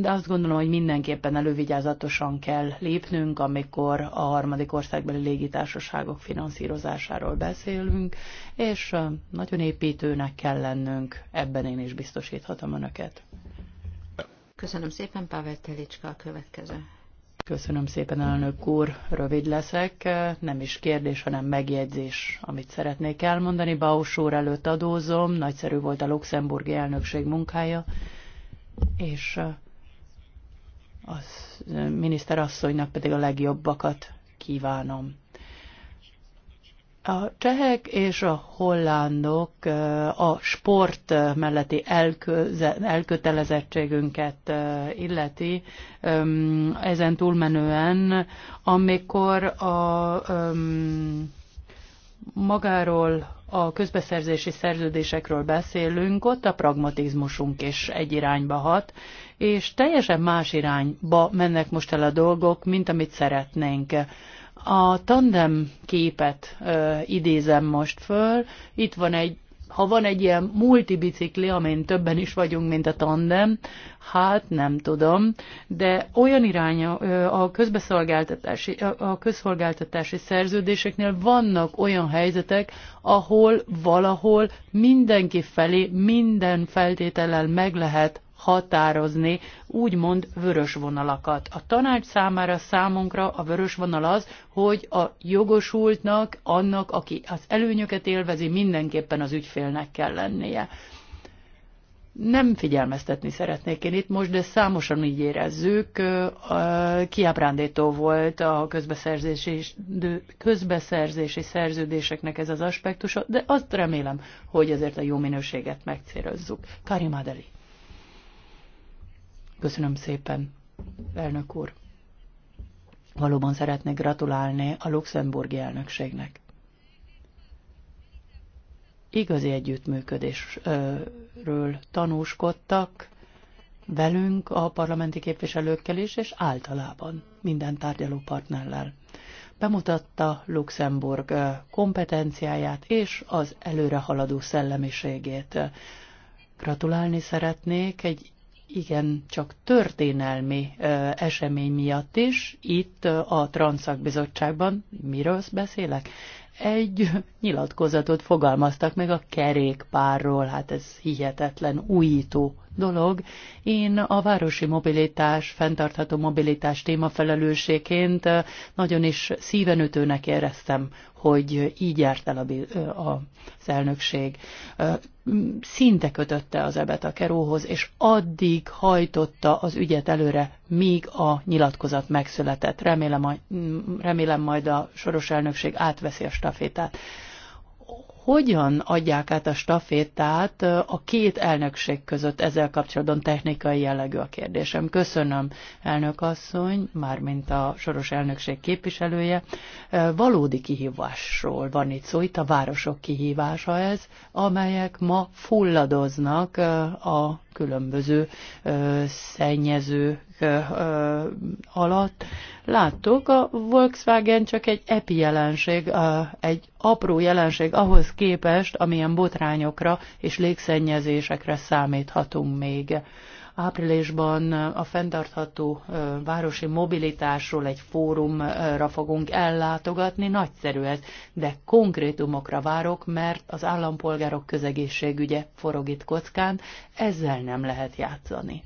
de azt gondolom, hogy mindenképpen elővigyázatosan kell lépnünk, amikor a harmadik országbeli légitársaságok finanszírozásáról beszélünk, és nagyon építőnek kell lennünk, ebben én is biztosíthatom önöket. Köszönöm szépen, Pavel Telicska a következő. Köszönöm szépen, elnök úr, rövid leszek. Nem is kérdés, hanem megjegyzés, amit szeretnék elmondani. Baus előtt adózom, nagyszerű volt a luxemburgi elnökség munkája és a miniszterasszonynak pedig a legjobbakat kívánom. A csehek és a hollandok a sport melletti elkötelezettségünket illeti, ezen túlmenően, amikor a magáról a közbeszerzési szerződésekről beszélünk, ott a pragmatizmusunk is egy irányba hat, és teljesen más irányba mennek most el a dolgok, mint amit szeretnénk. A tandem képet ö, idézem most föl. Itt van egy ha van egy ilyen multibicikli, amin többen is vagyunk, mint a tandem, hát nem tudom, de olyan iránya a közbeszolgáltatási, a közszolgáltatási szerződéseknél vannak olyan helyzetek, ahol valahol mindenki felé minden feltétellel meg lehet határozni úgymond vörös vonalakat. A tanács számára számunkra a vörös vonal az, hogy a jogosultnak, annak, aki az előnyöket élvezi, mindenképpen az ügyfélnek kell lennie. Nem figyelmeztetni szeretnék én itt most, de számosan így érezzük. Kiábrándító volt a közbeszerzési, közbeszerzési szerződéseknek ez az aspektusa, de azt remélem, hogy azért a jó minőséget megcélozzuk. Karim Adeli. Köszönöm szépen, elnök úr. Valóban szeretnék gratulálni a luxemburgi elnökségnek. Igazi együttműködésről tanúskodtak velünk a parlamenti képviselőkkel is, és általában minden tárgyaló partnerrel. Bemutatta Luxemburg kompetenciáját és az előrehaladó szellemiségét. Gratulálni szeretnék egy igen, csak történelmi ö, esemény miatt is, itt ö, a Transzakbizottságban, miről beszélek? Egy nyilatkozatot fogalmaztak meg a kerékpárról, hát ez hihetetlen újító dolog. Én a városi mobilitás, fenntartható mobilitás témafelelőségként eh, nagyon is szívenütőnek éreztem, hogy így járt el a, a, eh, az elnökség. Eh, szinte kötötte az ebet a keróhoz, és addig hajtotta az ügyet előre, míg a nyilatkozat megszületett. Remélem, remélem majd a soros elnökség átveszi a stafétát hogyan adják át a stafétát a két elnökség között ezzel kapcsolatban technikai jellegű a kérdésem. Köszönöm, elnök asszony, mármint a soros elnökség képviselője. Valódi kihívásról van itt szó, itt a városok kihívása ez, amelyek ma fulladoznak a különböző szennyező alatt láttuk, a Volkswagen csak egy epi jelenség, egy apró jelenség ahhoz képest, amilyen botrányokra és légszennyezésekre számíthatunk még áprilisban a fenntartható városi mobilitásról egy fórumra fogunk ellátogatni. Nagyszerű ez, de konkrétumokra várok, mert az állampolgárok közegészségügye forog itt kockán, ezzel nem lehet játszani.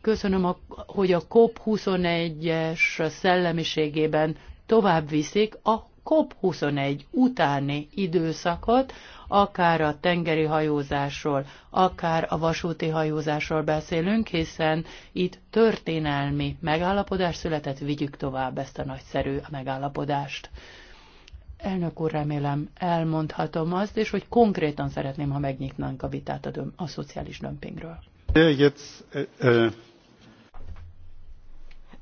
Köszönöm, hogy a COP21-es szellemiségében tovább viszik a COP21 utáni időszakot, akár a tengeri hajózásról, akár a vasúti hajózásról beszélünk, hiszen itt történelmi megállapodás született, vigyük tovább ezt a nagyszerű megállapodást. Elnök úr, remélem elmondhatom azt, és hogy konkrétan szeretném, ha megnyitnánk a vitát a, döm- a szociális dömpingről. Jetzt, äh, uh, uh,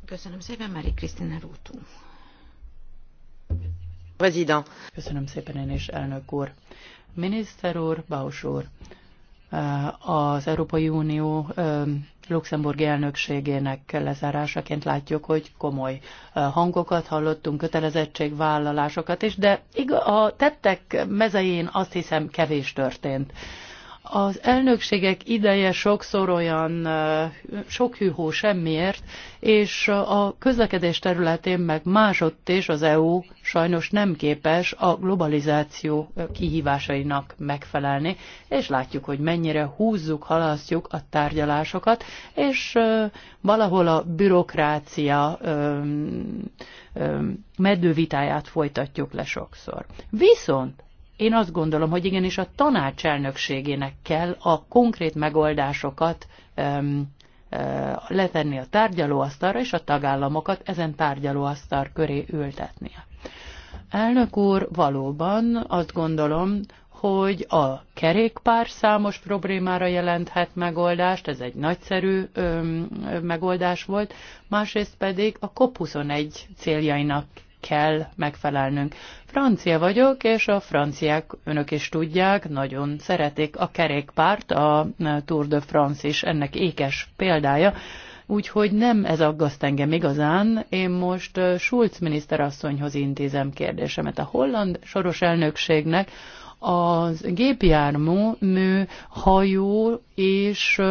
Köszönöm szépen, Mári Krisztina Rútu. President. Köszönöm szépen én is, elnök úr. Miniszter úr, Baus úr, eh, az Európai Unió eh, luxemburgi elnökségének lezárásaként látjuk, hogy komoly eh, hangokat hallottunk, kötelezettségvállalásokat is, de a tettek mezején azt hiszem kevés történt. Az elnökségek ideje sokszor olyan sok hűhó semmiért, és a közlekedés területén meg másodt és az EU sajnos nem képes a globalizáció kihívásainak megfelelni, és látjuk, hogy mennyire húzzuk, halasztjuk a tárgyalásokat, és valahol a bürokrácia medővitáját folytatjuk le sokszor. Viszont én azt gondolom, hogy igenis a tanács elnökségének kell a konkrét megoldásokat um, letenni a tárgyalóasztalra, és a tagállamokat ezen tárgyalóasztal köré ültetnie. Elnök úr, valóban azt gondolom, hogy a kerékpár számos problémára jelenthet megoldást, ez egy nagyszerű ö, megoldás volt, másrészt pedig a COP21 céljainak kell megfelelnünk. Francia vagyok, és a franciák, önök is tudják, nagyon szeretik a kerékpárt, a Tour de France is ennek ékes példája. Úgyhogy nem ez aggaszt engem igazán. Én most Schulz miniszterasszonyhoz intézem kérdésemet. A holland soros elnökségnek az gépjármű mű, hajó és,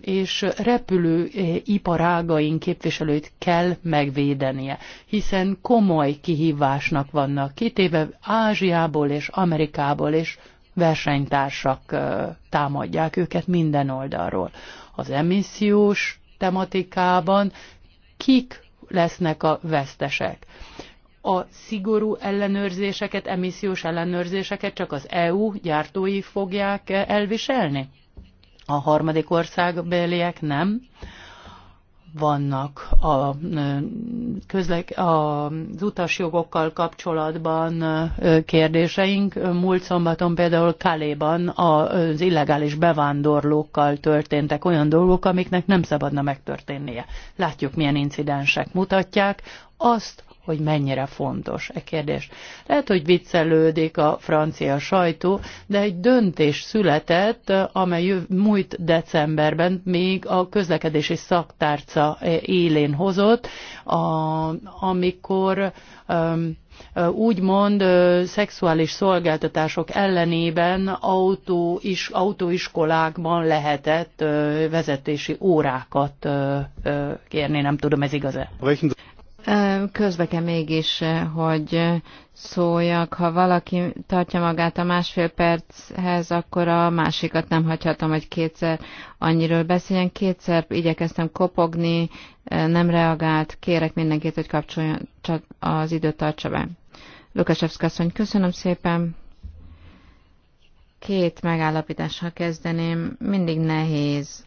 és repülő iparágaink képviselőit kell megvédenie, hiszen komoly kihívásnak vannak kitéve Ázsiából és Amerikából és versenytársak támadják őket minden oldalról. Az emissziós tematikában kik lesznek a vesztesek? a szigorú ellenőrzéseket, emissziós ellenőrzéseket csak az EU gyártói fogják elviselni? A harmadik országbeliek nem vannak a, közlek, a, az utasjogokkal kapcsolatban kérdéseink. Múlt szombaton például Kaléban az illegális bevándorlókkal történtek olyan dolgok, amiknek nem szabadna megtörténnie. Látjuk, milyen incidensek mutatják azt, hogy mennyire fontos e kérdés. Lehet, hogy viccelődik a francia sajtó, de egy döntés született, amely múlt decemberben még a közlekedési szaktárca e, élén hozott, a, amikor um, úgymond szexuális szolgáltatások ellenében autó is, autóiskolákban lehetett vezetési órákat kérni, nem tudom, ez igaz-e? Közbeke mégis, hogy szóljak, ha valaki tartja magát a másfél perchez, akkor a másikat nem hagyhatom, hogy kétszer annyiről beszéljen. Kétszer igyekeztem kopogni, nem reagált, kérek mindenkit, hogy kapcsoljon, csak az időt tartsa be. Lukasevszka asszony, köszönöm szépen. Két megállapítással kezdeném. Mindig nehéz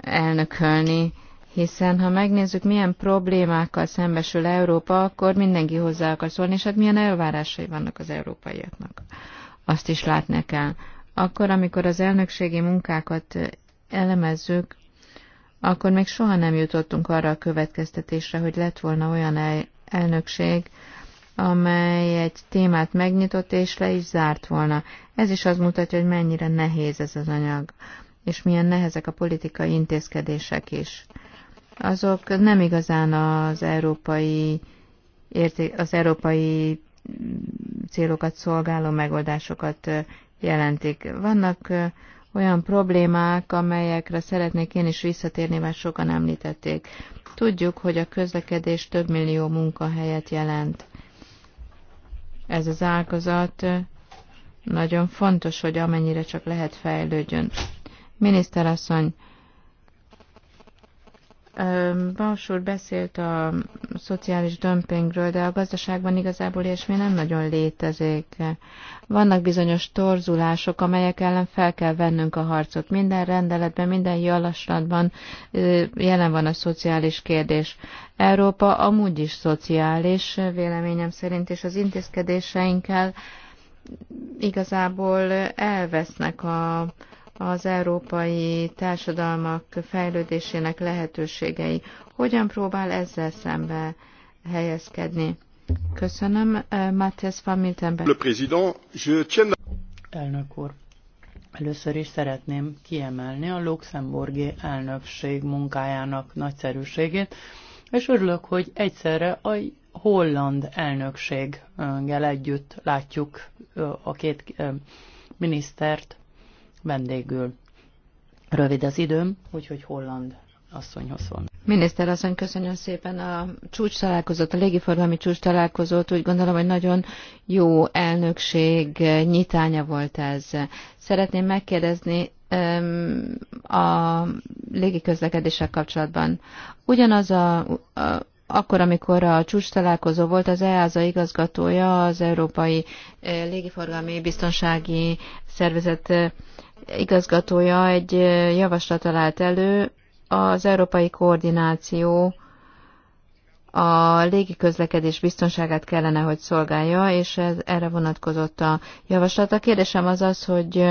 elnökölni hiszen ha megnézzük, milyen problémákkal szembesül Európa, akkor mindenki hozzá akar szólni, és hát milyen elvárásai vannak az európaiaknak. Azt is látni kell. Akkor, amikor az elnökségi munkákat elemezzük, akkor még soha nem jutottunk arra a következtetésre, hogy lett volna olyan elnökség, amely egy témát megnyitott és le is zárt volna. Ez is az mutatja, hogy mennyire nehéz ez az anyag, és milyen nehezek a politikai intézkedések is azok nem igazán az európai, érték, az európai célokat szolgáló megoldásokat jelentik. Vannak olyan problémák, amelyekre szeretnék én is visszatérni, mert sokan említették. Tudjuk, hogy a közlekedés több millió munkahelyet jelent. Ez az ágazat nagyon fontos, hogy amennyire csak lehet fejlődjön. Miniszterasszony, Bausúr beszélt a szociális dömpingről, de a gazdaságban igazából ilyesmi nem nagyon létezik. Vannak bizonyos torzulások, amelyek ellen fel kell vennünk a harcot. Minden rendeletben, minden javaslatban jelen van a szociális kérdés. Európa amúgy is szociális, véleményem szerint, és az intézkedéseinkkel igazából elvesznek a, az európai társadalmak fejlődésének lehetőségei. Hogyan próbál ezzel szembe helyezkedni? Köszönöm, eh, Matthias van Miltenberg. Elnök úr, először is szeretném kiemelni a luxemburgi elnökség munkájának nagyszerűségét, és örülök, hogy egyszerre a holland elnökséggel együtt látjuk eh, a két eh, minisztert vendégül. Rövid az időm, úgyhogy holland asszonyhoz van. Miniszter asszony, köszönöm szépen a csúcs találkozót, a légiforgalmi csúcs találkozót. Úgy gondolom, hogy nagyon jó elnökség nyitánya volt ez. Szeretném megkérdezni a légiközlekedéssel kapcsolatban. Ugyanaz a, a akkor, amikor a csúcs találkozó volt, az EASA igazgatója, az Európai eh, Légiforgalmi Biztonsági Szervezet eh, igazgatója egy javaslat talált elő az európai koordináció a légiközlekedés biztonságát kellene, hogy szolgálja, és ez, erre vonatkozott a javaslat. A kérdésem az az, hogy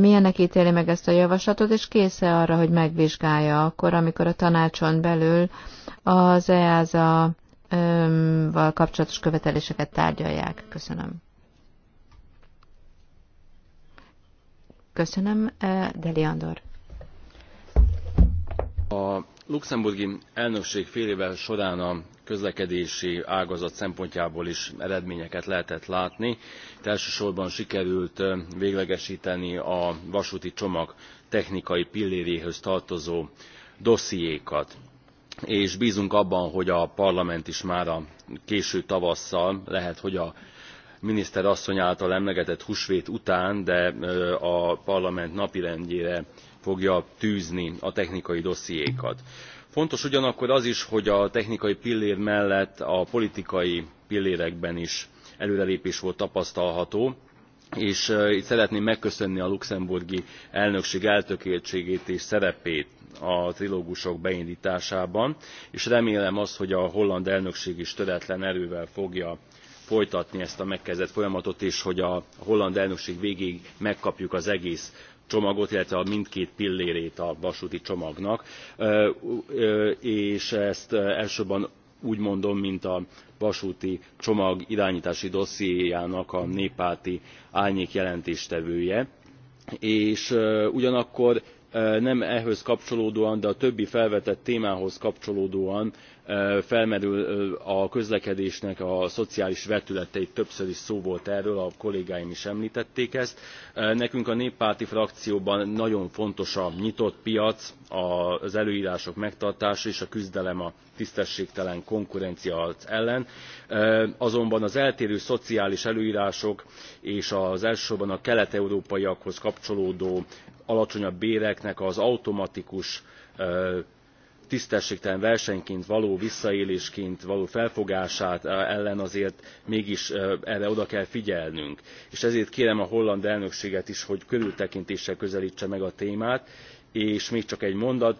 milyennek ítéli meg ezt a javaslatot, és késze arra, hogy megvizsgálja akkor, amikor a tanácson belül az EASA-val kapcsolatos követeléseket tárgyalják. Köszönöm. Köszönöm, eh, Deli Andor. A luxemburgi elnökség fél éve során a közlekedési ágazat szempontjából is eredményeket lehetett látni. Itt elsősorban sikerült eh, véglegesíteni a vasúti csomag technikai pilléréhöz tartozó dossziékat és bízunk abban hogy a parlament is már a késő tavasszal lehet hogy a miniszter asszony által emlegetett húsvét után de a parlament napirendjére fogja tűzni a technikai dossziékat. fontos ugyanakkor az is hogy a technikai pillér mellett a politikai pillérekben is előrelépés volt tapasztalható és itt szeretném megköszönni a luxemburgi elnökség eltökéltségét és szerepét a trilógusok beindtásában és remélem azt hogy a holland elnökség is töretlen erővel fogja folytatni ezt a megkezdett folyamatot, és hogy a holland elnökség végéig megkapjuk az egész csomagot, illetve a mindkét pillérét a vasúti csomagnak, és ezt elsősorban úgy mondom, mint a vasúti csomag irányítási dossziéjának a néppárti árnyék jelentéstevője, és ugyanakkor nem ehhez kapcsolódóan, de a többi felvetett témához kapcsolódóan felmerül a közlekedésnek a szociális itt többször is szó volt erről a kollégáim is emltették ezt. nekünk a néppárti frakcióban nagyon fontos a nyitott piac az előrások megtartása és a küzdelem a tisztességtelen konkurencia ellen azonban az eltérő szociális előrások és az elsősorban a kelet európaiakhoz kapcsolódó alacsonyabb béreknek az automatikus tisztességtelen versenyként való visszaélésként való felfogását eh, ellen azért mégis eh, erre oda kell figyelnünk és ezért kérem a holland elnökséget is hogy körültekintéssel közeltse meg a témát és még csak egy mondat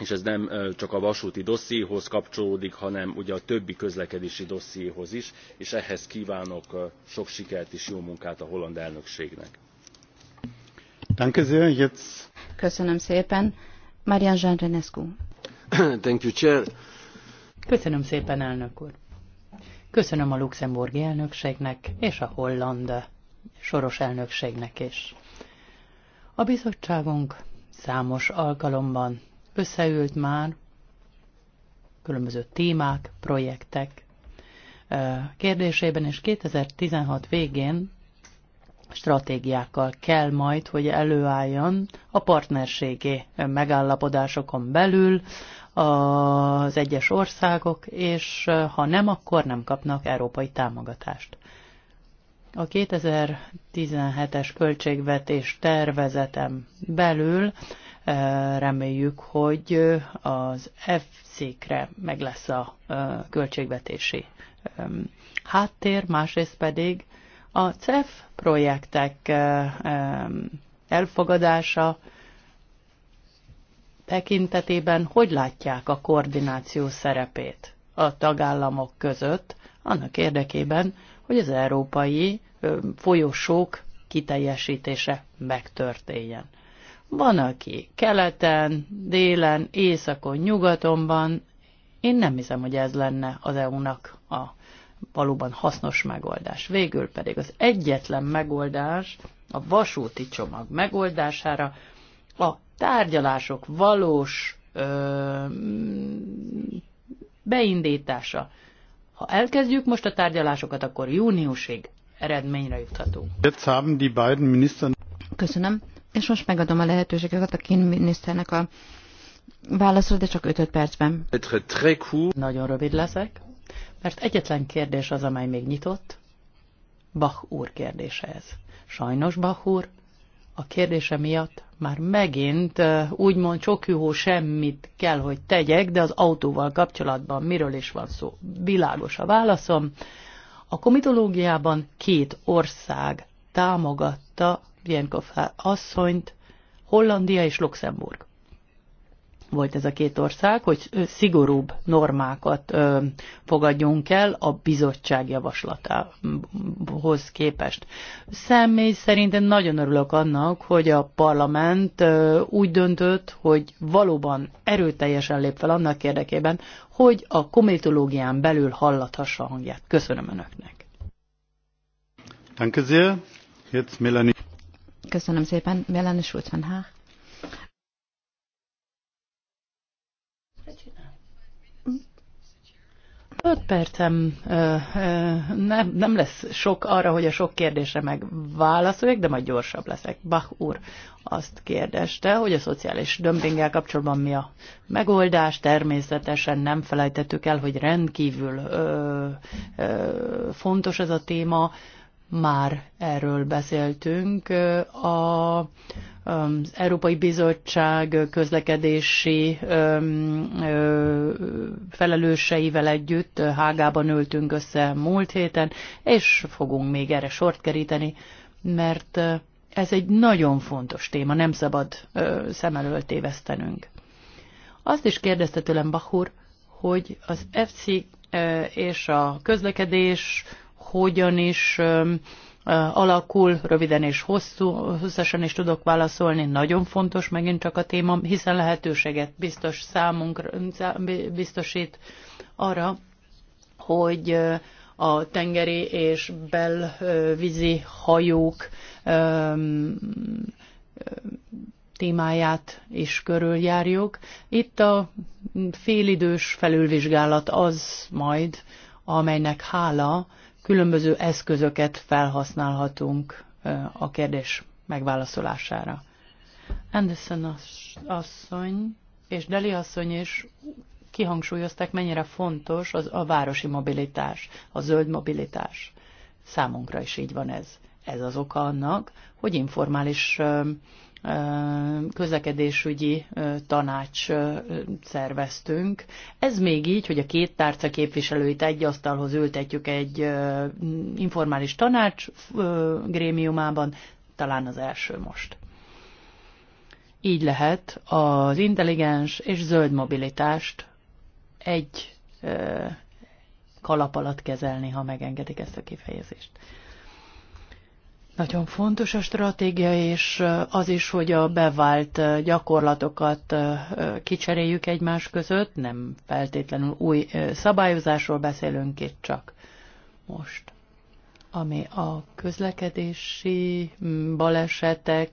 és ez nem eh, csak a vasúti dossziéhoz kapcsolódik hanem ugye a többi közlekedési dossziéhoz is és ehhez kvánok sok sikert és jó munkát a holland elnökségnek. Köszönöm szépen. Marian Jean Renescu. Thank you, Chair. Köszönöm szépen, elnök úr. Köszönöm a luxemburgi elnökségnek és a holland soros elnökségnek is. A bizottságunk számos alkalomban összeült már különböző témák, projektek kérdésében, és 2016 végén stratégiákkal kell majd, hogy előálljon a partnerségi megállapodásokon belül az egyes országok, és ha nem, akkor nem kapnak európai támogatást. A 2017-es költségvetés tervezetem belül eh, reméljük, hogy eh, az fc székre meg lesz a eh, költségvetési háttér, másrészt pedig a CEF projektek elfogadása tekintetében hogy látják a koordináció szerepét a tagállamok között, annak érdekében, hogy az európai folyosók kiteljesítése megtörténjen. Van, aki keleten, délen, északon, nyugaton van. Én nem hiszem, hogy ez lenne az EU-nak a valóban hasznos megoldás. Végül pedig az egyetlen megoldás a vasúti csomag megoldására a tárgyalások valós ö, beindítása. Ha elkezdjük most a tárgyalásokat, akkor júniusig eredményre juthatunk. Köszönöm, és most megadom a lehetőséget a kín miniszternek a válaszra, de csak 5, -5 percben. Nagyon rövid leszek mert egyetlen kérdés az, amely még nyitott, Bach úr kérdése ez. Sajnos Bach úr a kérdése miatt már megint úgymond csokjuhó semmit kell, hogy tegyek, de az autóval kapcsolatban miről is van szó. Világos a válaszom. A komitológiában két ország támogatta Bienkov asszonyt, Hollandia és Luxemburg volt ez a két ország, hogy szigorúbb normákat ö, fogadjunk el a bizottság javaslatához képest. Személy szerint én nagyon örülök annak, hogy a parlament ö, úgy döntött, hogy valóban erőteljesen lép fel annak érdekében, hogy a komitológián belül hallathassa a hangját. Köszönöm Önöknek. Danke sehr. Jetzt Melanie. Köszönöm szépen. Melanie Schulz van Haag. Öt percem ö, ö, nem, nem lesz sok arra, hogy a sok kérdésre megválaszoljak, de majd gyorsabb leszek. Bach úr azt kérdezte, hogy a szociális dömpinggel kapcsolatban mi a megoldás. Természetesen nem felejtettük el, hogy rendkívül ö, ö, fontos ez a téma. Ö, már erről beszéltünk. A, az um, Európai Bizottság közlekedési um, felelőseivel együtt Hágában ültünk össze múlt héten, és fogunk még erre sort keríteni, mert ez egy nagyon fontos téma, nem szabad szem elől tévesztenünk. Azt is kérdezte tőlem Bachur, hogy az FC és a közlekedés hogyan is alakul, röviden és hosszú, hosszasan is tudok válaszolni, nagyon fontos megint csak a téma, hiszen lehetőséget biztos számunkra, biztosít arra, hogy a tengeri és belvízi hajók témáját is körüljárjuk. Itt a félidős felülvizsgálat az majd, amelynek hála különböző eszközöket felhasználhatunk a kérdés megválaszolására. Anderson asszony és Deli asszony is kihangsúlyozták, mennyire fontos az a városi mobilitás, a zöld mobilitás. Számunkra is így van ez. Ez az oka annak, hogy informális közlekedésügyi tanács szerveztünk. Ez még így, hogy a két tárca képviselőit egy asztalhoz ültetjük egy informális tanács grémiumában, talán az első most. Így lehet az intelligens és zöld mobilitást egy kalap alatt kezelni, ha megengedik ezt a kifejezést. Nagyon fontos a stratégia, és az is, hogy a bevált gyakorlatokat kicseréljük egymás között, nem feltétlenül új szabályozásról beszélünk itt csak most ami a közlekedési balesetek,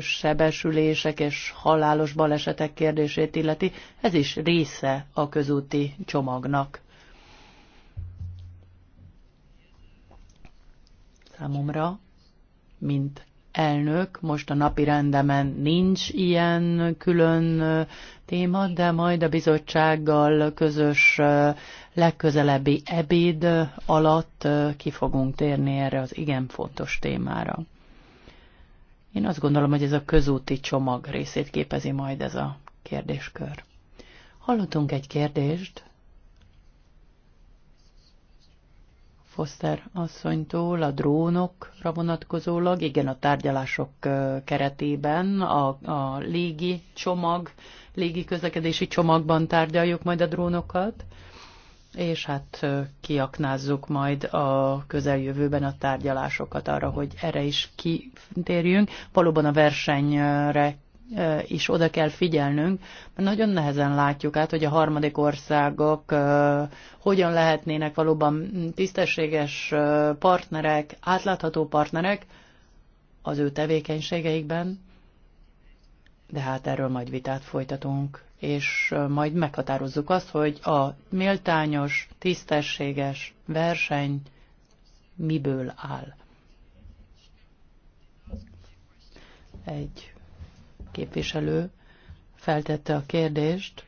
sebesülések és halálos balesetek kérdését illeti, ez is része a közúti csomagnak. Számomra mint elnök, most a napi rendemen nincs ilyen külön téma, de majd a bizottsággal közös legközelebbi ebéd alatt ki fogunk térni erre az igen fontos témára. Én azt gondolom, hogy ez a közúti csomag részét képezi majd ez a kérdéskör. Hallottunk egy kérdést Foster asszonytól a drónokra vonatkozólag, igen, a tárgyalások keretében a, a légi csomag, légi közlekedési csomagban tárgyaljuk majd a drónokat, és hát kiaknázzuk majd a közeljövőben a tárgyalásokat arra, hogy erre is kitérjünk. Valóban a versenyre is oda kell figyelnünk, mert nagyon nehezen látjuk át, hogy a harmadik országok hogyan lehetnének valóban tisztességes partnerek, átlátható partnerek az ő tevékenységeikben, de hát erről majd vitát folytatunk, és majd meghatározzuk azt, hogy a méltányos, tisztességes verseny miből áll. Egy képviselő feltette a kérdést,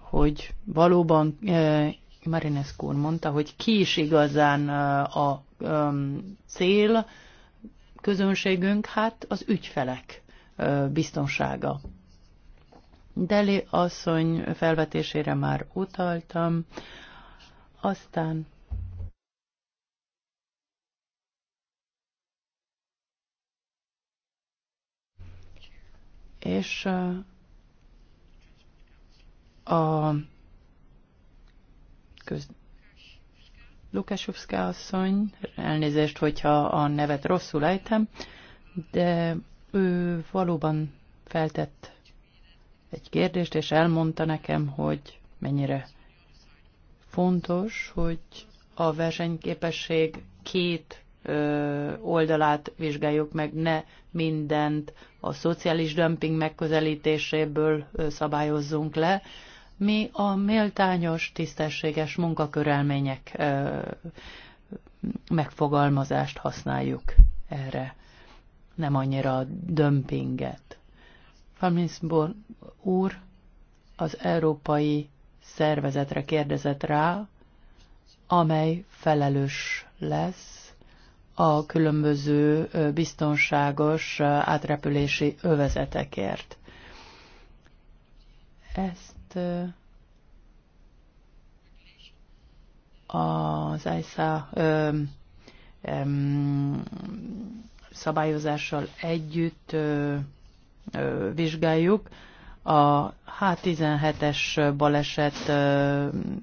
hogy valóban eh, Marinescu mondta, hogy ki is igazán eh, a eh, cél közönségünk, hát az ügyfelek eh, biztonsága. Deli asszony felvetésére már utaltam, aztán és a köz... Lukásovszka asszony, elnézést, hogyha a nevet rosszul ejtem, de ő valóban feltett egy kérdést, és elmondta nekem, hogy mennyire fontos, hogy a versenyképesség két oldalát vizsgáljuk meg, ne mindent a szociális dömping megközelítéséből szabályozzunk le, mi a méltányos, tisztességes munkakörelmények megfogalmazást használjuk erre, nem annyira a dömpinget. Falminszból úr az európai szervezetre kérdezett rá, amely felelős lesz a különböző biztonságos átrepülési övezetekért. Ezt az ISA szabályozással együtt vizsgáljuk a H17-es baleset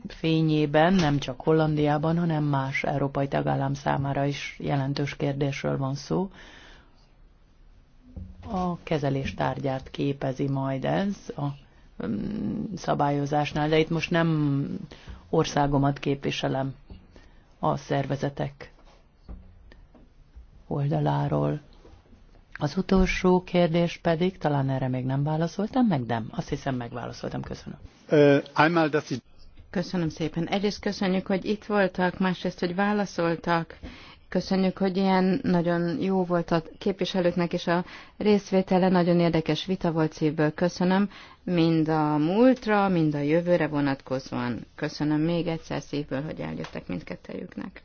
fényében nem csak Hollandiában, hanem más európai tagállam számára is jelentős kérdésről van szó. A kezelés tárgyát képezi majd ez a mm, szabályozásnál, de itt most nem országomat képviselem a szervezetek oldaláról az utolsó kérdés pedig, talán erre még nem válaszoltam meg, nem. Azt hiszem megválaszoltam, köszönöm. Köszönöm szépen. Egyrészt köszönjük, hogy itt voltak, másrészt, hogy válaszoltak. Köszönjük, hogy ilyen nagyon jó volt a képviselőknek, és a részvétele nagyon érdekes vita volt szívből. Köszönöm mind a múltra, mind a jövőre vonatkozóan. Köszönöm még egyszer szívből, hogy eljöttek mindkettőjüknek.